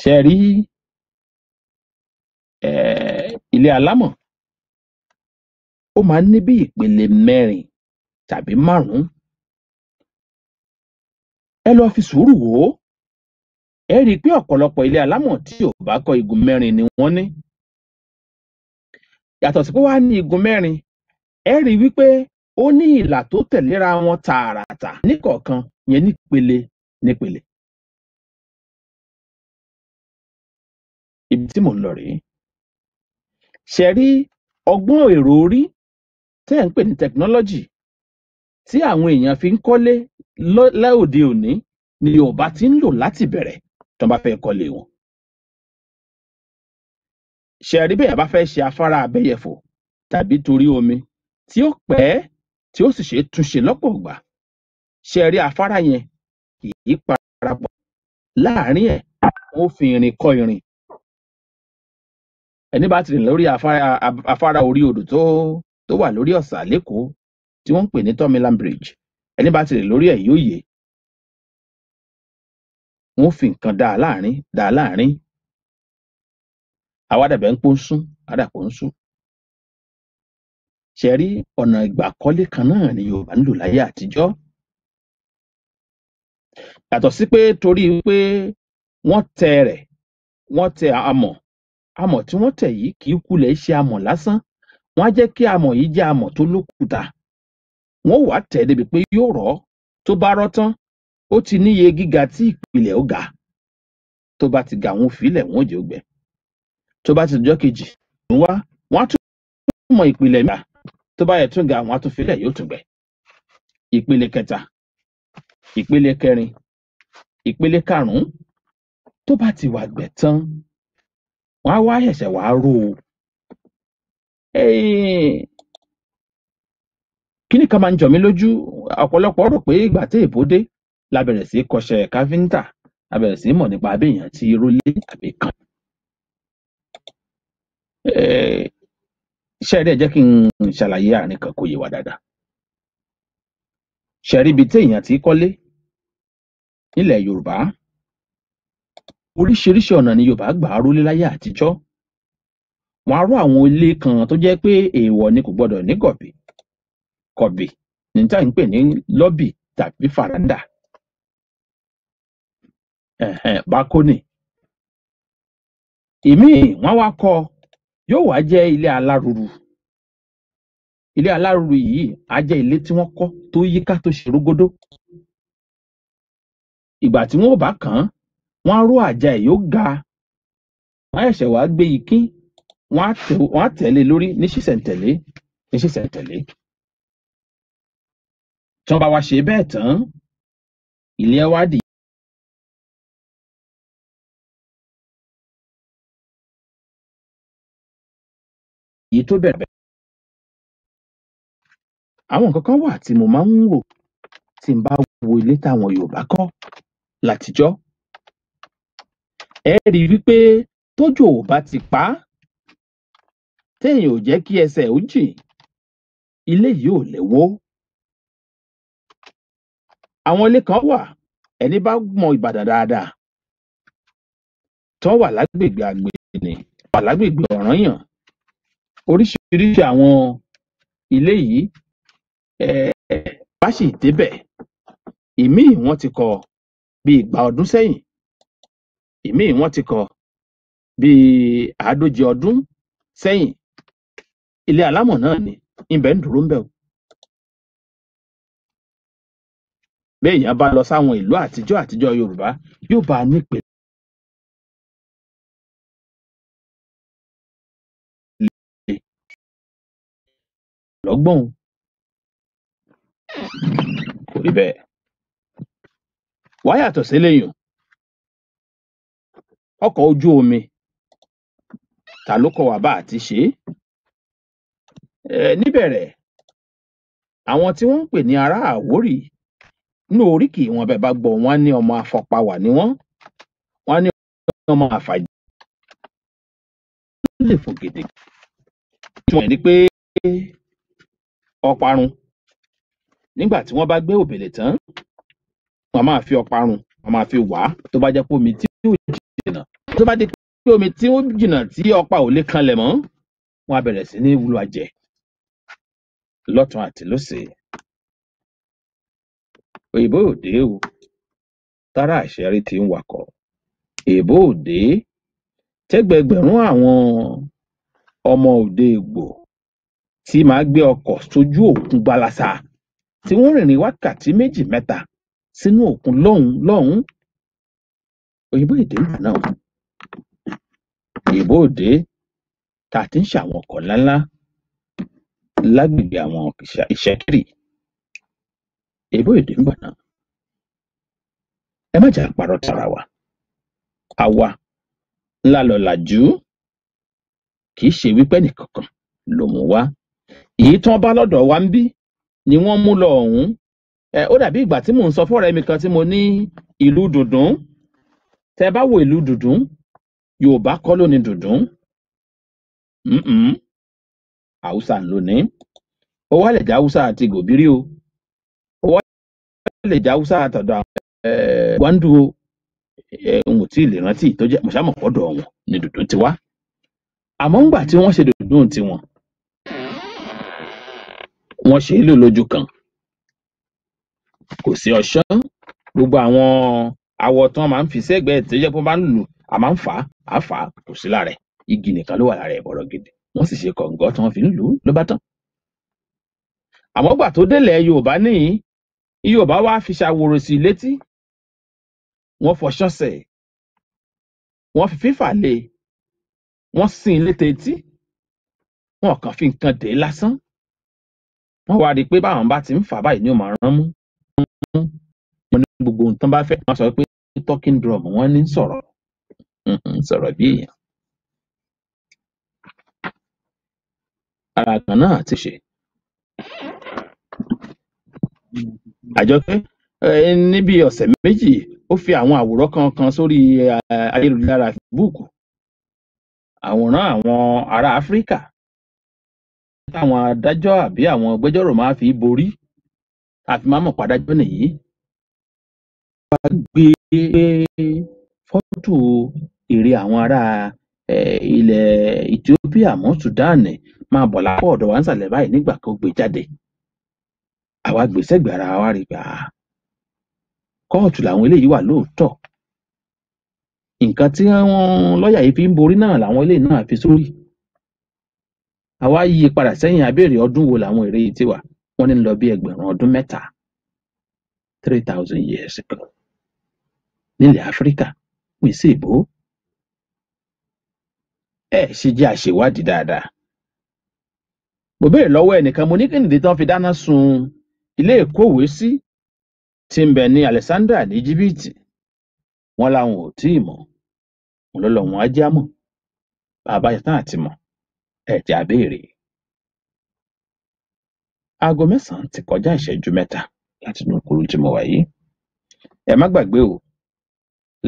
Speaker 6: ṣé rí ilé alámọ̀ ó máa ń ní bí ìpele
Speaker 3: mẹ́rin tàbí márùn ẹ lọ́ọ́ fi sùúrù wò ó ẹ rí i pé ọ̀pọ̀lọpọ̀ ilé alámọ̀ tí ò bá kọ́ igun mẹ́rin ni wọ́n ní yàtọ̀ sí pé wàá ní igun mẹ́rin ẹ rí i wípé ó ní ìlà tó tẹ̀léra wọn tààràtà níkọ̀ọ̀kan yẹn nípele
Speaker 6: nípele. ibi tí mò ń lọ rèé
Speaker 3: ṣe rí ọgbọ́n èrò orí tẹ́ ń pè ní technology tí àwọn èèyàn fi ń kọ́lé lóde òní ni Yorùbá ti ń lò láti bẹ̀rẹ̀ tó bá fẹ́ kọ́lé wọn. ṣẹ̀rí bẹ́ẹ̀ bá fẹ́ ṣe afárá abẹ́yẹ̀fò tàbí torí omi tí ó pẹ́ tí ó sì ṣe túnṣe lọ́pọ̀ ìgbà ṣẹ̀rí afárá yẹn kì í
Speaker 7: parapọ̀ láàárín ẹ̀
Speaker 3: wọ́n fi irin kọ́ irin. ẹni bá ti rìn lórí afárá orí odò tó wà lórí ọ̀sà lẹ́kọ̀ọ́ tí wọ́n ń pè ní Tomiland Bridge ẹni bá ti rìn lórí ẹ̀ yóò yè é
Speaker 6: wọn ó fi nǹkan dá a láàrin dá a láàrin àwa dàbẹ̀ ń pó ń sún àdàpọ̀ ń sún ṣe rí ọ̀nà
Speaker 3: ìgbàkọ́lé kan náà ni Yorùbá ń lò láyé àtijọ́ yàtọ̀ sí pé torí pé wọ́n tẹ rẹ̀ wọ́n tẹ amọ̀ amọ̀ tí wọ́n tẹ̀ yìí kì í kulẹ̀ ṣe amọ̀ lásán wọ́n á jẹ́ kí amọ̀ yìí jẹ́ amọ̀ tó lókùúta wọn ó wá tẹ̀ ẹ́ débi pé yóò rọ̀ ọ́ tó bá rọ̀ tán ó ti níye gíga tí ìpìlẹ̀ ó ga tó bá ti ga wọn ò fílẹ̀ wọn ò jẹ́ ògbẹ tó bá ti dọjọ́ kejì ń wá wọn á tún mọ ìpìlẹ̀ mìíràn tó bá yẹ tún ga wọn á tún fílẹ̀ yóò tún gbẹ ìpele kẹta ìpele kẹrin ìpele karùnún tó bá ti wà gbẹ tán wọn á wá ṣẹ̀ṣẹ̀ wàá ró o kíní kan máa ń jọ mí lójú ọ̀pọ̀lọpọ̀ rò pé ìgbà tí èbó dé la bẹ̀rẹ̀ sí kọ́ṣẹ́ káfíńtà la bẹ̀rẹ̀ sí mọ̀ nípa abéèyàn ti rólé àbí kan. ṣe rí ẹ jẹ́ kí n ṣàlàyé àárín kan kó yé wa dáadáa. ṣe rí ibi téèyàn ti kọ́lé nílẹ̀ Yorùbá oríṣiríṣi ọ̀nà ni Yorùbá gbà á rólé láyé àtijọ́ wọ́n á ró àwọn ilé kan tó jẹ́ pé èèwọ̀ ni kò gbọdọ̀ ní gọ̀bì Kọ̀bì ní tá à ń pè ní lọ́bì tàbí fàrándà
Speaker 6: um bákónì. Ìmíì wọ́n á wá
Speaker 3: kọ yóò wá jẹ́ ilé aláruru. Ilé aláruru yìí á jẹ́ ilé tí wọ́n kọ́ tó yíká tó ṣe rógódó. Ìgbà tí wọ́n ó bá kàn án, wọ́n á ró àjà ẹ̀ yóò ga. Wọ́n á ṣẹ̀ṣẹ̀ wá gbé ikín, wọ́n á á tẹ̀ lórí ní ṣísẹ̀ntẹ̀lé ní ṣísẹ̀ntẹ̀lé tí wọn bá wá ṣe bẹẹ tán ilé ẹ wàá dìyà èyí tó bẹrẹ àwọn nǹkan kan wà tí mo máa ń wò tí n bá wo ilé táwọn yorùbá kọ látijọ ẹ rí i wípé tójò ò bá ti pa á téèyàn ò jẹ kí ẹsẹ ò jìn ilé yìí ò
Speaker 6: lè àwọn ilé kan wà ẹni bá
Speaker 3: mọ ìbàdàn dáadáa tán wà lágbègbè àgbègbè wà lágbègbè ọ̀rànyàn oríṣiríṣi àwọn ilé yìí bá sì débẹ̀ ìmíì wọ́n ti kọ́ bíi igba ọdún sẹ́yìn ìmíì wọ́n ti kọ́ bíi àádóje ọdún sẹ́yìn ilé alámọ̀ náà ni ibẹ̀ ń dúró ń bẹ̀ o
Speaker 6: bẹ́ẹ̀ èèyàn bá lọ sáwọn ìlú àtijọ́ àtijọ́ Yorùbá yóò bá a nípìnlẹ̀ lọ́gbọ̀n kò rí bẹ́ẹ̀ wá yàtọ̀ séléyùn ọkọ̀ ojú omi
Speaker 3: ta ló kọ́ wa bá a ṣe é níbẹ̀rẹ̀ àwọn tí wọ́n ń pè ní ará Àwórì nínú oríkì wọn bẹẹ bá gbọ wọn ní ọmọ afọpáwà ni wọn wọn ní ọmọ àfàjẹ ló lè fò gèdè tí wọn pé ọparun nígbà tí wọn bá gbé òbèlè tán wọn máa fi ọparun wọn máa fi wá tó bá jẹ pé omi tí yóò jìnnà tó bá di pé omi tí ó jìnnà tí ọ̀pá ò lè kanlẹ̀ mọ́ wọn á bẹ̀rẹ̀ sí ní wúlò àjẹ́ lọ́tùn àti lósì òyìnbó ò dé o tára àṣẹrí ti ń wakọ èèbó ò dé tẹgbẹgbẹrún àwọn ọmọ òde ègbò tí máa gbé ọkọ̀ sójú òkun gbalasa tí wọ́n rìnrìn wákàtí méjì mẹ́ta sínú òkun lọ́hùnún lọ́hùnún òyìnbó èdè ńgbà náà òyìnbó òde tá a ti ń ṣàwọn ọkọ̀ ńláńlá lágbègbè àwọn ìṣẹkírì Ebo èdè ń bọ̀ náà ẹ má jà parọ́ tara wa àwa ńlá lọ́làjú kì í ṣe wípé nìkankan ló mú wá èyí tí bá lọ́dọ̀ wa ń bí ni wọ́n mú lọ ọ̀hún ẹ ó dàbí ìgbà tí mò ń sọ fọ́ọ̀rẹ́ mi kan tí mo ní ìlú dùndún tẹ bá wo ìlú dùndún yorùbá kọ́ ló ní haúsá ló ní ó wá lẹ̀dá haúsá àti gòbírí o lè jẹ haúsá àtọ̀dọ̀ àwọn eh, gwandu eh, n ò tí ì lè rántí tó jẹ mọṣámọkọdọ wọn ni dùndún ti wá àmọ́ ńgbà tí wọ́n ṣe dùndún tiwọn wọ́n ṣe é lò lójú kan kò sí ọ̀ṣọ́ gbogbo àwọn awọ tí wọ́n máa ń fi sẹ́gbẹ̀ẹ́ tó jẹ pé wọ́n bá ń lù a máa ń fà á fà á kò sí lára ẹ̀ igi nìkan ló wà lára ẹ̀ bọ̀rọ̀ gidi wọ́n sì ṣe kọ̀ǹgọ́ tí wọ́n fi ń lù ú ló bá tán àmọ́ gbà tó délẹ̀ Yorùbá níyì yorùbá wá fi ṣàwòrò sí létí wọn fọṣọ sẹ wọn fi fífà lé wọn sin létí etí wọn kàn fi nǹkan dé lásán wọn wá rí i pé báwọn bá ti ń fà báyìí ni ó rán mú wọn ní gbogbo ohun bá fẹ́ wọn sọ pé talking drum wọn ní sọ̀rọ̀ sọ̀rọ̀ bí èèyàn ara kan náà ti ṣe àjọké ní bíi ọ̀sẹ̀ méjì ó fi àwọn àwòrán kan kan sórí ayélujára facebook àwòrán àwọn ará áfíríkà táwọn adájọ́ àbí àwọn agbẹjọ́rò máa fi borí àfi máa mọ̀ pàdájọ́ nìyí wá gbé fọ́tò èrè àwọn ará ilẹ̀ ethiopia mọ́ sudan máa bọ̀ lápò ọ̀dọ̀ wa ń sàlẹ̀ báyìí nígbà kan ó gbé jáde àwa gbé sẹ́gbẹ̀ẹ́ ara wa rí i pé ah kóòtù làwọn eléyìí wà lóòótọ́ nǹkan tí wọ́n lọ́ọ̀yà yìí fi ń borí náà làwọn eléyìí náà fi sórí àwa yí padà sẹ́yìn abéèrè ọdún wo làwọn èrè yìí ti wà wọ́n ní lọ bí ẹgbẹ̀rún ọdún mẹ́ta three thousand years ago nílẹ̀ áfíríkà pè sí ìbò ẹ ṣe jẹ́ àṣewádìí dáadáa mo béèrè lọ́wọ́ ẹnìkan mo ní kí nìdí tí wọ́n fi dáná sun ilé ìkọwéésí tí ń bẹ ní alexander ní jìbìtì wọn làwọn ò tí ì mọ òun lọlọrun á já mọ bá a bá ṣe tán àti mọ ẹ tí a aago mẹ́sànán ti kọjá ìṣẹ́jú mẹ́ta láti inú kúrú tí mo wà yìí ẹ má gbàgbé o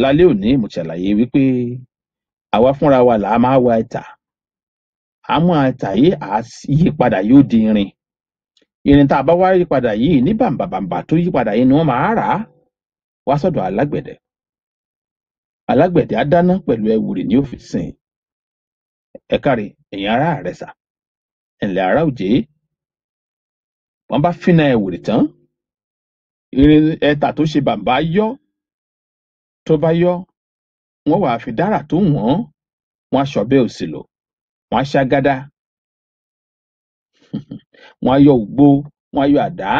Speaker 3: lálẹ́ òní mo ṣàlàyé wípé àwa fúnra wa là á máa wa ẹ̀tà àmọ́ ẹ̀tà yìí àá yí padà yóò di irin irin tá a bá wá yí padà yìí ní bàǹbàbàǹbà tó yí padà yìí ni wọ́n máa rà á wá sọ́dọ̀ alágbẹ̀dẹ alágbẹ̀dẹ á dáná pẹ̀lú ẹwùrì ní òfìsìn ẹ káre èèyàn ará rẹ sà ẹnlẹ ará bá fínà yọ tó bá yọ wàá fi dára tó
Speaker 6: aṣọ wọ́n á yọ ògbó,
Speaker 3: wọ́n á yọ àdá,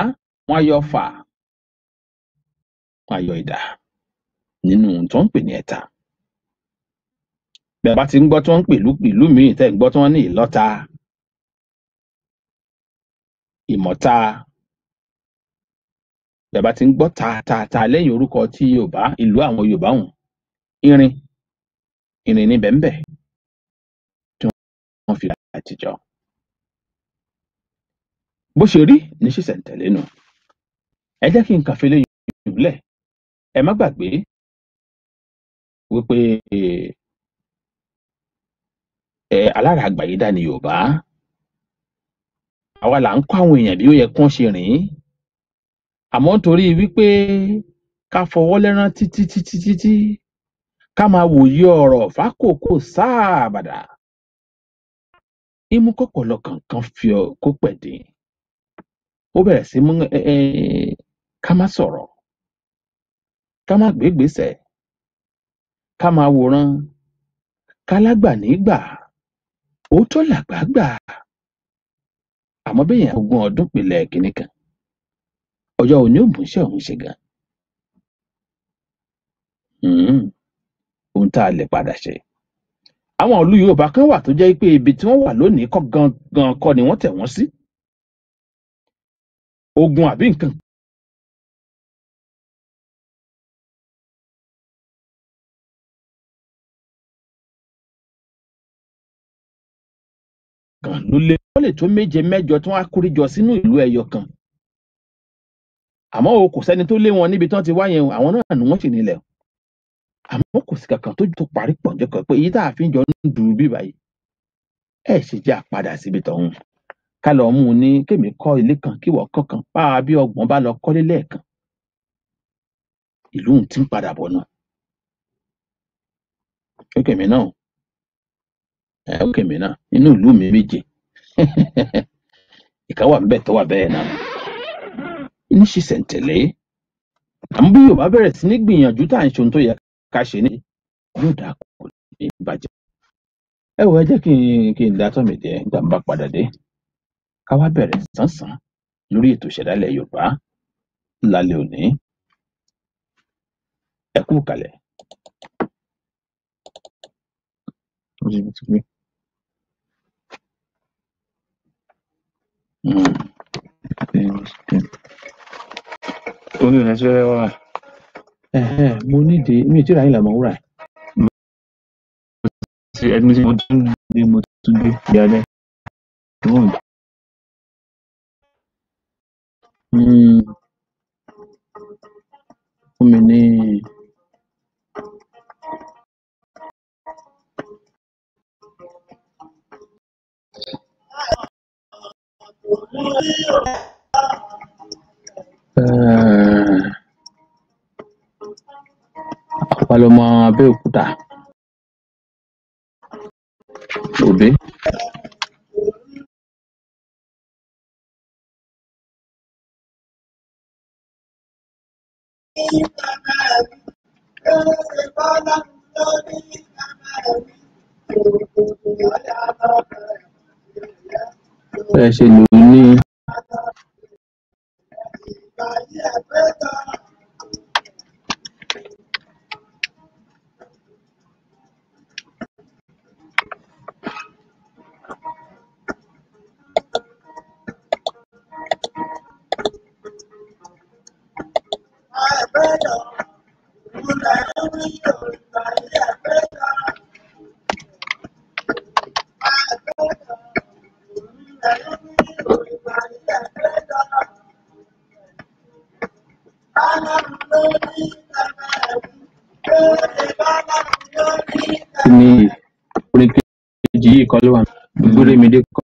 Speaker 3: wọ́n á yọ ọfà, wọ́n á yọ idà nínú ohun tí wọ́n ń pè ní ẹ̀ta. Bẹ bá ti ń gbọ́ tí wọ́n ń pèlú ìlú míì tẹ́ ẹ̀ ń gbọ́ tí wọ́n ní ìlọ́ta, ìmọ̀ta, bẹ bá ti ń gbọ́ ta ta orúkọ ti Yorùbá, ìlú àwọn Yorùbá hùn irin, irin ní ń bẹ
Speaker 6: tí wọ́n fi àtijọ́. bó ṣe rí ní ṣísẹ̀ntẹ̀lé nù ẹ jẹ́ kí n kàn fi lè yùlẹ̀ ẹ má gbàgbé wípé ẹ
Speaker 3: alára àgbàyídá ní Yorùbá àwa là ń kọ́ àwọn èèyàn bí ó yẹ kán ṣe rìn àmọ́ nítorí wípé ká fọwọ́ lẹ́rán títí títí títí ká máa wòye ọ̀rọ̀ fákòókò sáàbàdà imú kọ̀kọ̀ lọ́kàn kan fi ọ kó pẹ̀dín ó bẹ̀rẹ̀ sí mú ká má sọ̀rọ̀ ká má gbégbèsè ká máa wòran kálágbànígbà ó tó làgbà gbà àmọ́ béèyàn ogún ọdún pìlẹ̀ kínní kan ọjọ́ òní òbúnṣẹ́ òun ṣe gan hmm, ohun tá a lè padà ṣe àwọn ìlú Yorùbá kan wà tó jẹ́ pé ibi tí wọ́n wà lónìí kọ́ gangan kọ́ ni wọ́n tẹ̀ wọ́n sí
Speaker 6: ogun àbí nǹkan
Speaker 3: kan ló lé ó lè tó méje mẹ́jọ tí wọ́n á kórìjọ sínú ìlú ẹyọ kan àmọ́ o kò sẹ́ni tó lé wọn níbi tí wọ́n ti wá yẹn àwọn náà ni wọ́n sì nílẹ̀ àmọ́ kò sí kankan tó tó parí pọ̀jọ́ kan pé èyí tá a fi ń jọ ń dùn bí báyìí ẹ ṣe jẹ́ àpadà síbi tọ̀hún ká lọ mú un ní kémi kọ́ ilé kan kíwọ kọ̀ọ̀kan bá a bí ọgbọ̀n bá lọ kọ́lé lẹ́ẹ̀kan ìlú ti ń padà bọ̀ náà ó kèmí náà ó kèmí náà inú ìlú mi méje ìka wà bẹ́ẹ̀ tó wà bẹ́ẹ̀ náà níṣì ṣẹ̀ǹtẹ̀lé àmọ́ bí Yorùbá bẹ̀rẹ̀ sí ní gbìyànjú tá à ń ṣohun tó yẹ ká ṣe ní yóò dáa kò ní bàjẹ́ ẹ wò ẹ jẹ́ kí n kí n dá tọ́ mi dé padà dé ká wá bẹ̀rẹ̀ sánsan lórí ètò ìṣẹ̀dálẹ̀ Yorùbá lálẹ́ òní. Ẹ kú
Speaker 6: ìkàlẹ̀.
Speaker 5: Oní
Speaker 4: ìrìnàjò rẹ wá.
Speaker 6: Mo nídìí, mi ò tí ì ráyìn làmọ́ wúrà. Mo ti ẹni tí mo tún dé, mo
Speaker 7: tún dé, ìyá rẹ̀. um fún mi ní um eh,
Speaker 6: àpàlọ́mọ abẹ́òkúta òbé ní bàbá mi. ṣe lò ó ní.
Speaker 7: তিনি পুনেতে জি কলওয়ান দুরে মেডিকেল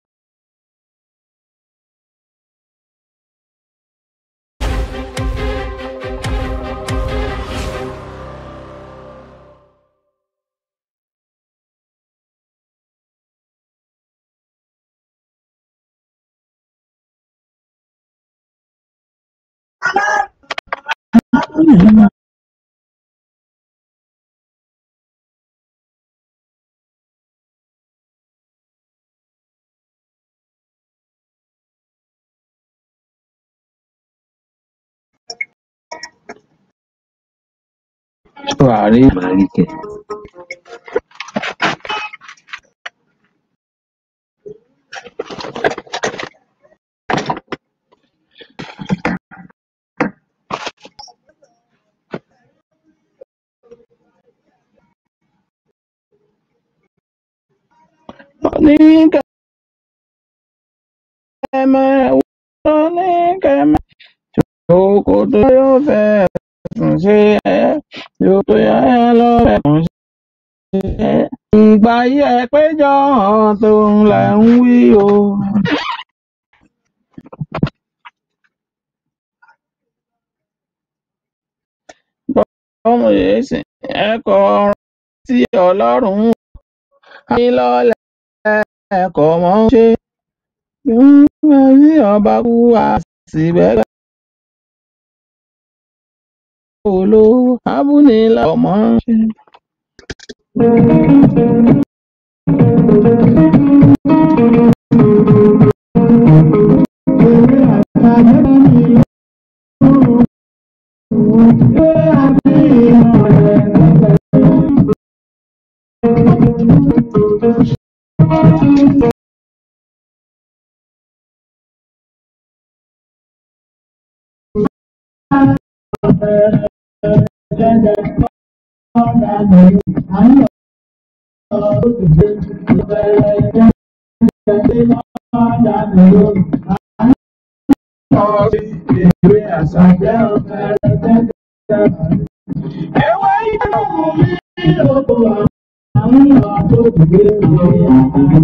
Speaker 6: है Vale, marica. Síkàmà wọlé
Speaker 3: Kàmá ṣòkòtò yóò fẹ̀sùn ṣe
Speaker 6: Ọlọ́run wò, lọ́lẹ̀ ẹ kò mọ̀ ọ́n ṣe nígbà téèyàn bá kú á sì gbẹgbẹ olówó abúnilá kò
Speaker 3: mọ̀ ṣe.
Speaker 7: Thank you. Ẹ̀wá ìdáhùn mi lóko àwọn ọ̀rọ̀ tó gbé wọ̀nyí.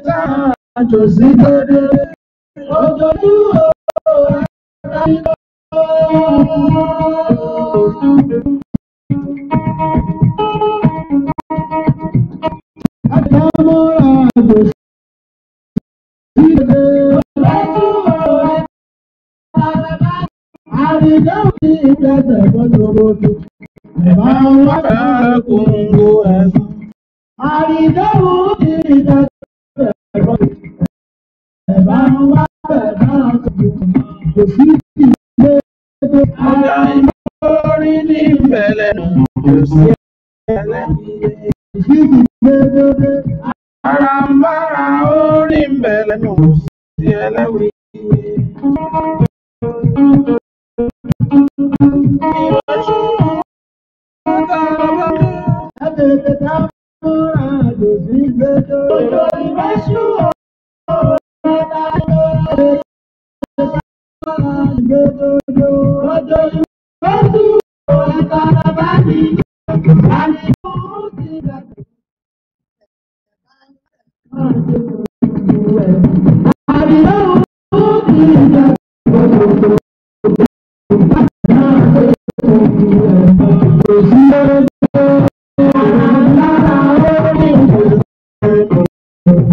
Speaker 7: tá a jò sí dédé. Òjòjú o, àtàyíkọ́. Àdámọ́ra àjò sí dédé. Òjòjú o, àtàyíkọ́. Àrídá òní ìgbẹ́sẹ̀ bọ́tòbọ́tò. Ẹ̀bá wọn bá kún un ẹ̀sùn. Àrídá òní ìgbẹ́sẹ̀. kò sí ìdílé tó ara ìmọ̀rí ní ìbẹ̀lẹ̀ kò sí ìbẹ̀lẹ̀ kò sí ìdílé tó ara mbára orí ìbẹ̀lẹ̀ kò sí ẹlẹ́wì. Thank you. Ojo you ṣú ọ̀rọ̀ ta ló lè sọ́ra ìgbẹ́dodo. Ojo ìbá ṣú ọ̀rọ̀ ta ló bá ní àti òun ti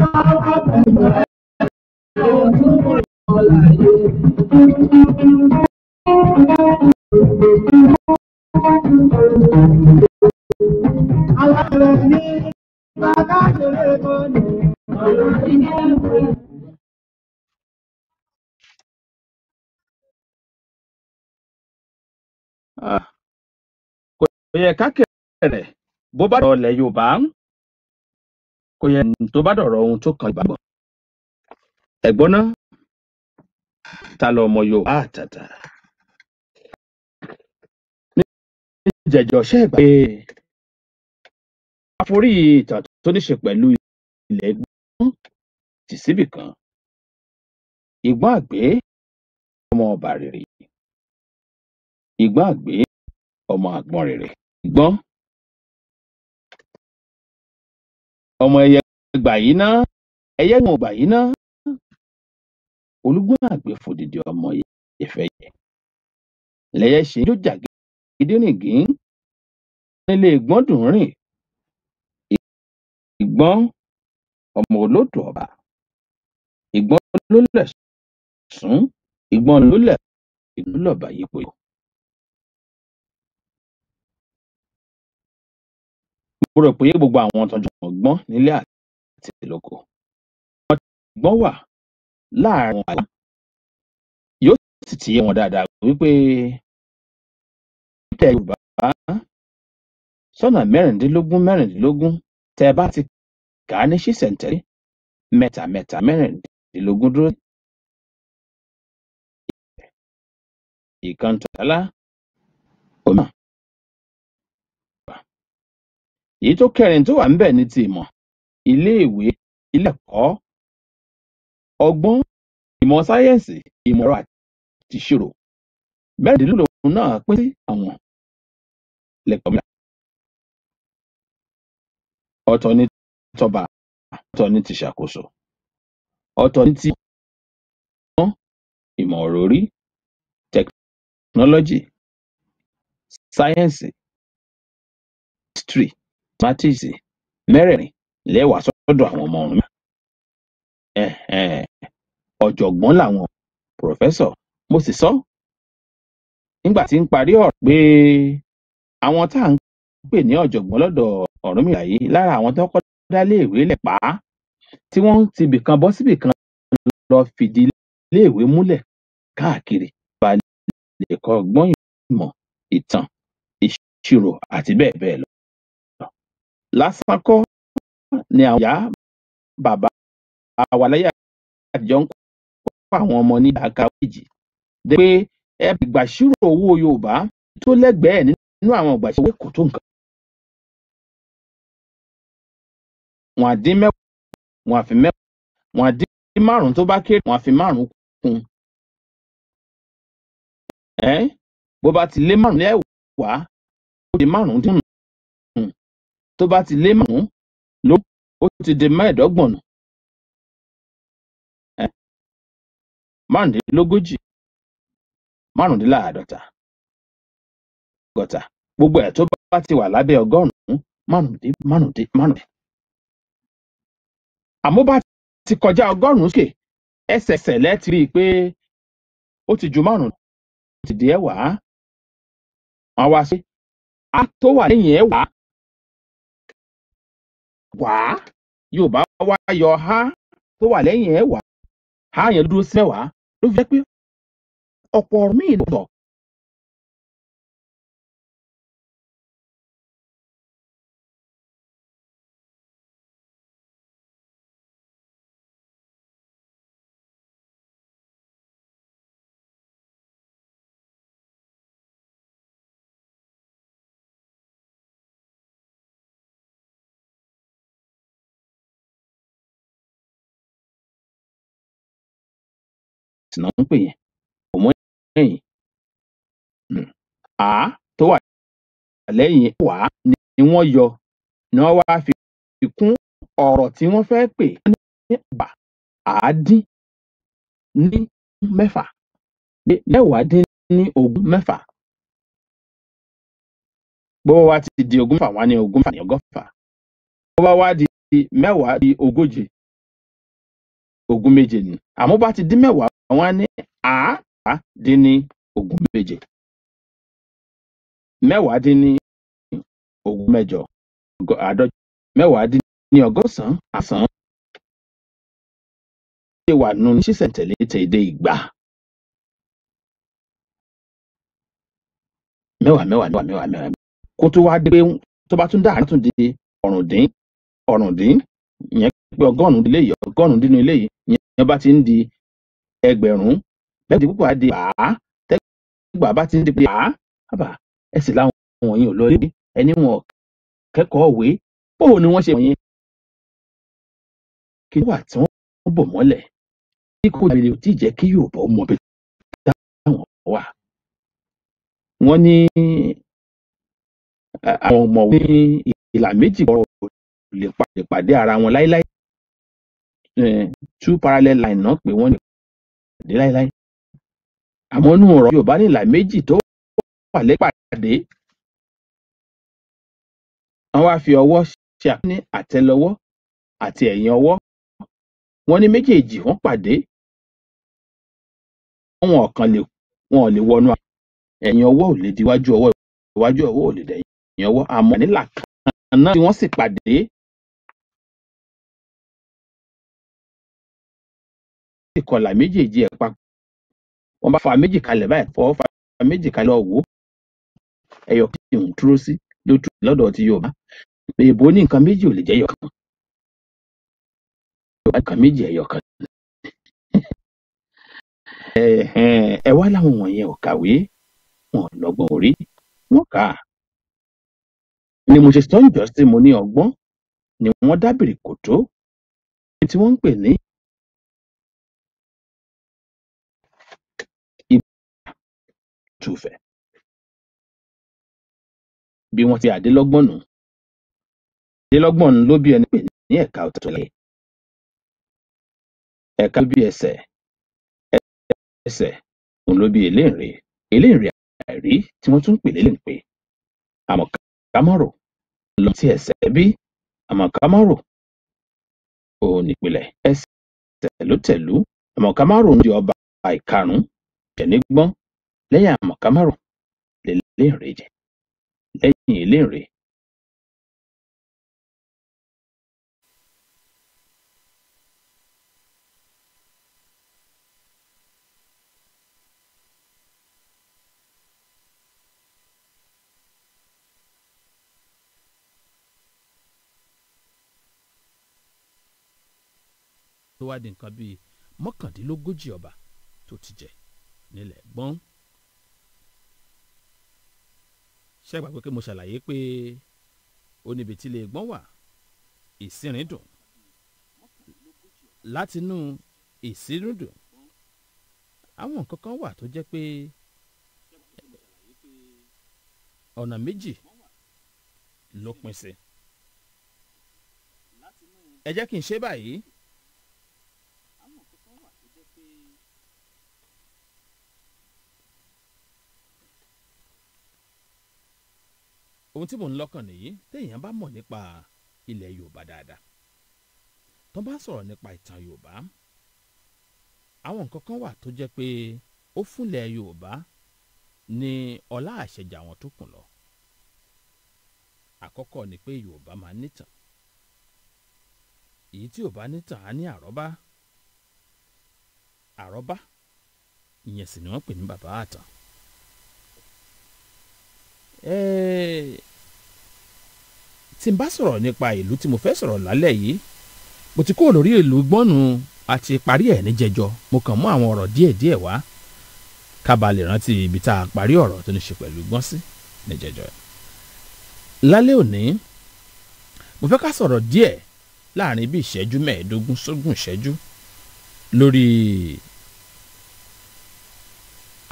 Speaker 7: Ah,
Speaker 6: kò yẹ ká kẹrẹ bó bá dọ̀rọ̀ ilẹ̀ yorùbá kò yẹ tó bá dọ̀rọ̀ ohun tó kan ìgbàgbọ́ ẹ̀gbọ́n náà ta lọ ọmọ Yorùbá àtàtà níjẹjọ ṣe é gbàgbé àforí ìtàn tó ní ṣe pẹ̀lú ilẹ̀ ẹ̀gbọ́n tì síbì kan ìgbọ́n àgbé ọmọ ọba rere ìgbọ́n àgbé ọmọ àgbọn rere ìgbọ́n. ọmọ ẹyẹ gbà yìí ná ẹyẹ wọn gbà yìí ná olúgbọ́n àgbẹ̀ fòdìdì ọmọ ìfẹ́ yẹ lẹ́yẹ ṣe ló jàgídí nìgín nílé ìgbọ́n dùn rìn ìgbọ́n ọmọ olódò ọba ìgbọ́n ló lẹ̀ sún ìgbọ́n ló lẹ̀ ìlú lọ́ba yípo yìí. mo rò pé gbogbo àwọn tó jọgbọn nílé àti lóko wọn ti gbọn wà láàrin àwa yóò sì ti yé wọn dáadáa wípé nílẹ̀ yorùbá sọ́nà mẹ́rìndínlógún mẹ́rìndínlógún tẹ́ ẹ bá ti kà á ní ṣísẹ̀ntẹ́lé mẹ́ta mẹ́ta mẹ́rìndínlógún dúró ìkan tọ̀tàlá èyí tó kẹrin tó wà níbẹ̀ ni ti ìmọ̀ iléèwé ilé ẹ̀kọ́ ọgbọ́n ìmọ̀ sáyẹ́ǹsì ìmọ̀ ọ̀rọ̀ àti ìṣirò mẹ́rìndínlógún náà pín sí àwọn lẹ́kọ̀ọ́ mìíràn ọ̀tọ̀ ni tọba ọ̀tọ̀ ni ti ṣàkóso ọ̀tọ̀ ni ti ọ̀gbọ́n ìmọ̀ ọ̀rọ̀ orí technology sáyẹ́ǹsì history matthias mẹ́rẹ̀ẹ̀rin lẹ́wà sọ́dọ̀ àwọn ọmọ ọ̀run
Speaker 3: ọ̀jọ̀gbọ́n làwọn pòfẹ́sọ̀ mo sì sọ nígbà tí ń parí ọ̀rọ̀ pé àwọn tá à ń pè ní ọ̀jọ̀gbọ́n lọ́dọ̀ Ọ̀rúnmìlà yìí lára àwọn tó kọ́ dá léèwé lẹ̀ pa á tí wọ́n ń tibì kan bọ́ síbì kan lọ fìdí léèwé múlẹ̀ káàkiri balẹ̀ kọ́ gbọ́n ìmọ̀
Speaker 6: ìtàn ìṣirò àti bẹ́ẹ̀ bẹ́ẹ̀ lọ lásán kọ́ ni àwọn ìyá bàbá wa láyé àtijọ́ ń kọ́ àwọn ọmọ ní àkàwéjì dé pé ẹ ìgbàṣírò owó Yorùbá tó lẹ́gbẹ̀ẹ́ nínú àwọn ìgbàṣírò owó kò tó nǹkan. wọ́n á dín mẹ́wàá wọ́n á fi mẹ́wàá wọ́n tó bá kéré wọ́n á fi kún un. bó bá ti lé márùn-ún lẹ́wàá ó di márùn-ún tó bá ti lé márùnún ló ó ti di mẹ́ẹ̀ẹ́dọ́gbọ̀n um márùndínlógójì gbogbo ẹ̀ tó bá ti wà lábẹ́ ọgọ́rùn márùndín márùndín márùndín bá ti kọjá sókè wá yorùbá wá yọ ha tó wà lẹ́yìn ẹ̀ wá ha yẹn dúró sí mẹ́wàá ló fi jẹ́ pé ọ̀pọ̀ míì ló sì náà ń pè yẹn kò mọ ẹ̀yìn a hmm. tó wà lẹ́yìn wá ni wọ́n yọ ni wọ́n wá fi kún ọ̀rọ̀ tí wọ́n fẹ́ pè ní àbá àádín ní mẹ́fà mẹ́wàá dín ní ogún mẹ́fà bó wá ti di ogún mẹ́fà wá ní ogún mẹ́fà ní ọgọ́fà bó bá wá di mẹ́wàá di ogóje ogún méje ni àmọ́ ti dín mẹ́wàá àwọn á ní àádọ́ta dín ní ogún méje mẹ́wàá dín ní ogún mẹ́jọ àádọ́jọ mẹ́wàá dín ní ọgọ́sàn-án àsán ṣe wà nínú ṣísẹ̀ntẹ̀lé ti èdè ìgbà
Speaker 3: mẹ́wàá mẹ́wàá mẹ́wàá mẹ́wàá mẹ́wàá kó tó wá dé pé tó bá tún dáhàá tún di ọ̀rùn dín ọ̀rùn dín ìyẹn pé ọgọ́rùn-ún dín léyìí ọgọ́rùn-ún dín ní eléyìí ìyẹn bá ti ń di ẹgbẹ̀rún lẹ́yìn tí púpọ̀ á di bàá tẹ́gbà bá ti ń di pé bàá àbà
Speaker 6: ẹ sì láwọn wọ̀nyí ò lọ ilé ẹni wọn kẹ́kọ̀ọ́ òwe bóò ni wọ́n ṣe wọ̀nyí. kí ló wà tí wọ́n bò mọ́lẹ̀ tí kò jàre ò tí ì jẹ́ kí Yorùbá mọ ibi táwọn wà. wọ́n ní
Speaker 3: àwọn ọ̀mọ̀wé ní ìlà méjì kọ̀ọ̀rọ̀ lè pàdé ara wọn láíláí two parallel line náà pé wọ́n ní dé láéláé àmọ́ nínú ọ̀rọ̀ Yorùbá ní ìlà méjì tó wà
Speaker 6: lẹ́pàdé wọ́n wá fi ọwọ́ ṣe àpíní àtẹ́lẹwọ́ àti ẹ̀yìn ọwọ́ wọ́n ní méjèèjì wọ́n pàdé wọn kàn lè wọn ò lè wọnú ẹ̀yìn ọwọ́ ò lè di iwájú ọwọ́ iwájú ọwọ́ ò lè dẹ̀yìn ọwọ́ àmọ́ nílà kan náà tí wọ́n sì pàdé ìkọlà méjèèjì
Speaker 3: ẹ̀ papọ̀ wọ́n bá fa méjì kalẹ̀ báyìí fọwọ́ fa méjì kalẹ̀ ọ̀wọ́ ẹ̀yọ̀ kejì ń dúró sí lọ́dọ̀ ti Yorùbá èèbó ní nǹkan méjì ò lè jẹ́ ẹ̀yọ̀kan
Speaker 6: Yorùbá nǹkan méjì ẹ̀yọ̀kan
Speaker 3: ẹ wá láwọn wọ̀nyẹn ò kàwé wọn lọ́gbọ́n orí wọn kà á ni mo ṣe sọ ìjọ sí mo ní ọgbọ́n ni
Speaker 6: wọ́n dábìrì kò tó tí wọ́n ń pè ní túfẹ̀ bí wọ́n ti àdélọ́gbọ̀n nù àdélọ́gbọ̀n ló bí ẹni pè ní ẹ̀ka ọ̀tọ̀ láyé ẹ̀ka ló bí ẹsẹ̀ ẹsẹ̀ òun ló bí eléèrè eléèrè àìrí tí wọ́n tún pè léléǹpé àmọ̀kámọ́rò lọ sí ẹsẹ̀ bí àmọ̀kámọ́rò òun nípìnlẹ̀ ẹsẹ̀ ló tẹ̀lú ń di ọba ìkarùn-ún lẹyìn àmọkà márùnún lélẹyìí rèé lẹyìn eléyìí rèé
Speaker 3: tó wá di nǹkan bíi mọ́kàndínlógójì ọba tó ti jẹ nílẹ̀ gbọ́n ṣe àgbà pé kí mo ṣàlàyé pé oníbi tí lè gbọ́n wà ìsìnrìn dùn látinú ìsìnrìn dùn àwọn nǹkan kan wà tó jẹ́ pé ọ̀nà méjì ló pín sí ẹ jẹ́ kí n ṣe báyìí. ohun tí mò ń lọ́kàn nìyí téèyàn bá mọ̀ nípa ilẹ̀ yorùbá dáadáa tó bá sọ̀rọ̀ nípa ìtàn yorùbá àwọn nǹkan kan wà tó jẹ́ pé ó fúnlẹ̀ yorùbá ní ọlá àṣẹjà wọn tó kùn lọ àkọ́kọ́ ni pé yorùbá máa nítàn èyí tí yorùbá nítàn á ní àrọ́bá àrọ́bá ìyẹn sì ni wọ́n pè ní bàbá àtàn Eh, tí n bá sọ̀rọ̀ nípa ìlú tí mo fẹ́ sọ̀rọ̀ lálẹ́ yìí mo ti kó lórí ìlú gbọ́nù àti parí ẹ̀ níjẹjọ mo kàn mú àwọn ọ̀rọ̀ díẹ̀díẹ̀ wá kábà lè rántí ibi tá a parí ọ̀rọ̀ tó ní ṣe pẹ̀lú gbọ́n sí níjẹjọ. lálẹ́ òní mo fẹ́ ká sọ̀rọ̀ díẹ̀ láàrin bí ìṣẹ́jú mẹ́ẹ̀ẹ́dógún sógún ìṣẹ́jú lórí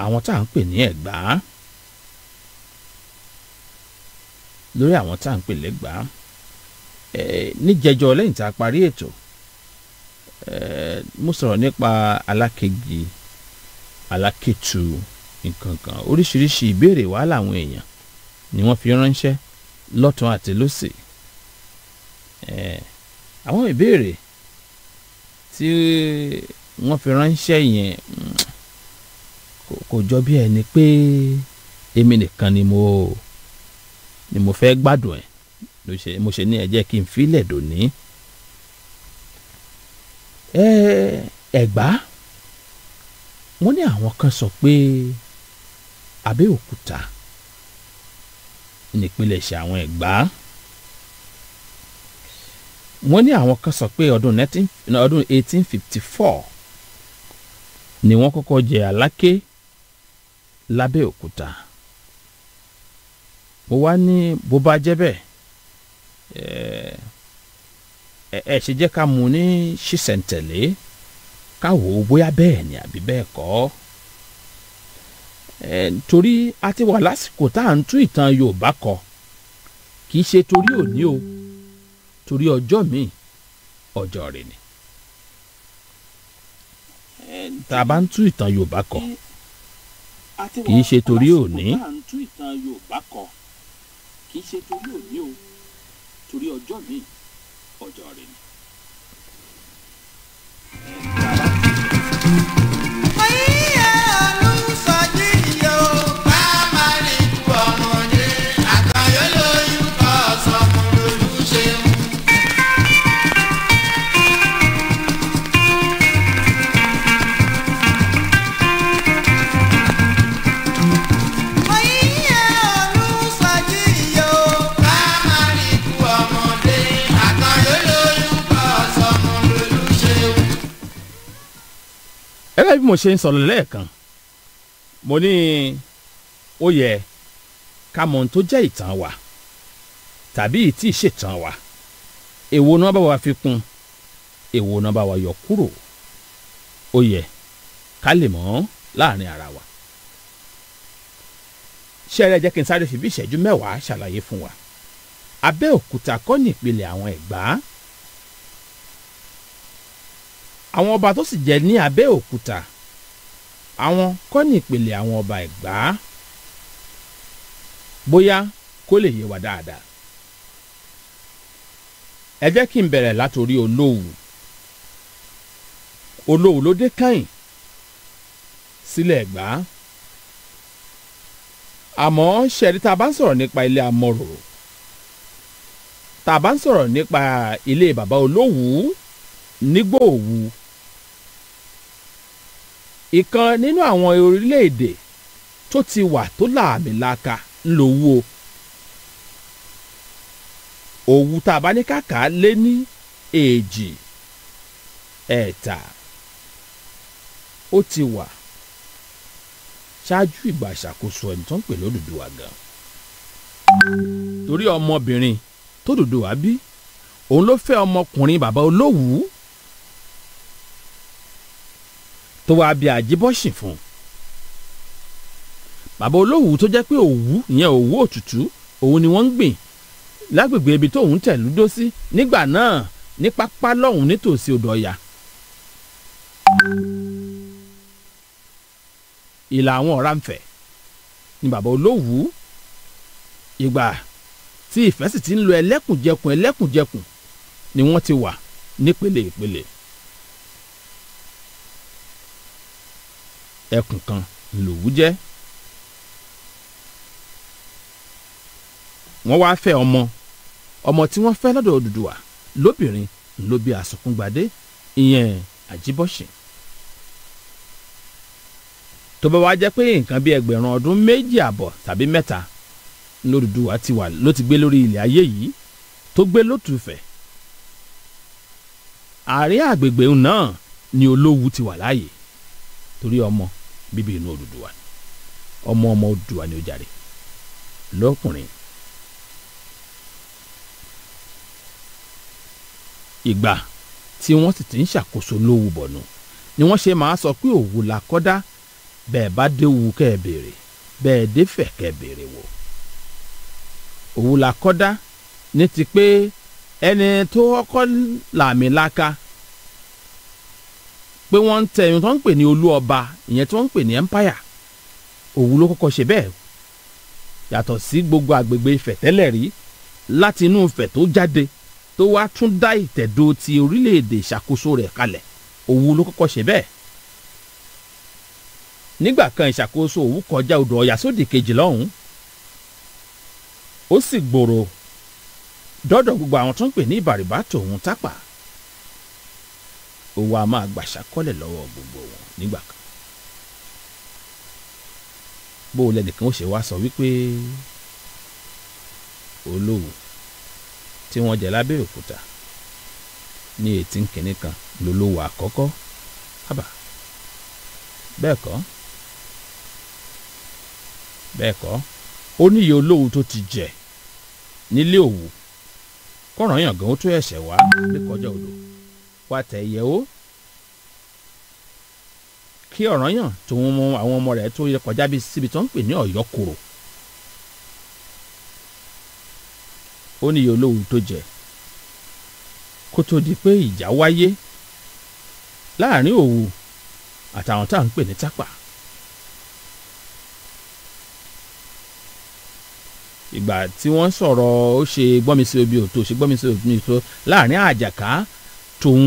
Speaker 3: àwọn tá à ń pè ní ẹ̀gbá. E lórí àwọn tá à ń pè lẹ́gbàá níjẹjọ lẹ́yìn tá a parí ètò mo sọ̀rọ̀ nípa alákejì alákẹ́tù nǹkan kan oríṣiríṣi ìbéèrè wá làwọn èèyàn ni wọ́n fi ránṣẹ́ lọ́tún àti lọ́sì àwọn ìbéèrè tí wọ́n fi ránṣẹ́ yẹn kò jọ bí ẹni pé èmi nìkan ni mo. Mm, ni mo fẹ́ gbádùn ẹ̀ mo ṣe ní ẹ jẹ́ kí n filẹ̀ dòní. ẹ̀gbá wọ́n ní àwọn kan sọ pé Abẹ́òkúta nípìnlẹ̀ṣẹ̀ àwọn ẹ̀gbá wọ́n ní àwọn kan sọ pé ọdún 1854 ni wọ́n kọ́kọ́ jẹ Aláké lábẹ́òkúta mo wá ní bó bá jẹ́ bẹ́ẹ̀ ẹ ẹ ṣe jẹ́ ká mú ní ṣìṣẹ̀ǹtẹ̀lé ká wò ó bóyá bẹ́ẹ̀ ni àbí bẹ́ẹ̀ kọ́ ẹ torí a ti wà lásìkò tá à ń tú ìtàn Yorùbá kọ kì í ṣe torí òní o torí ọjọ́ míì ọjọ́ rẹ̀ ni tá a bá ń tú ìtàn Yorùbá kọ kì í ṣe torí òní kì í ṣe torí òní o torí ọjọ́ míì ọjọ́ rẹ ni. gẹ́gẹ́ bí mo ṣe ń sọ̀rọ̀ lẹ́ẹ̀kan mo ní ó yẹ ká mọ ohun tó jẹ́ ìtàn wa tàbí ìtì ìṣètàn wa èwo náà bá wa fi kún èwo náà bá wa yọ kúrò ó yẹ ká lè mọ̀ láàrin ara wa ṣẹ́rẹ́ jẹ́ kí n sáré fi bí ìṣẹ́jú mẹ́wàá ṣàlàyé fún wa Abẹ́òkúta kọ́ ní ìpìlẹ̀ àwọn Ẹ̀gbá àwọn ọba tó sì jẹ́ ní Abẹ́òkúta àwọn kọ́ ní ìpele àwọn ọba Ẹ̀gbá bóyá kó lè yé wa dáadáa. ẹ jẹ́ kí n bẹ̀rẹ̀ látòrí Olówu Olówu ló dé kẹ́yìn sílẹ̀ Ẹ̀gbá àmọ́ ṣẹ̀rí tá a bá ń sọ̀rọ̀ nípa ilé amọ̀rò tá a bá ń sọ̀rọ̀ nípa ilé bàbá Olówu nígbò wu, ìkan nínú àwọn orílẹ̀-èdè tó ti wà tó lààmìlaka ńlọ́wọ́ òwu tá a bá ní kàkà lé ní èjì ẹ̀ta ó ti wà ṣáájú ìgbà ìṣàkóso ẹni tó ń pè lódùdúwà gan. torí ọmọbìnrin tó dùdúwà bí òun ló fẹ́ ọmọkùnrin bàbá olówùú tó wáá bí àjíbọ́sìn fún un. bàbá olówù tó jẹ́ pé òwú ìyẹn òwú òtútù òun ni wọ́n ń gbìn lágbègbè ibi tóun tẹ̀lú dó sí nígbà náà ní pápá lọ́hùn nítòsí odò ọ̀yà. ìlà àwọn ọ̀rànfẹ̀ ni bàbá olówù ìgbà tí ìfẹ́ sì ti ń lo ẹlẹ́kùnjẹkùn ẹlẹ́kùnjẹkùn ni wọ́n ti wà nípele ìpele. ìpele. ẹkùn kan lòwú jẹ́. wọ́n wáá fẹ́ ọmọ ọmọ tí wọ́n fẹ́ lọ́dọ̀ Odùduwà lóbìnrin ló bí Àsùnkungbadé ìyẹn Àjíbọ̀sìn. tó bá wá jẹ́ pé nǹkan bíi ẹgbẹ̀rún ọdún méjì àbọ̀ tàbí mẹ́ta lódùduwà ti wà ló ti gbé lórí ilẹ̀ ayé yìí tó gbé lótùfẹ̀. àárín àgbègbè náà ni olówú ti wà láàyè torí ọmọ bíbí inú Odùduwà ọmọ ọmọ Odùduwà ni ó jàre lọ́kùnrin ìgbà tí wọ́n sì ti ń ṣàkóso lówù bọ̀nù ni wọ́n ṣe máa sọ pé òwú la kọ́dá bẹ́ẹ̀ bá déwu kẹ́ ẹ béèrè bẹ́ẹ̀ défẹ̀ kẹ́ ẹ béèrè wò òwú la kọ́dá ní ti pé ẹni tó kọ́kọ́ làmìlaka pé wọ́n ń tẹ ẹni tó ń pè ní olú ọba ìyẹn tí wọ́n ń pè ní empire òwú ló kọ́kọ́ ṣe bẹ́ẹ̀ yàtọ̀ sí gbogbo àgbègbè Ifẹ̀ tẹ́lẹ̀ rí láti inú Ifẹ̀ tó jáde tó wá tún dá ìtẹ̀dó ti orílẹ̀-èdè ìṣàkóso rẹ̀ kalẹ̀ òwú ló kọ́kọ́ ṣe bẹ́ẹ̀ nígbà kan ìṣàkóso òwú kọjá odò ọ̀yà sódì kejì lọ́hùn ó sì gbòòrò dọ́dọ̀ gbogbo àwọn tó ń pè ní ìbàrìbá tòun tápà owó a máa gbàṣà kọ́lẹ̀ lọ́wọ́ gbogbo wọn nígbà kan. bó o lẹ́nìkan ó ṣe wá sọ wípé olówó tí wọ́n jẹ lábẹ́ òkúta ní etí nkìnní kan lolówó àkọ́kọ́ àbá bẹ́ẹ̀ kọ́ bẹ́ẹ̀ kọ́ ó níye olówó tó ti jẹ nílé òwò kọ̀ọ̀ràn yàn gan ó tó ẹ̀ṣẹ̀ wá lẹ́kọjá odò wàtẹ̀ yẹ̀ kí Ọ̀rànyàn tòun mu àwọn ọmọ rẹ̀ tó yẹ kọjá bí síbi tó ń pè ní Ọ̀yọ́ kòrò ó ní iye olówó tó jẹ kó tó di pé ìjà wáyé láàrin Òwu àtàwọn tá à ń pè ní Tápà ìgbà tí wọ́n sọ̀rọ̀ ó ṣe gbọ́mísí omi òtó ṣe gbọ́mísí omi òtó láàrin Àjàká tòun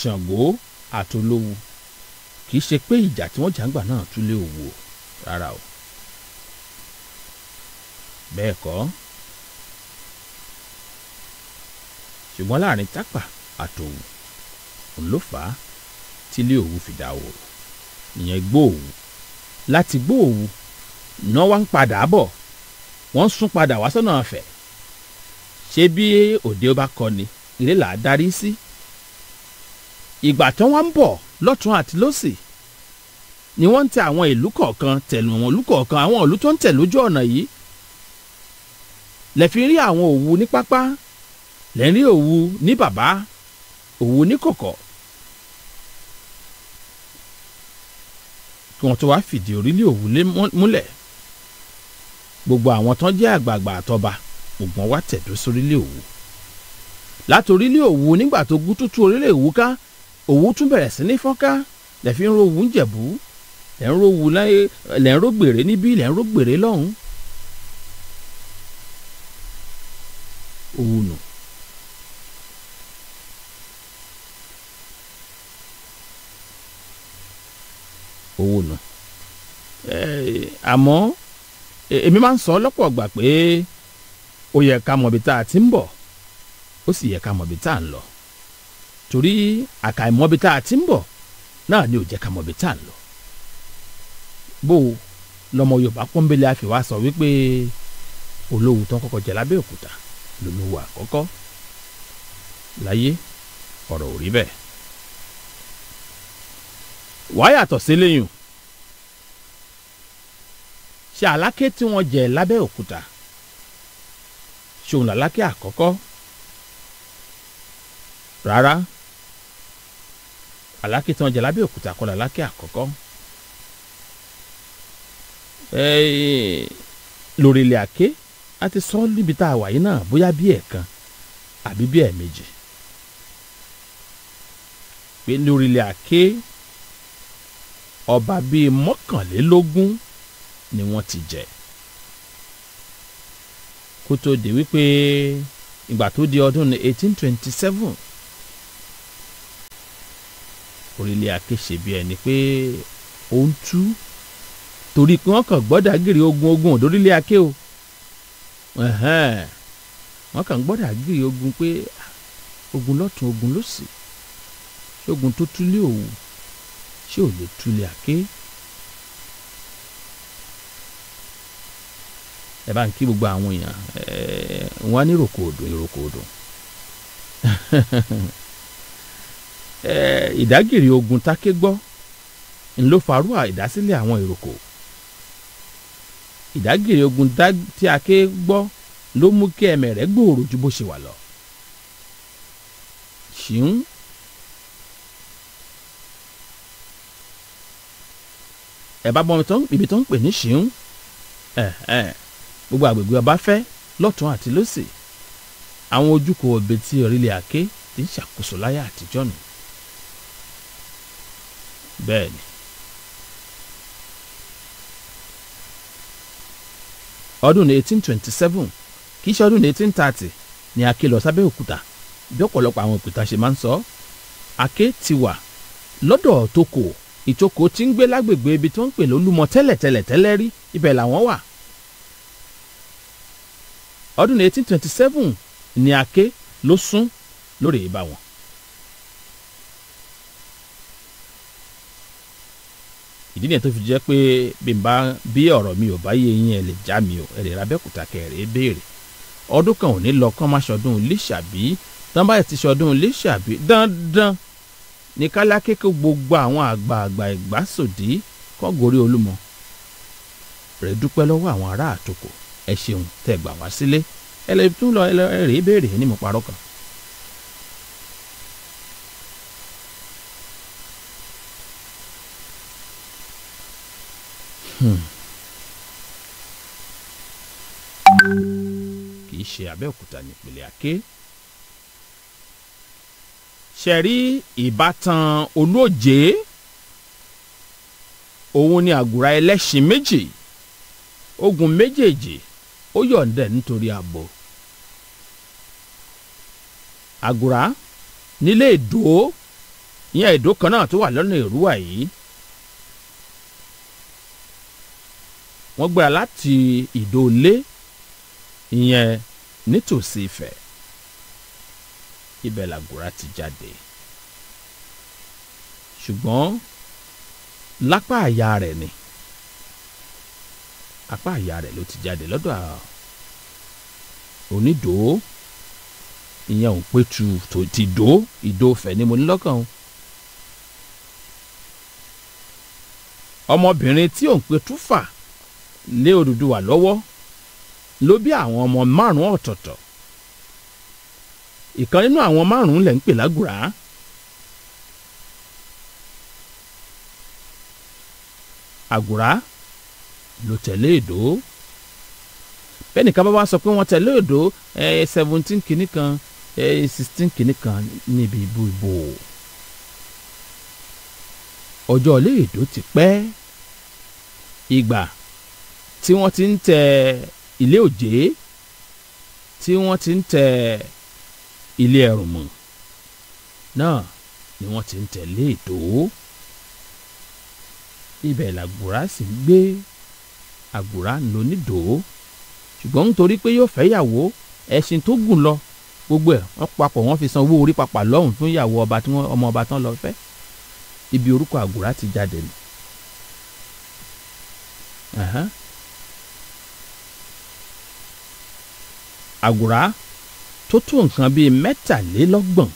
Speaker 3: Ṣàngó àtolówó kì í ṣe pé ìjà tí wọ́n jàǹgbà náà túlé òwò rárá o bẹ́ẹ̀ kọ́ ṣùgbọ́n láàrin tápà àtòwù òun ló fà á tílé òwú fi dà òwò ìyẹn gbó òwú láti gbó òwú náà wá ń padà bọ̀ wọ́n sún padà wá sọ́nà ọ̀fẹ́ ṣé bí òde ó kọ ni ilé darí sí ìgbà tán wá ń bọ̀ lọ́tún àti lọ́sì ni wọ́n ń tẹ àwọn ìlú kọ̀ọ̀kan tẹ̀lú àwọn ìlú kọ̀ọ̀kan àwọn ìlú tó ń tẹ̀ lójú ọ̀nà yìí lẹ́fi rí àwọn òwú ní pápá lẹ́rí òwú ní bàbá òwú ní kọ̀kọ̀ kí wọ́n tó wá fìdí orílẹ̀ òwú lé múlẹ̀ gbogbo àwọn tán jẹ́ àgbààgbà àtọba ògbọ́n wá tẹ̀dó sórílẹ̀ òwú látòrílẹ̀ òwú nígbà tó gún orílẹ̀ òwú ká òwú tún bẹ̀rẹ̀ sí ní fọ́nká lẹ̀ fi ń ro òwú ń jẹ̀bú lẹ̀ ń ro òwú láyé lẹ̀ ń ro gbèrè níbí lẹ̀ ń ro gbèrè lọ́hùn. òwú nù. òwú nù. àmọ́ e, èmi máa ń sọ lọ́pọ̀ ọgbà pé ó yẹ ká mọ̀ ibi tá a ti ń bọ̀ ó sì yẹ ká mọ̀ ibi tá a ń lọ torí àkàìmọ́bi tá a ti ń bọ̀ náà ni ò jẹ́ ká mọ̀bi tá a lọ. bó o lọmọ yorùbá pọ́nbélé àfìwá sọ wípé olówó tán kọ́kọ́ jẹ lábẹ́ òkúta lolówó àkọ́kọ́ láyé ọ̀rọ̀ ò rí bẹ́ẹ̀. wàá yàtọ̀ sí lẹ́yìn ṣe àlákè tí wọ́n jẹ lábẹ́ òkúta ṣòun làlákè àkọ́kọ́ rárá àlákì tán jẹ́ lábẹ́ òkúta kọ́ làlákì àkọ́kọ́ lórí ilẹ̀ àké a ti sọ níbi tá a wà yìí náà bóyá bí ẹ̀ẹ̀kan àbí bí ẹ̀ẹ̀mejì pé lórí ilẹ̀ àké ọba bíi mọ́kànlélógún ni wọ́n ti jẹ kó tó di wípé ìgbà tó di ọdún eighteen twenty seven orílẹ̀ àké ṣe bí ẹni pé ó ń tú torí pé wọ́n kàn gbọ́dà gírí ogun ogun òdórílẹ̀ àké o wọ́n kàn gbọ́dà gírí ogun pé ogun lọ́tún ogun lósì ṣógun tó túlé òwú ṣé ò lè túlé àké. ẹ bá ń kí gbogbo àwọn èèyàn wọn á ní ìròkò odò ìròkò odò. ìdágìrì ogun táké gbọ́ ń ló farúà ìdásílẹ̀ àwọn ìrókò ìdágìrì ogun tí aké gbọ́ ló mú kí ẹ̀mẹ̀ rẹ̀ gbòòrò ju bó ṣe wà lọ. ṣìún ẹ bá bọ́ ibi tó ń pè ní ṣìún gbogbo àgbègbè ọba fẹ́ lọ́tún àti lọ́sì àwọn ojúkòó ọbẹ̀ tí orílẹ̀ àké ti ń ṣàkóso láyé àtijọ́ nù bẹ́ẹ̀ ni. ọdún 1827 kì í ṣe ọdún 1830 ni Aké lọ sábẹ́ òkúta bí ọ̀pọ̀lọpọ̀ àwọn òkúta ṣe máa ń sọ Aké ti wà lọ́dọ̀ Tókò Ìtókò ti ń gbé lágbègbè ibi tó ń pè lólúmọ tẹ́lẹ̀tẹ́lẹ̀ tẹ́lẹ̀ rí ibẹ̀ làwọn wà. ọdún 1827 ni Aké ló sún lórí ìbá wọn. ìdí nìyẹn tó fi jẹ́ pé bí n bá bí ọ̀rọ̀ mi ò bá yé yín ẹ lè já mi ò ẹ lè ra Abẹ́òkúta kẹrẹ̀ béèrè ọdún kan ò ní lọ kán má ṣọdún Lísàbí tán báyìí ti ṣọdún Lísàbí dandan ní kálákè kó gbogbo àwọn àgbààgbà Ìgbàsódì kó gorí Olúmọ rẹ̀ dúpẹ́ lọ́wọ́ àwọn ará àtòkò ẹ ṣeun tẹ́ gbà wá sílé ẹ lè tún lọ ẹ rèé béèrè ní mo parọ́ kan
Speaker 1: kì
Speaker 3: í ṣe Abẹ́òkúta nípìnlẹ̀ Aké ṣẹ̀rí ìbátan olóòjé òun ni àgùrà ẹlẹ́ṣin méjì ogun méjèèjì ó yọ̀ǹdẹ̀ nítorí ààbò àgùrà nílé Èdó ìyẹn Èdó kan náà tó wà lọ́nà Èrúwà yìí wọ́n gbéra láti ìdólé ìyẹn nítòsí Ifẹ̀ ibẹ̀ làgùrà ti jáde ṣùgbọ́n lápá àyà rẹ̀ ni apá àyà rẹ̀ ló ti jáde lọ́dọ̀ onídòó ìyẹn òun pétu ti dò ìdó Ifẹ̀ ni mo ní lọ́kàn o. ọmọbìnrin tí òun pétu fà lé Odùduwà lọ́wọ́ ló bí àwọn ọmọ márùn-ún ọ̀tọ̀ọ̀tọ̀ ìkan nínú àwọn márùn-ún lẹ̀ ń pè lágùrá àgùrá ló tẹ̀lé èdò bẹ́ẹ̀nìkan bá wá sọ pé wọ́n tẹ̀lé èdò seventeen kìíní kan sixteen kìíní kan níbi ìbú ìbò ọjọ́ ilé èdò ti pẹ́ ìgbà tí wọ́n ti ń tẹ ilé òjé tí wọ́n ti ń tẹ ilé ẹ̀rùmọ̀ náà ni wọ́n ti ń tẹ̀lé ètò ibẹ̀ làgbùrá sì ń gbé àgbùrá ń lò nídòó ṣùgbọ́n nítorí pé yóò fẹ́ yàwó ẹṣin tó gùn lọ gbogbo ẹ̀ wọ́n papọ̀ wọ́n fi san owó orí papà lọ́hùn fún ìyàwó ọba tí wọ́n ọmọ ọba tán lọ fẹ́ ibi orúkọ àgùrá ti jáde nù. àgùrá tó tó nǹkan bíi mẹ́tàlélọ́gbọ̀n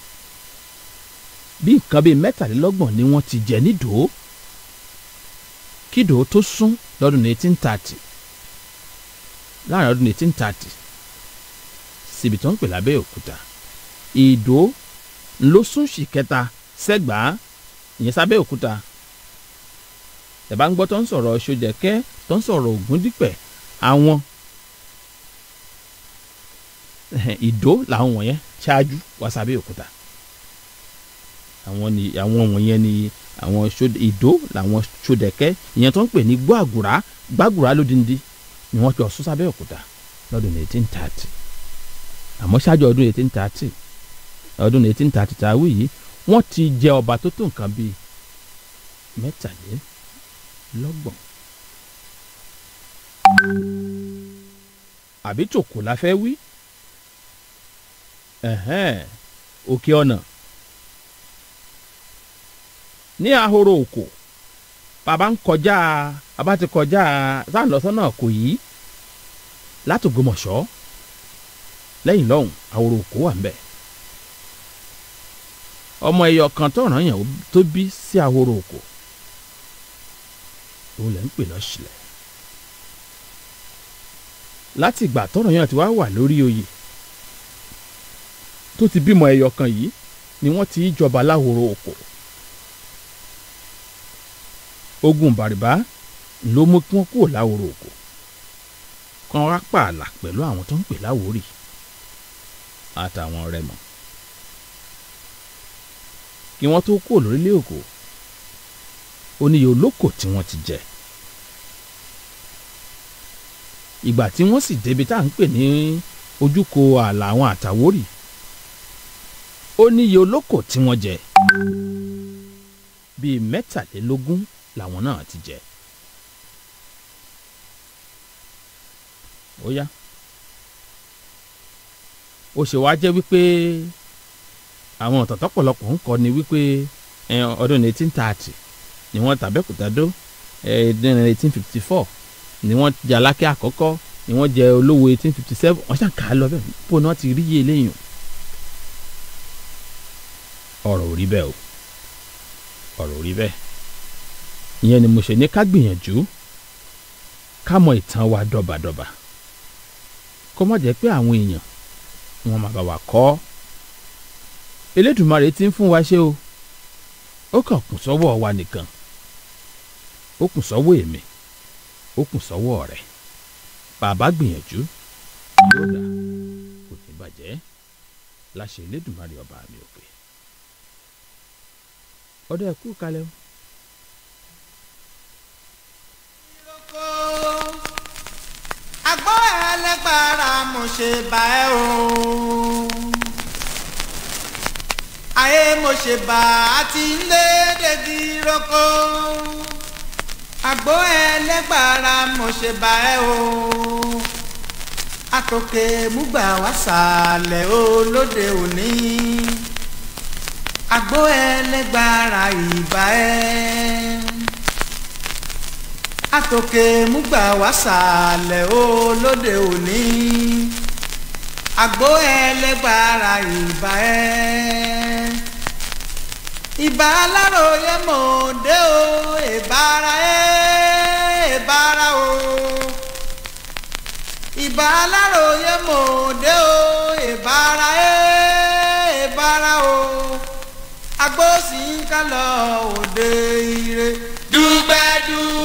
Speaker 3: bí nǹkan bíi mẹ́tàlélọ́gbọ̀n ni wọ́n ti jẹ nídòó kídòó tó sún lọ́dún 1830 láàrin ọdún 1830 síbi tó ń pè lábẹ́ òkúta ìdó ló sún sí kẹta sẹ́gbàá ìyẹn sábẹ́ òkúta tẹ̀bá ń gbọ́ tó ń sọ̀rọ̀ ṣojẹ́kẹ́ tó ń sọ̀rọ̀ ògúndípẹ̀ àwọn ìdó làwọn wọ̀nyẹn ṣáájú wasabi òkúta àwọn ni àwọn wọ̀nyẹn ni àwọn ìdó làwọn ṣódẹ̀kẹ́ ìyẹn tó ń pè ní gbàgùrà gbàgùrà lódindi ni wọ́n ti ọ̀sùn sábẹ́ òkúta lọ́dún eighteen thirty àmọ́ ṣáájú ọdún eighteen thirty ọdún eighteen thirty tá a wí yìí wọ́n ti jẹ ọba tó tó nǹkan bíi mẹ́tàlélọ́gbọ̀n àbí tòkó la fẹ́ wí òkè ọ̀nà ní ahoro òkò bàbá ń kọjá bàbá ti kọjá sáńlọ́sọ́nà kò yí látògbòmọ̀ṣọ́ lẹ́yìn lọ́hùn ahoro òkò wà ń bẹ̀ ọmọ ẹyọ kan tó ràn yàn tó bí sí ahoro òkò òun lẹ́ ń pè lọ́sílẹ̀ láti ìgbà tọ́rọ̀ yàn ti wá wà lórí oyè tó ti bímọ ẹyọ kan yìí ni wọ́n ti jọba láhoro òkò ogun bàrìbá ló mú kí wọ́n kúrò láhoro òkò kan wá pààlà pẹ̀lú àwọn tó ń pè láwórì àtàwọn rẹmọ kí wọ́n tó kúrò lórílẹ̀ òkò oníyè olóko tí wọ́n ti jẹ ìgbà tí wọ́n sì débi tá à ń pè ní ojúko ààlà àwọn àtàwórì ó níye olóko tí wọ́n jẹ bíi mẹ́tàlélógún làwọn náà ti jẹ. ó yá ó ṣe wá jẹ́ wípé àwọn ọ̀tọ̀tọ̀ pọ̀lọpọ̀ ń kọ́ ni wípé ọdún eighteen thirty ni wọ́n tàbẹ́kúta dó eighteen fifty four ni wọ́n jẹ Aláké àkọ́kọ́ ni wọ́n jẹ Olówó eighteen fifty seven wọ́n ṣàǹkà lọ bẹ́ẹ̀ bó ti rí yé eléyìí ọ̀rọ̀ ò rí bẹ́ẹ̀ o ọ̀rọ̀ ò rí bẹ́ẹ̀ ìyẹn ni mo ṣe ní ká gbìyànjú ká mọ ìtàn wa dọ̀bàdọ̀bà kó má jẹ́ pé àwọn èèyàn wọn máa bá wa kọ́ Elédùmarè ti ń fún wa ṣe o ó kàn kùn sọ́wọ́ wa nìkan ó kùn sọ́wọ́ èmi ó kùn sọ́wọ́ rẹ̀ bàbá gbìyànjú yóò dà kò ní bàjẹ́ láṣẹ Elédùmarè ọba mi o ọ̀dọ̀ ẹ̀kú kalẹ̀
Speaker 1: o. àgbọ̀ ẹlẹ́gbàrà mo ṣe bá ẹ o ayé mo ṣe bá a ti ń lé dèjì roko àgbọ̀ ẹlẹ́gbàrà mo ṣe bá ẹ o àtòkè múgbà wá sàlẹ̀ o lóde òní àgbo ẹlẹ́gbára ìbá ẹ àtòkè múgbà wá sàlẹ̀ ó lóde òní àgbo ẹlẹ́gbára ìbá ẹ ìbá aláròyé mò ń dé o ìbára ẹ ìbára o ìbá aláròyé mò ń dé ìbára ẹ ìbára o agbósìn ká lọ òde ire dúpẹ́ dúpẹ́.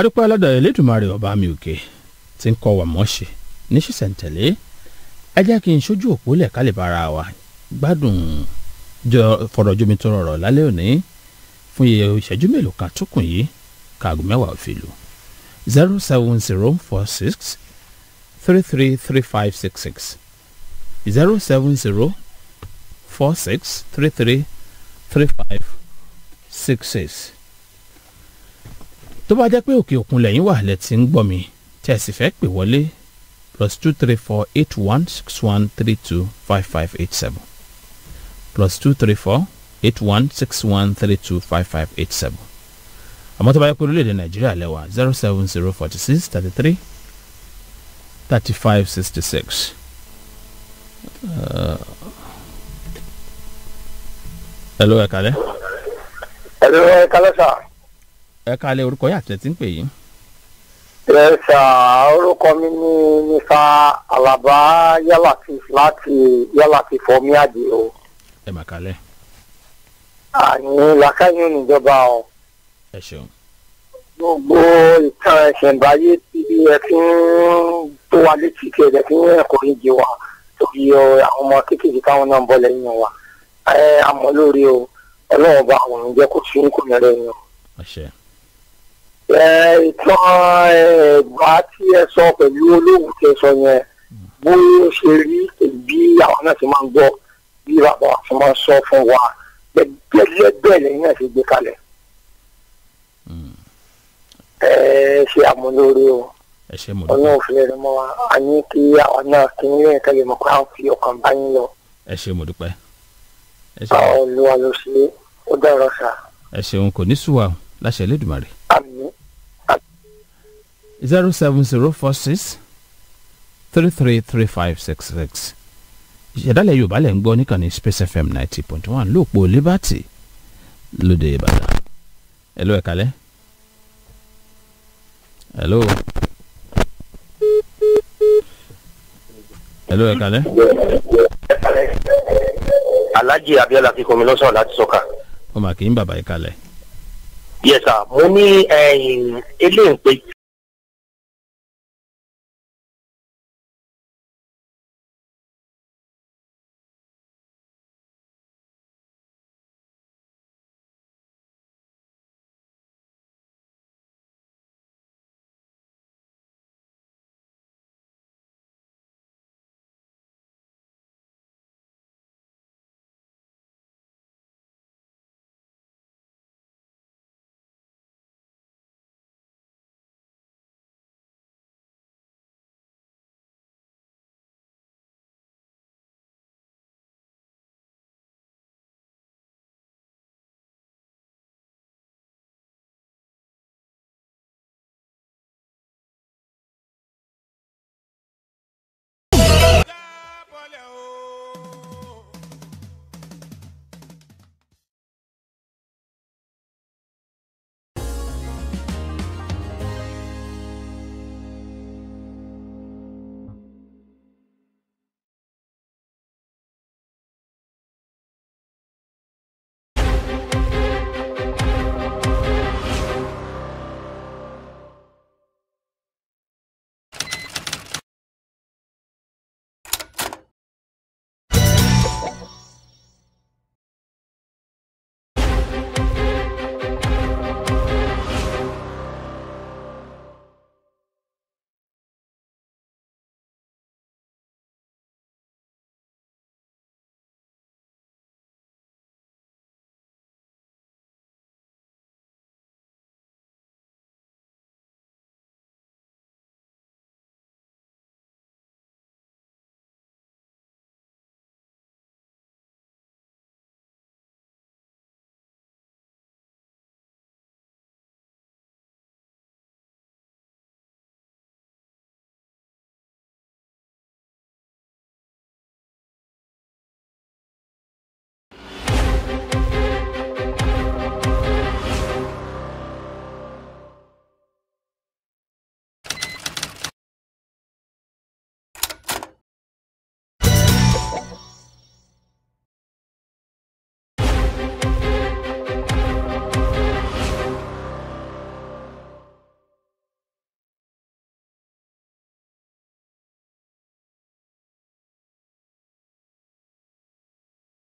Speaker 3: adúpẹ́ ọlọ́dọ̀ Elédùmarè ọba mi òkè tí ń kọ́ wa mọ́ṣe ní ṣísẹ̀ntẹ̀lé ẹ jẹ́ kí n ṣojú òpó lẹ̀ ká lè bára wa gbádùn jọ fọ̀rọ̀jomi tó rọrọ̀ lálẹ́ òní fún iye ìṣẹ́jú mélòó kan tó kù yìí kaago mẹ́wàá òfin lù zero seven zero four six three three three five six six zero seven zero four six three three three five six six tó bá jẹ́ pé òkè òkun lẹ́yìn wà lẹ́ ń gbọ́ mi tẹ́ sì fẹ́ pè wọlé plus two three four eight one six one three two five five eight seven plus two three four eight one six one three two five five eight seven àmọ́ tó bá jẹ́ pé orílẹ̀-èdè nàìjíríà lẹ́wà zero seven zero forty six thirty three thirty five sixty six. Uh, hello ẹ kálẹ́.
Speaker 4: hello ẹ kálẹ́ sir
Speaker 3: ẹ kálẹ̀ orúkọ yín àtẹ̀tí ń pè yín.
Speaker 4: ẹ ṣá orúkọ mi ni nípa alaba yálàtì láti yálàtì fọmí àdì o. ẹ mà kálẹ̀. àní làkàyún níjọba o. ẹ ṣeun. gbogbo ìtàn ìṣẹ̀ǹbáyé tí ẹ fi ń tó wa létí tí ẹ fi ń ẹ̀kọ́ ní jẹ wa torí àwọn ọmọ kékeré táwọn náà ń bọ̀ lẹ́yìn wa àmọ́ lórí o ọlọ́run bá àwọn òun jẹ́ kó tún kò ní rẹ̀ ìtàn ẹ̀gbá tí ẹ sọ pẹ̀lú olóhùn tí ẹ sọ yẹn bó ṣe rí bí àwọn náà ti máa ń gbọ́ bí bàbá wa ti máa ń sọ fún wa gẹ́gẹ́ bẹ́ẹ̀ lẹ́yìn náà ti gbé kalẹ̀ hmm. ẹ ṣe àmúlórí o ọ̀nà òfin ẹ̀rọ mọ́ wa a ní kí àwọn náà kí n lẹ́yìn kẹ́lẹ́ mọ́ pé à ń fi ọkàn bá yín lọ. ẹ ṣe mo dúpẹ́. àwọn olúwa ló ṣe ó dára sa.
Speaker 3: ẹ ṣeun kò ní sùwà láṣẹ Elédùmarè. àmín. Zero zero seven four six, three three 07046 333566 ìṣẹ̀dálẹ̀ yorùbá lẹ̀ ń gbọ́ níkànnì Space FM ninety point 90.1 lóòpọ̀ Liberty lóde Ìbàdàn hello ẹ kálẹ́ hello hello ẹ kálẹ́.
Speaker 4: alhaji abiola fi komi lọ́sàn-án láti sọ́ka.
Speaker 3: ó mà kí n bàbá yìí kalẹ̀.
Speaker 4: yes sir mo ní eh, eléyìí pé
Speaker 7: olha o